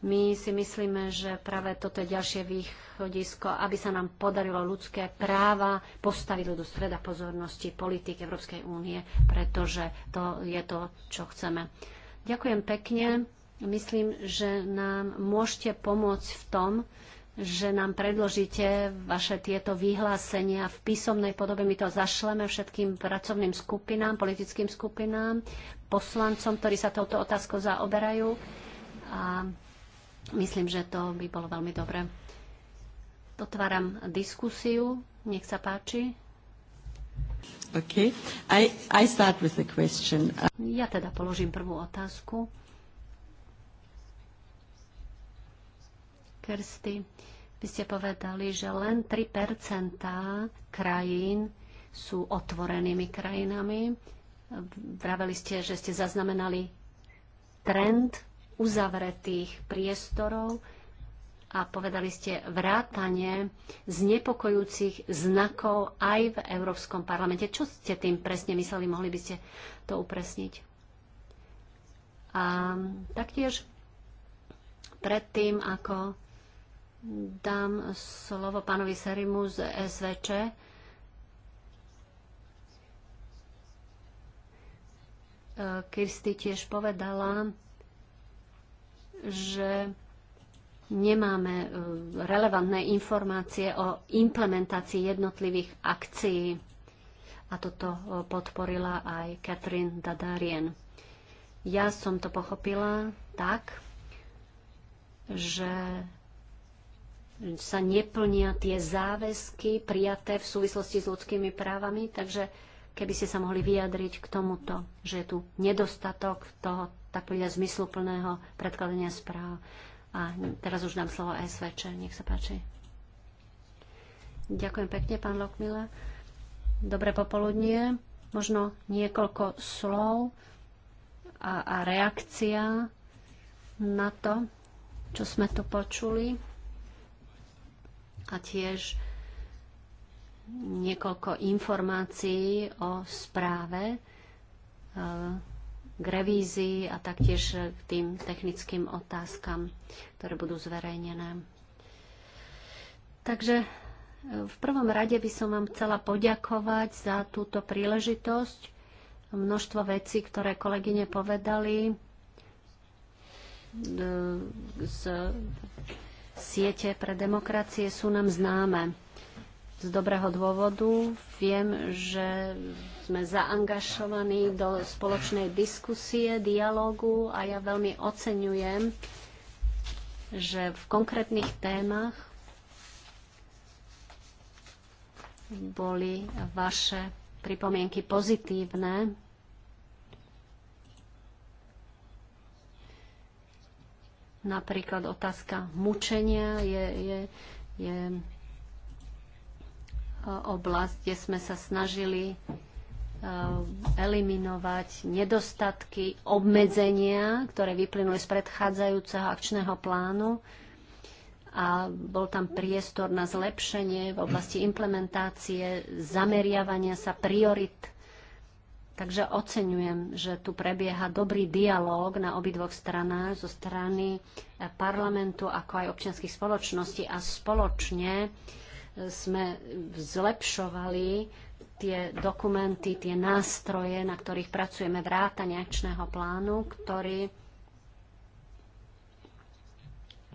my si myslíme, že práve toto je ďalšie východisko, aby sa nám podarilo ľudské práva postaviť do streda pozornosti politik Európskej únie, pretože to je to, čo chceme. Ďakujem pekne. Myslím, že nám môžete pomôcť v tom, že nám predložíte vaše tieto vyhlásenia v písomnej podobe. My to zašleme všetkým pracovným skupinám, politickým skupinám, poslancom, ktorí sa touto otázkou zaoberajú. A Myslím, že to by bolo veľmi dobré. Otváram diskusiu. Nech sa páči. Okay. I, I start with the question. Ja teda položím prvú otázku. Kersty, vy ste povedali, že len 3 krajín sú otvorenými krajinami. Vraveli ste, že ste zaznamenali trend uzavretých priestorov a povedali ste vrátanie znepokojúcich znakov aj v Európskom parlamente. Čo ste tým presne mysleli? Mohli by ste to upresniť? A taktiež predtým, ako dám slovo pánovi Serimu z SVČ, Kirsty tiež povedala, že nemáme e, relevantné informácie o implementácii jednotlivých akcií. A toto e, podporila aj Katrin Dadarien. Ja som to pochopila tak, že sa neplnia tie záväzky prijaté v súvislosti s ľudskými právami, takže keby ste sa mohli vyjadriť k tomuto, že je tu nedostatok toho, tak povedia, zmysluplného predkladania správ. A teraz už dám slovo SVČ. Nech sa páči. Ďakujem pekne, pán Lokmila. Dobré popoludnie. Možno niekoľko slov a, a reakcia na to, čo sme tu počuli. A tiež niekoľko informácií o správe, eh, k revízii a taktiež k tým technickým otázkam, ktoré budú zverejnené. Takže e, v prvom rade by som vám chcela poďakovať za túto príležitosť. Množstvo vecí, ktoré kolegyne povedali e, z siete pre demokracie sú nám známe z dobrého dôvodu. Viem, že sme zaangažovaní do spoločnej diskusie, dialogu a ja veľmi oceňujem, že v konkrétnych témach boli vaše pripomienky pozitívne. Napríklad otázka mučenia je, je, je E, oblasť, kde sme sa snažili e, eliminovať nedostatky, obmedzenia, ktoré vyplynuli z predchádzajúceho akčného plánu a bol tam priestor na zlepšenie v oblasti implementácie, zameriavania sa priorit. Takže oceňujem, že tu prebieha dobrý dialog na obidvoch stranách, zo strany parlamentu, ako aj občianských spoločností a spoločne sme zlepšovali tie dokumenty, tie nástroje, na ktorých pracujeme vrátane akčného plánu, ktorý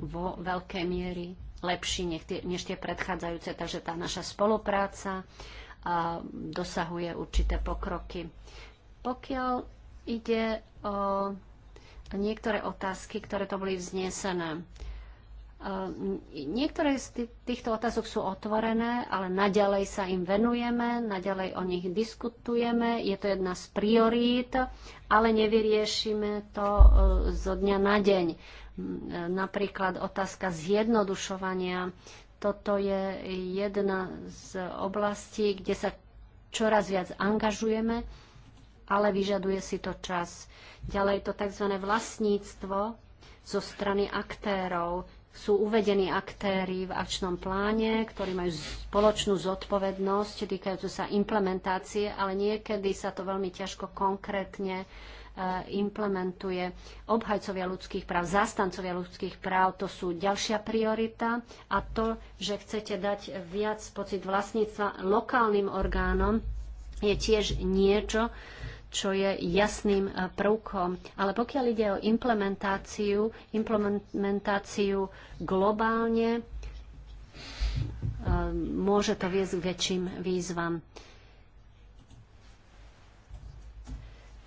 vo veľkej miery lepší než tie predchádzajúce. Takže tá naša spolupráca dosahuje určité pokroky. Pokiaľ ide o niektoré otázky, ktoré to boli vznesené. Ehm, niektoré z týchto otázok sú otvorené, ale naďalej sa im venujeme, naďalej o nich diskutujeme, je to jedna z priorít, ale nevyriešime to eh, zo dňa na deň. Ehm, napríklad otázka zjednodušovania. Toto je jedna z oblastí, kde sa čoraz viac angažujeme, ale vyžaduje si to čas. Ďalej to tzv. vlastníctvo zo strany aktérov sú uvedení aktéry v akčnom pláne, ktorí majú spoločnú zodpovednosť týkajúcu sa implementácie, ale niekedy sa to veľmi ťažko konkrétne e, implementuje. Obhajcovia ľudských práv, zastancovia ľudských práv, to sú ďalšia priorita a to, že chcete dať viac pocit vlastníctva lokálnym orgánom, je tiež niečo, čo je jasným eh, prvkom. Ale pokiaľ ide o implementáciu, implementáciu globálne, eh, môže to viesť k väčším výzvam.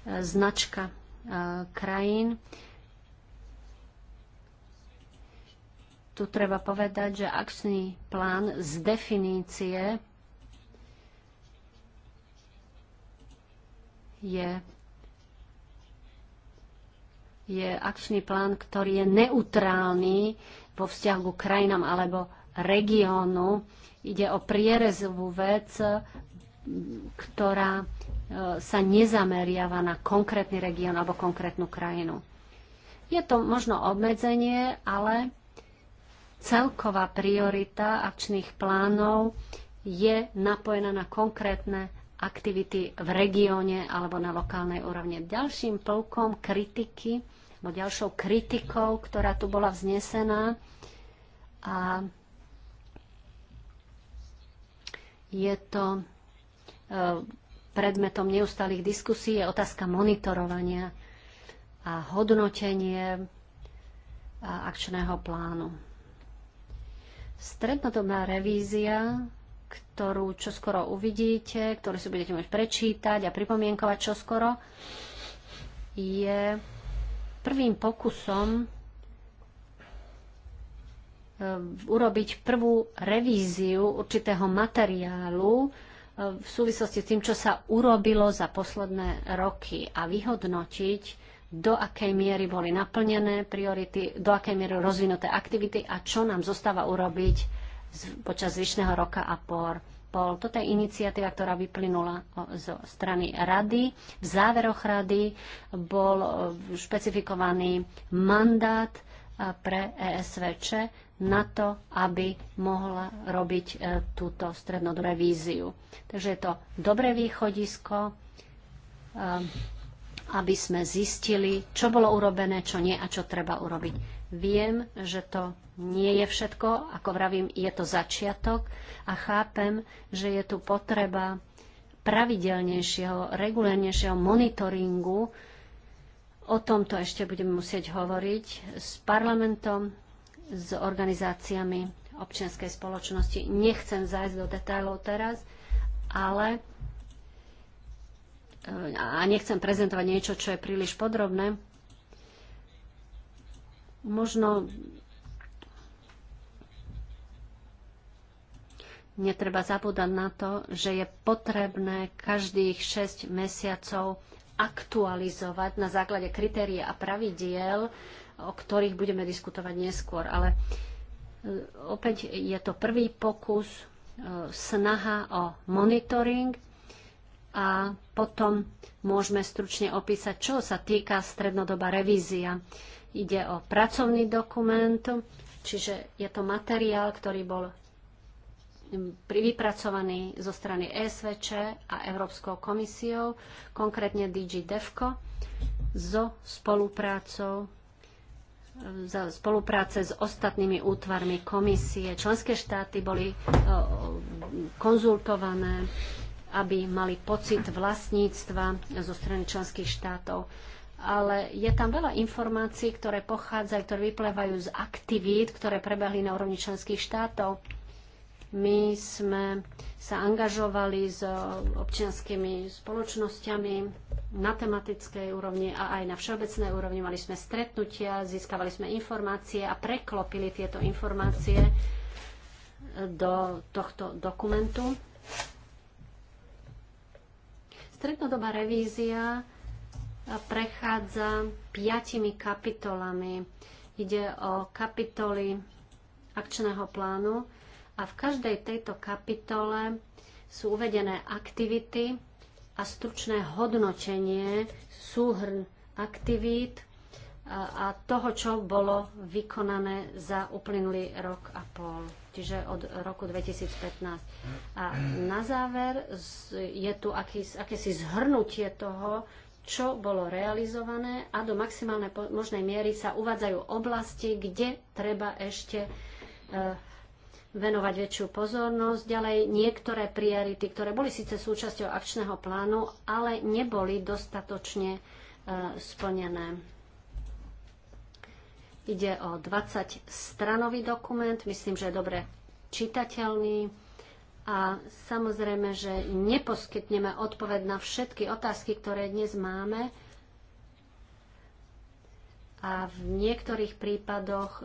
Značka eh, krajín. Tu treba povedať, že akčný plán z definície je, je akčný plán, ktorý je neutrálny vo vzťahu k krajinám alebo regiónu. Ide o prierezovú vec, ktorá e, sa nezameriava na konkrétny región alebo konkrétnu krajinu. Je to možno obmedzenie, ale celková priorita akčných plánov je napojená na konkrétne aktivity v regióne alebo na lokálnej úrovne. Ďalším prvkom kritiky, alebo ďalšou kritikou, ktorá tu bola vznesená, a je to e, predmetom neustálých diskusí, je otázka monitorovania a hodnotenie akčného plánu. Strednodobná revízia ktorú čoskoro uvidíte, ktorú si budete môcť prečítať a pripomienkovať čoskoro, je prvým pokusom e, urobiť prvú revíziu určitého materiálu e, v súvislosti s tým, čo sa urobilo za posledné roky a vyhodnotiť, do akej miery boli naplnené priority, do akej miery rozvinuté aktivity a čo nám zostáva urobiť počas zvyšného roka a pol. Pol. Toto je iniciatíva, ktorá vyplynula zo strany rady. V záveroch rady bol špecifikovaný mandát pre ESVČ na to, aby mohla robiť e, túto strednodú revíziu. Takže je to dobré východisko, e, aby sme zistili, čo bolo urobené, čo nie a čo treba urobiť Viem, že to nie je všetko, ako vravím, je to začiatok a chápem, že je tu potreba pravidelnejšieho, regulérnejšieho monitoringu. O tomto ešte budeme musieť hovoriť s parlamentom, s organizáciami občianskej spoločnosti. Nechcem zájsť do detailov teraz, ale e, a nechcem prezentovať niečo, čo je príliš podrobné, Možno netreba zabúdať na to, že je potrebné každých 6 mesiacov aktualizovať na základe kritérií a pravidiel, o ktorých budeme diskutovať neskôr. Ale e, opäť je to prvý pokus, e, snaha o monitoring a potom môžeme stručne opísať, čo sa týka strednodobá revízia. Ide o pracovný dokument, čiže je to materiál, ktorý bol vypracovaný zo strany ESVČ a Európskou komisiou, konkrétne DG DEFCO, so spoluprácou za spolupráce s ostatnými útvarmi komisie. Členské štáty boli e, konzultované, aby mali pocit vlastníctva zo strany členských štátov ale je tam veľa informácií, ktoré pochádzajú, ktoré vyplevajú z aktivít, ktoré prebehli na úrovni členských štátov. My sme sa angažovali s eh, občianskými spoločnosťami na tematickej úrovni a aj na všeobecnej úrovni. Mali sme stretnutia, získavali sme informácie a preklopili tieto informácie eh, do tohto dokumentu. Strednodobá revízia prechádza piatimi kapitolami. Ide o kapitoly akčného plánu a v každej tejto kapitole sú uvedené aktivity a stručné hodnotenie súhrn aktivít a toho, čo bolo vykonané za uplynulý rok a pol, čiže od roku 2015. A na záver je tu akési zhrnutie toho, čo bolo realizované a do maximálnej možnej miery sa uvádzajú oblasti, kde treba ešte eh, venovať väčšiu pozornosť. Ďalej niektoré priority, ktoré boli síce súčasťou akčného plánu, ale neboli dostatočne eh, splnené. Ide o 20-stranový dokument, myslím, že je dobre čitateľný a samozrejme, že neposkytneme odpoveď na všetky otázky, ktoré dnes máme. A v niektorých prípadoch e,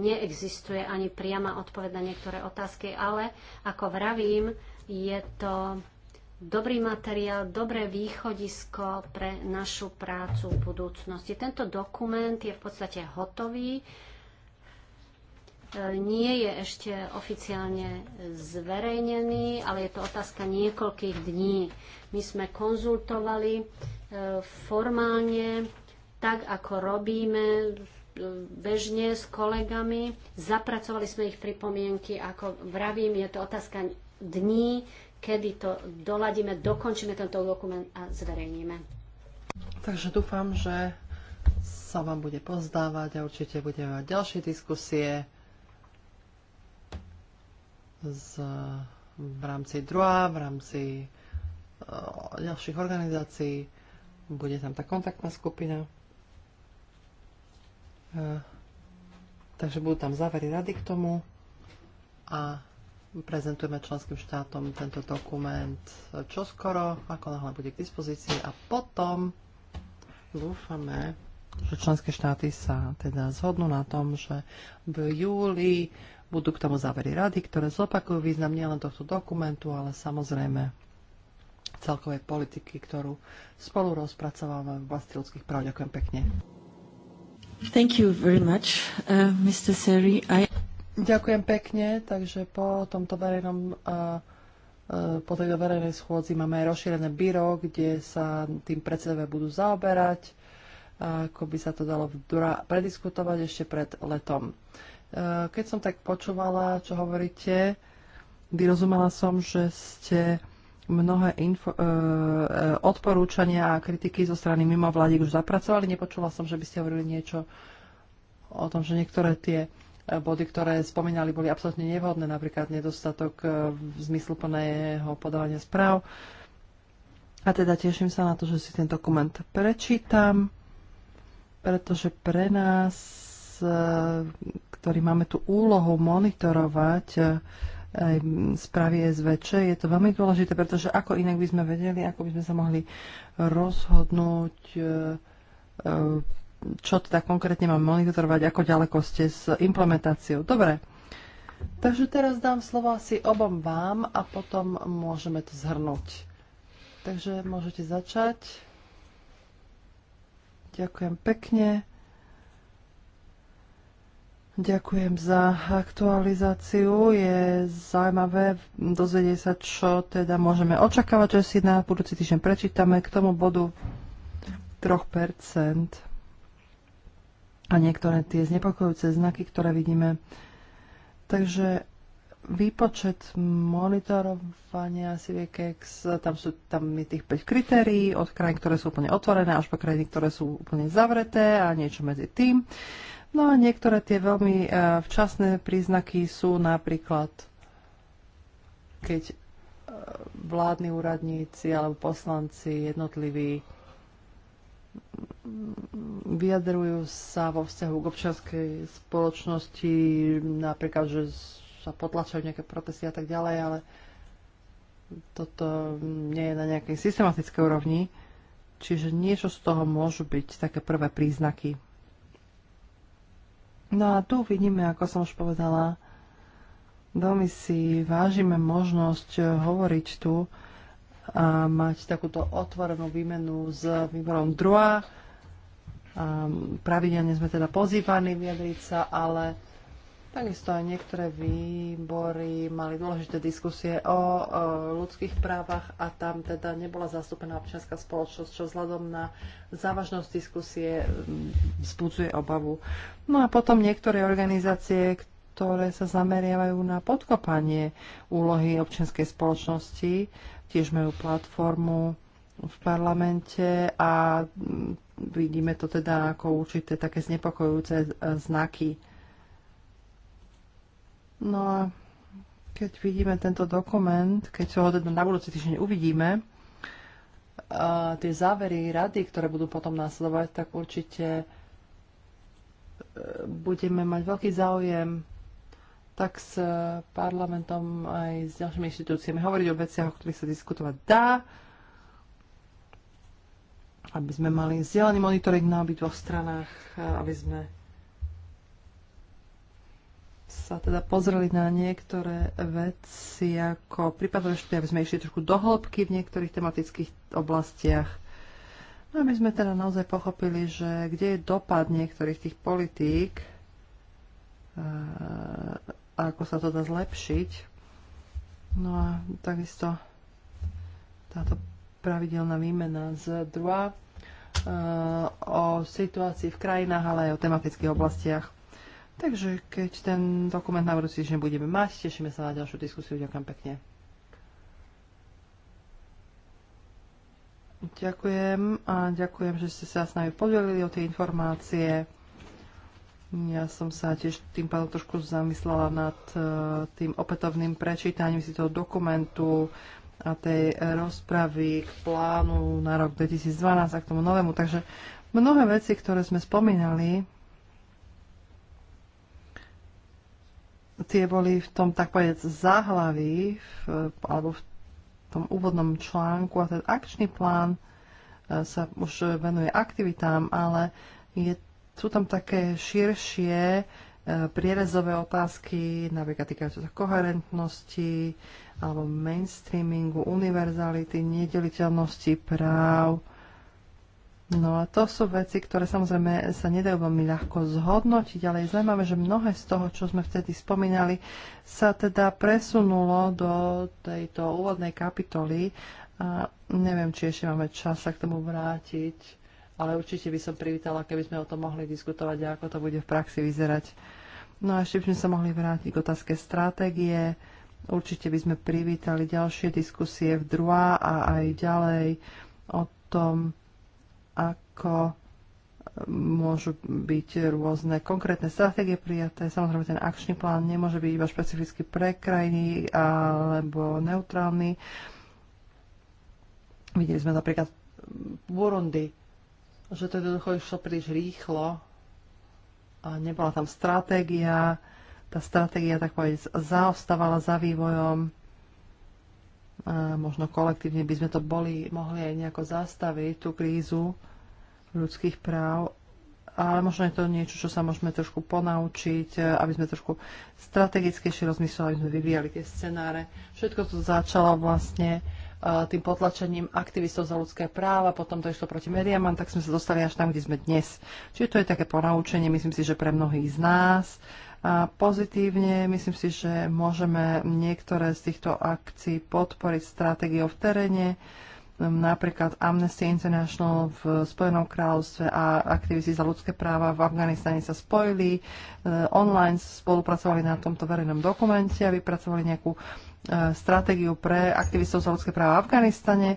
neexistuje ani priama odpoveď na niektoré otázky, ale ako vravím, je to dobrý materiál, dobré východisko pre našu prácu v budúcnosti. Tento dokument je v podstate hotový E, nie je ešte oficiálne zverejnený, ale je to otázka niekoľkých dní. My sme konzultovali e, formálne, tak ako robíme e, bežne s kolegami. Zapracovali sme ich pripomienky, ako vravím, je to otázka dní, kedy to doladíme, dokončíme tento dokument a zverejníme. Takže dúfam, že sa vám bude pozdávať a určite budeme mať ďalšie diskusie z, v rámci DROA, v rámci uh, ďalších organizácií. Bude tam tá kontaktná skupina. E, takže budú tam závery rady k tomu a prezentujeme členským štátom tento dokument čoskoro, ako náhle bude k dispozícii a potom dúfame, že členské štáty sa teda zhodnú na tom, že v júli budú k tomu závery rady, ktoré zopakujú význam nielen tohto dokumentu, ale samozrejme celkovej politiky, ktorú spolu rozpracovávame v oblasti ľudských práv. Ďakujem pekne. Thank you very much, uh, Mr. Seri. I... Ďakujem pekne, takže po tomto verejnom uh, uh, po tejto verejnej schôdzi máme aj rozšírené byro, kde sa tým predsedové budú zaoberať, ako by sa to dalo prediskutovať ešte pred letom. Eh, keď som tak počúvala, čo hovoríte, vyrozumela som, že ste mnohé info, eh, eh, odporúčania a kritiky zo strany mimo vládiek už zapracovali. Nepočula som, že by ste hovorili niečo o tom, že niektoré tie body, ktoré spomínali, boli absolútne nevhodné, napríklad nedostatok v zmyslu plného podávania správ. A teda teším sa na to, že si ten dokument prečítam, pretože pre nás ktorý máme tú úlohu monitorovať eh, správy SVČ, je to veľmi dôležité, pretože ako inak by sme vedeli, ako by sme sa mohli rozhodnúť, eh, eh, čo teda konkrétne máme monitorovať, ako ďaleko ste s implementáciou. Dobre, takže teraz dám slovo asi obom vám a potom môžeme to zhrnúť. Takže môžete začať. Ďakujem pekne. Ďakujem za aktualizáciu. Je zaujímavé dozvedieť sa, čo teda môžeme očakávať, že si na budúci týždeň prečítame k tomu bodu 3% a niektoré tie znepokojujúce znaky, ktoré vidíme. Takže výpočet monitorovania CVKX, tam sú tam je tých 5 kritérií, od krajín, ktoré sú úplne otvorené, až po krajiny, ktoré sú úplne zavreté a niečo medzi tým. No a niektoré tie veľmi e, včasné príznaky sú napríklad, keď e, vládni úradníci alebo poslanci jednotliví mm, vyjadrujú sa vo vzťahu k občianskej spoločnosti, napríklad, že sa potlačajú nejaké protesty a tak ďalej, ale toto nie je na nejakej systematickej úrovni, čiže niečo z toho môžu byť také prvé príznaky No a tu vidíme, ako som už povedala, veľmi si vážime možnosť eh, hovoriť tu a mať takúto otvorenú výmenu s výborom druhá. Ehm, pravidelne sme teda pozývaní vyjadriť sa, ale Takisto aj niektoré výbory mali dôležité diskusie o, o ľudských právach a tam teda nebola zastúpená občianská spoločnosť, čo vzhľadom na závažnosť diskusie mm, vzbudzuje obavu. No a potom niektoré organizácie, ktoré sa zameriavajú na podkopanie úlohy občianskej spoločnosti, tiež majú platformu v parlamente a mm, vidíme to teda ako určité také znepokojujúce e, znaky No a keď vidíme tento dokument, keď ho teda na budúci týždeň uvidíme, a tie závery rady, ktoré budú potom následovať, tak určite e, budeme mať veľký záujem tak s parlamentom aj s ďalšími inštitúciami hovoriť o veciach, o ktorých sa diskutovať dá, aby sme mali vzdelaný monitoring na obidvoch stranách, aby sme sa teda pozreli na niektoré veci ako prípadne že aby sme išli trošku do hĺbky v niektorých tematických oblastiach. No a my sme teda naozaj pochopili, že kde je dopad niektorých tých politík a e, ako sa to dá zlepšiť. No a takisto táto pravidelná výmena z DRUA e, o situácii v krajinách, ale aj o tematických oblastiach Takže keď ten dokument na budúci týždeň budeme mať, tešíme sa na ďalšiu diskusiu. Ďakujem pekne. Ďakujem a ďakujem, že ste sa s nami podelili o tie informácie. Ja som sa tiež tým pádom trošku zamyslela nad e, tým opätovným prečítaním si toho dokumentu a tej rozpravy k plánu na rok 2012 a k tomu novému. Takže mnohé veci, ktoré sme spomínali, tie boli v tom, tak povedať, záhlaví, alebo v tom úvodnom článku, a ten akčný plán eh, sa už venuje aktivitám, ale je, sú tam také širšie eh, prierezové otázky, napríklad týkajúce sa koherentnosti alebo mainstreamingu, univerzality, nedeliteľnosti práv, No a to sú veci, ktoré samozrejme sa nedajú veľmi ľahko zhodnotiť, ale je zaujímavé, že mnohé z toho, čo sme vtedy spomínali, sa teda presunulo do tejto úvodnej kapitoly. A neviem, či ešte máme čas sa k tomu vrátiť, ale určite by som privítala, keby sme o tom mohli diskutovať a ako to bude v praxi vyzerať. No a ešte by sme sa mohli vrátiť k otázke stratégie. Určite by sme privítali ďalšie diskusie v druhá a aj ďalej o tom, ako e, môžu byť rôzne konkrétne stratégie prijaté. Samozrejme, ten akčný plán nemôže byť iba špecificky pre krajiny alebo neutrálny. Videli sme napríklad Burundi, že to jednoducho išlo príliš rýchlo a nebola tam stratégia. Tá stratégia, tak povedať, zaostávala za vývojom možno kolektívne by sme to boli, mohli aj nejako zastaviť, tú krízu ľudských práv, ale možno je to niečo, čo sa môžeme trošku ponaučiť, aby sme trošku strategickejšie rozmysleli, aby sme vyvíjali tie scenáre. Všetko to začalo vlastne e, tým potlačením aktivistov za ľudské práva, potom to išlo proti médiám, tak sme sa dostali až tam, kde sme dnes. Čiže to je také ponaučenie, myslím si, že pre mnohých z nás, a pozitívne. Myslím si, že môžeme niektoré z týchto akcií podporiť stratégiou v teréne, napríklad Amnesty International v Spojenom kráľovstve a aktivisti za ľudské práva v Afganistane sa spojili, e, online spolupracovali na tomto verejnom dokumente a vypracovali nejakú stratégiu pre aktivistov za ľudské práva v Afganistane.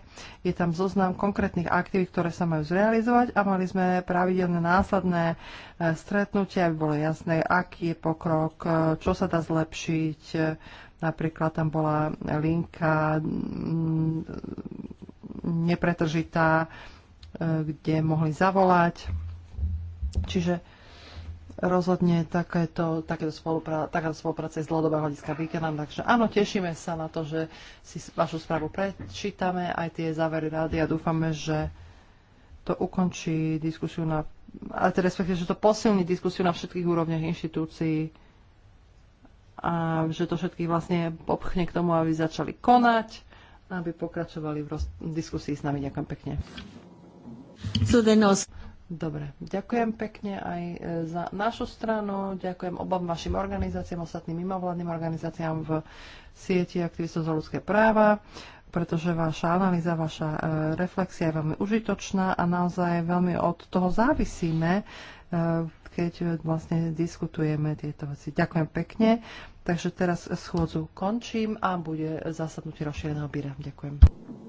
Je tam zoznam konkrétnych aktivít, ktoré sa majú zrealizovať a mali sme pravidelné následné e, stretnutia, aby bolo jasné, aký je pokrok, e, čo sa dá zlepšiť. E, napríklad tam bola linka mm, nepretržitá, kde mohli zavolať. Čiže rozhodne takéto, takéto spolupra- takáto spolupráca je z dlhodobého hľadiska výkonná. Takže áno, tešíme sa na to, že si vašu správu prečítame, aj tie závery rády a dúfame, že to ukončí diskusiu na a teda respektíve, že to posilní diskusiu na všetkých úrovniach inštitúcií a že to všetkých vlastne popchne k tomu, aby začali konať, aby pokračovali v roz- diskusii s nami. Ďakujem pekne. Dobre, ďakujem pekne aj e, za našu stranu, ďakujem obom vašim organizáciám, ostatným mimovládnym organizáciám v sieti aktivistov za ľudské práva, pretože vaša analýza, vaša e, reflexia je veľmi užitočná a naozaj veľmi od toho závisíme, e, keď vlastne diskutujeme tieto veci. Ďakujem pekne. Takže teraz schôdzu končím a bude zasadnutie rozšíreného byra. Ďakujem.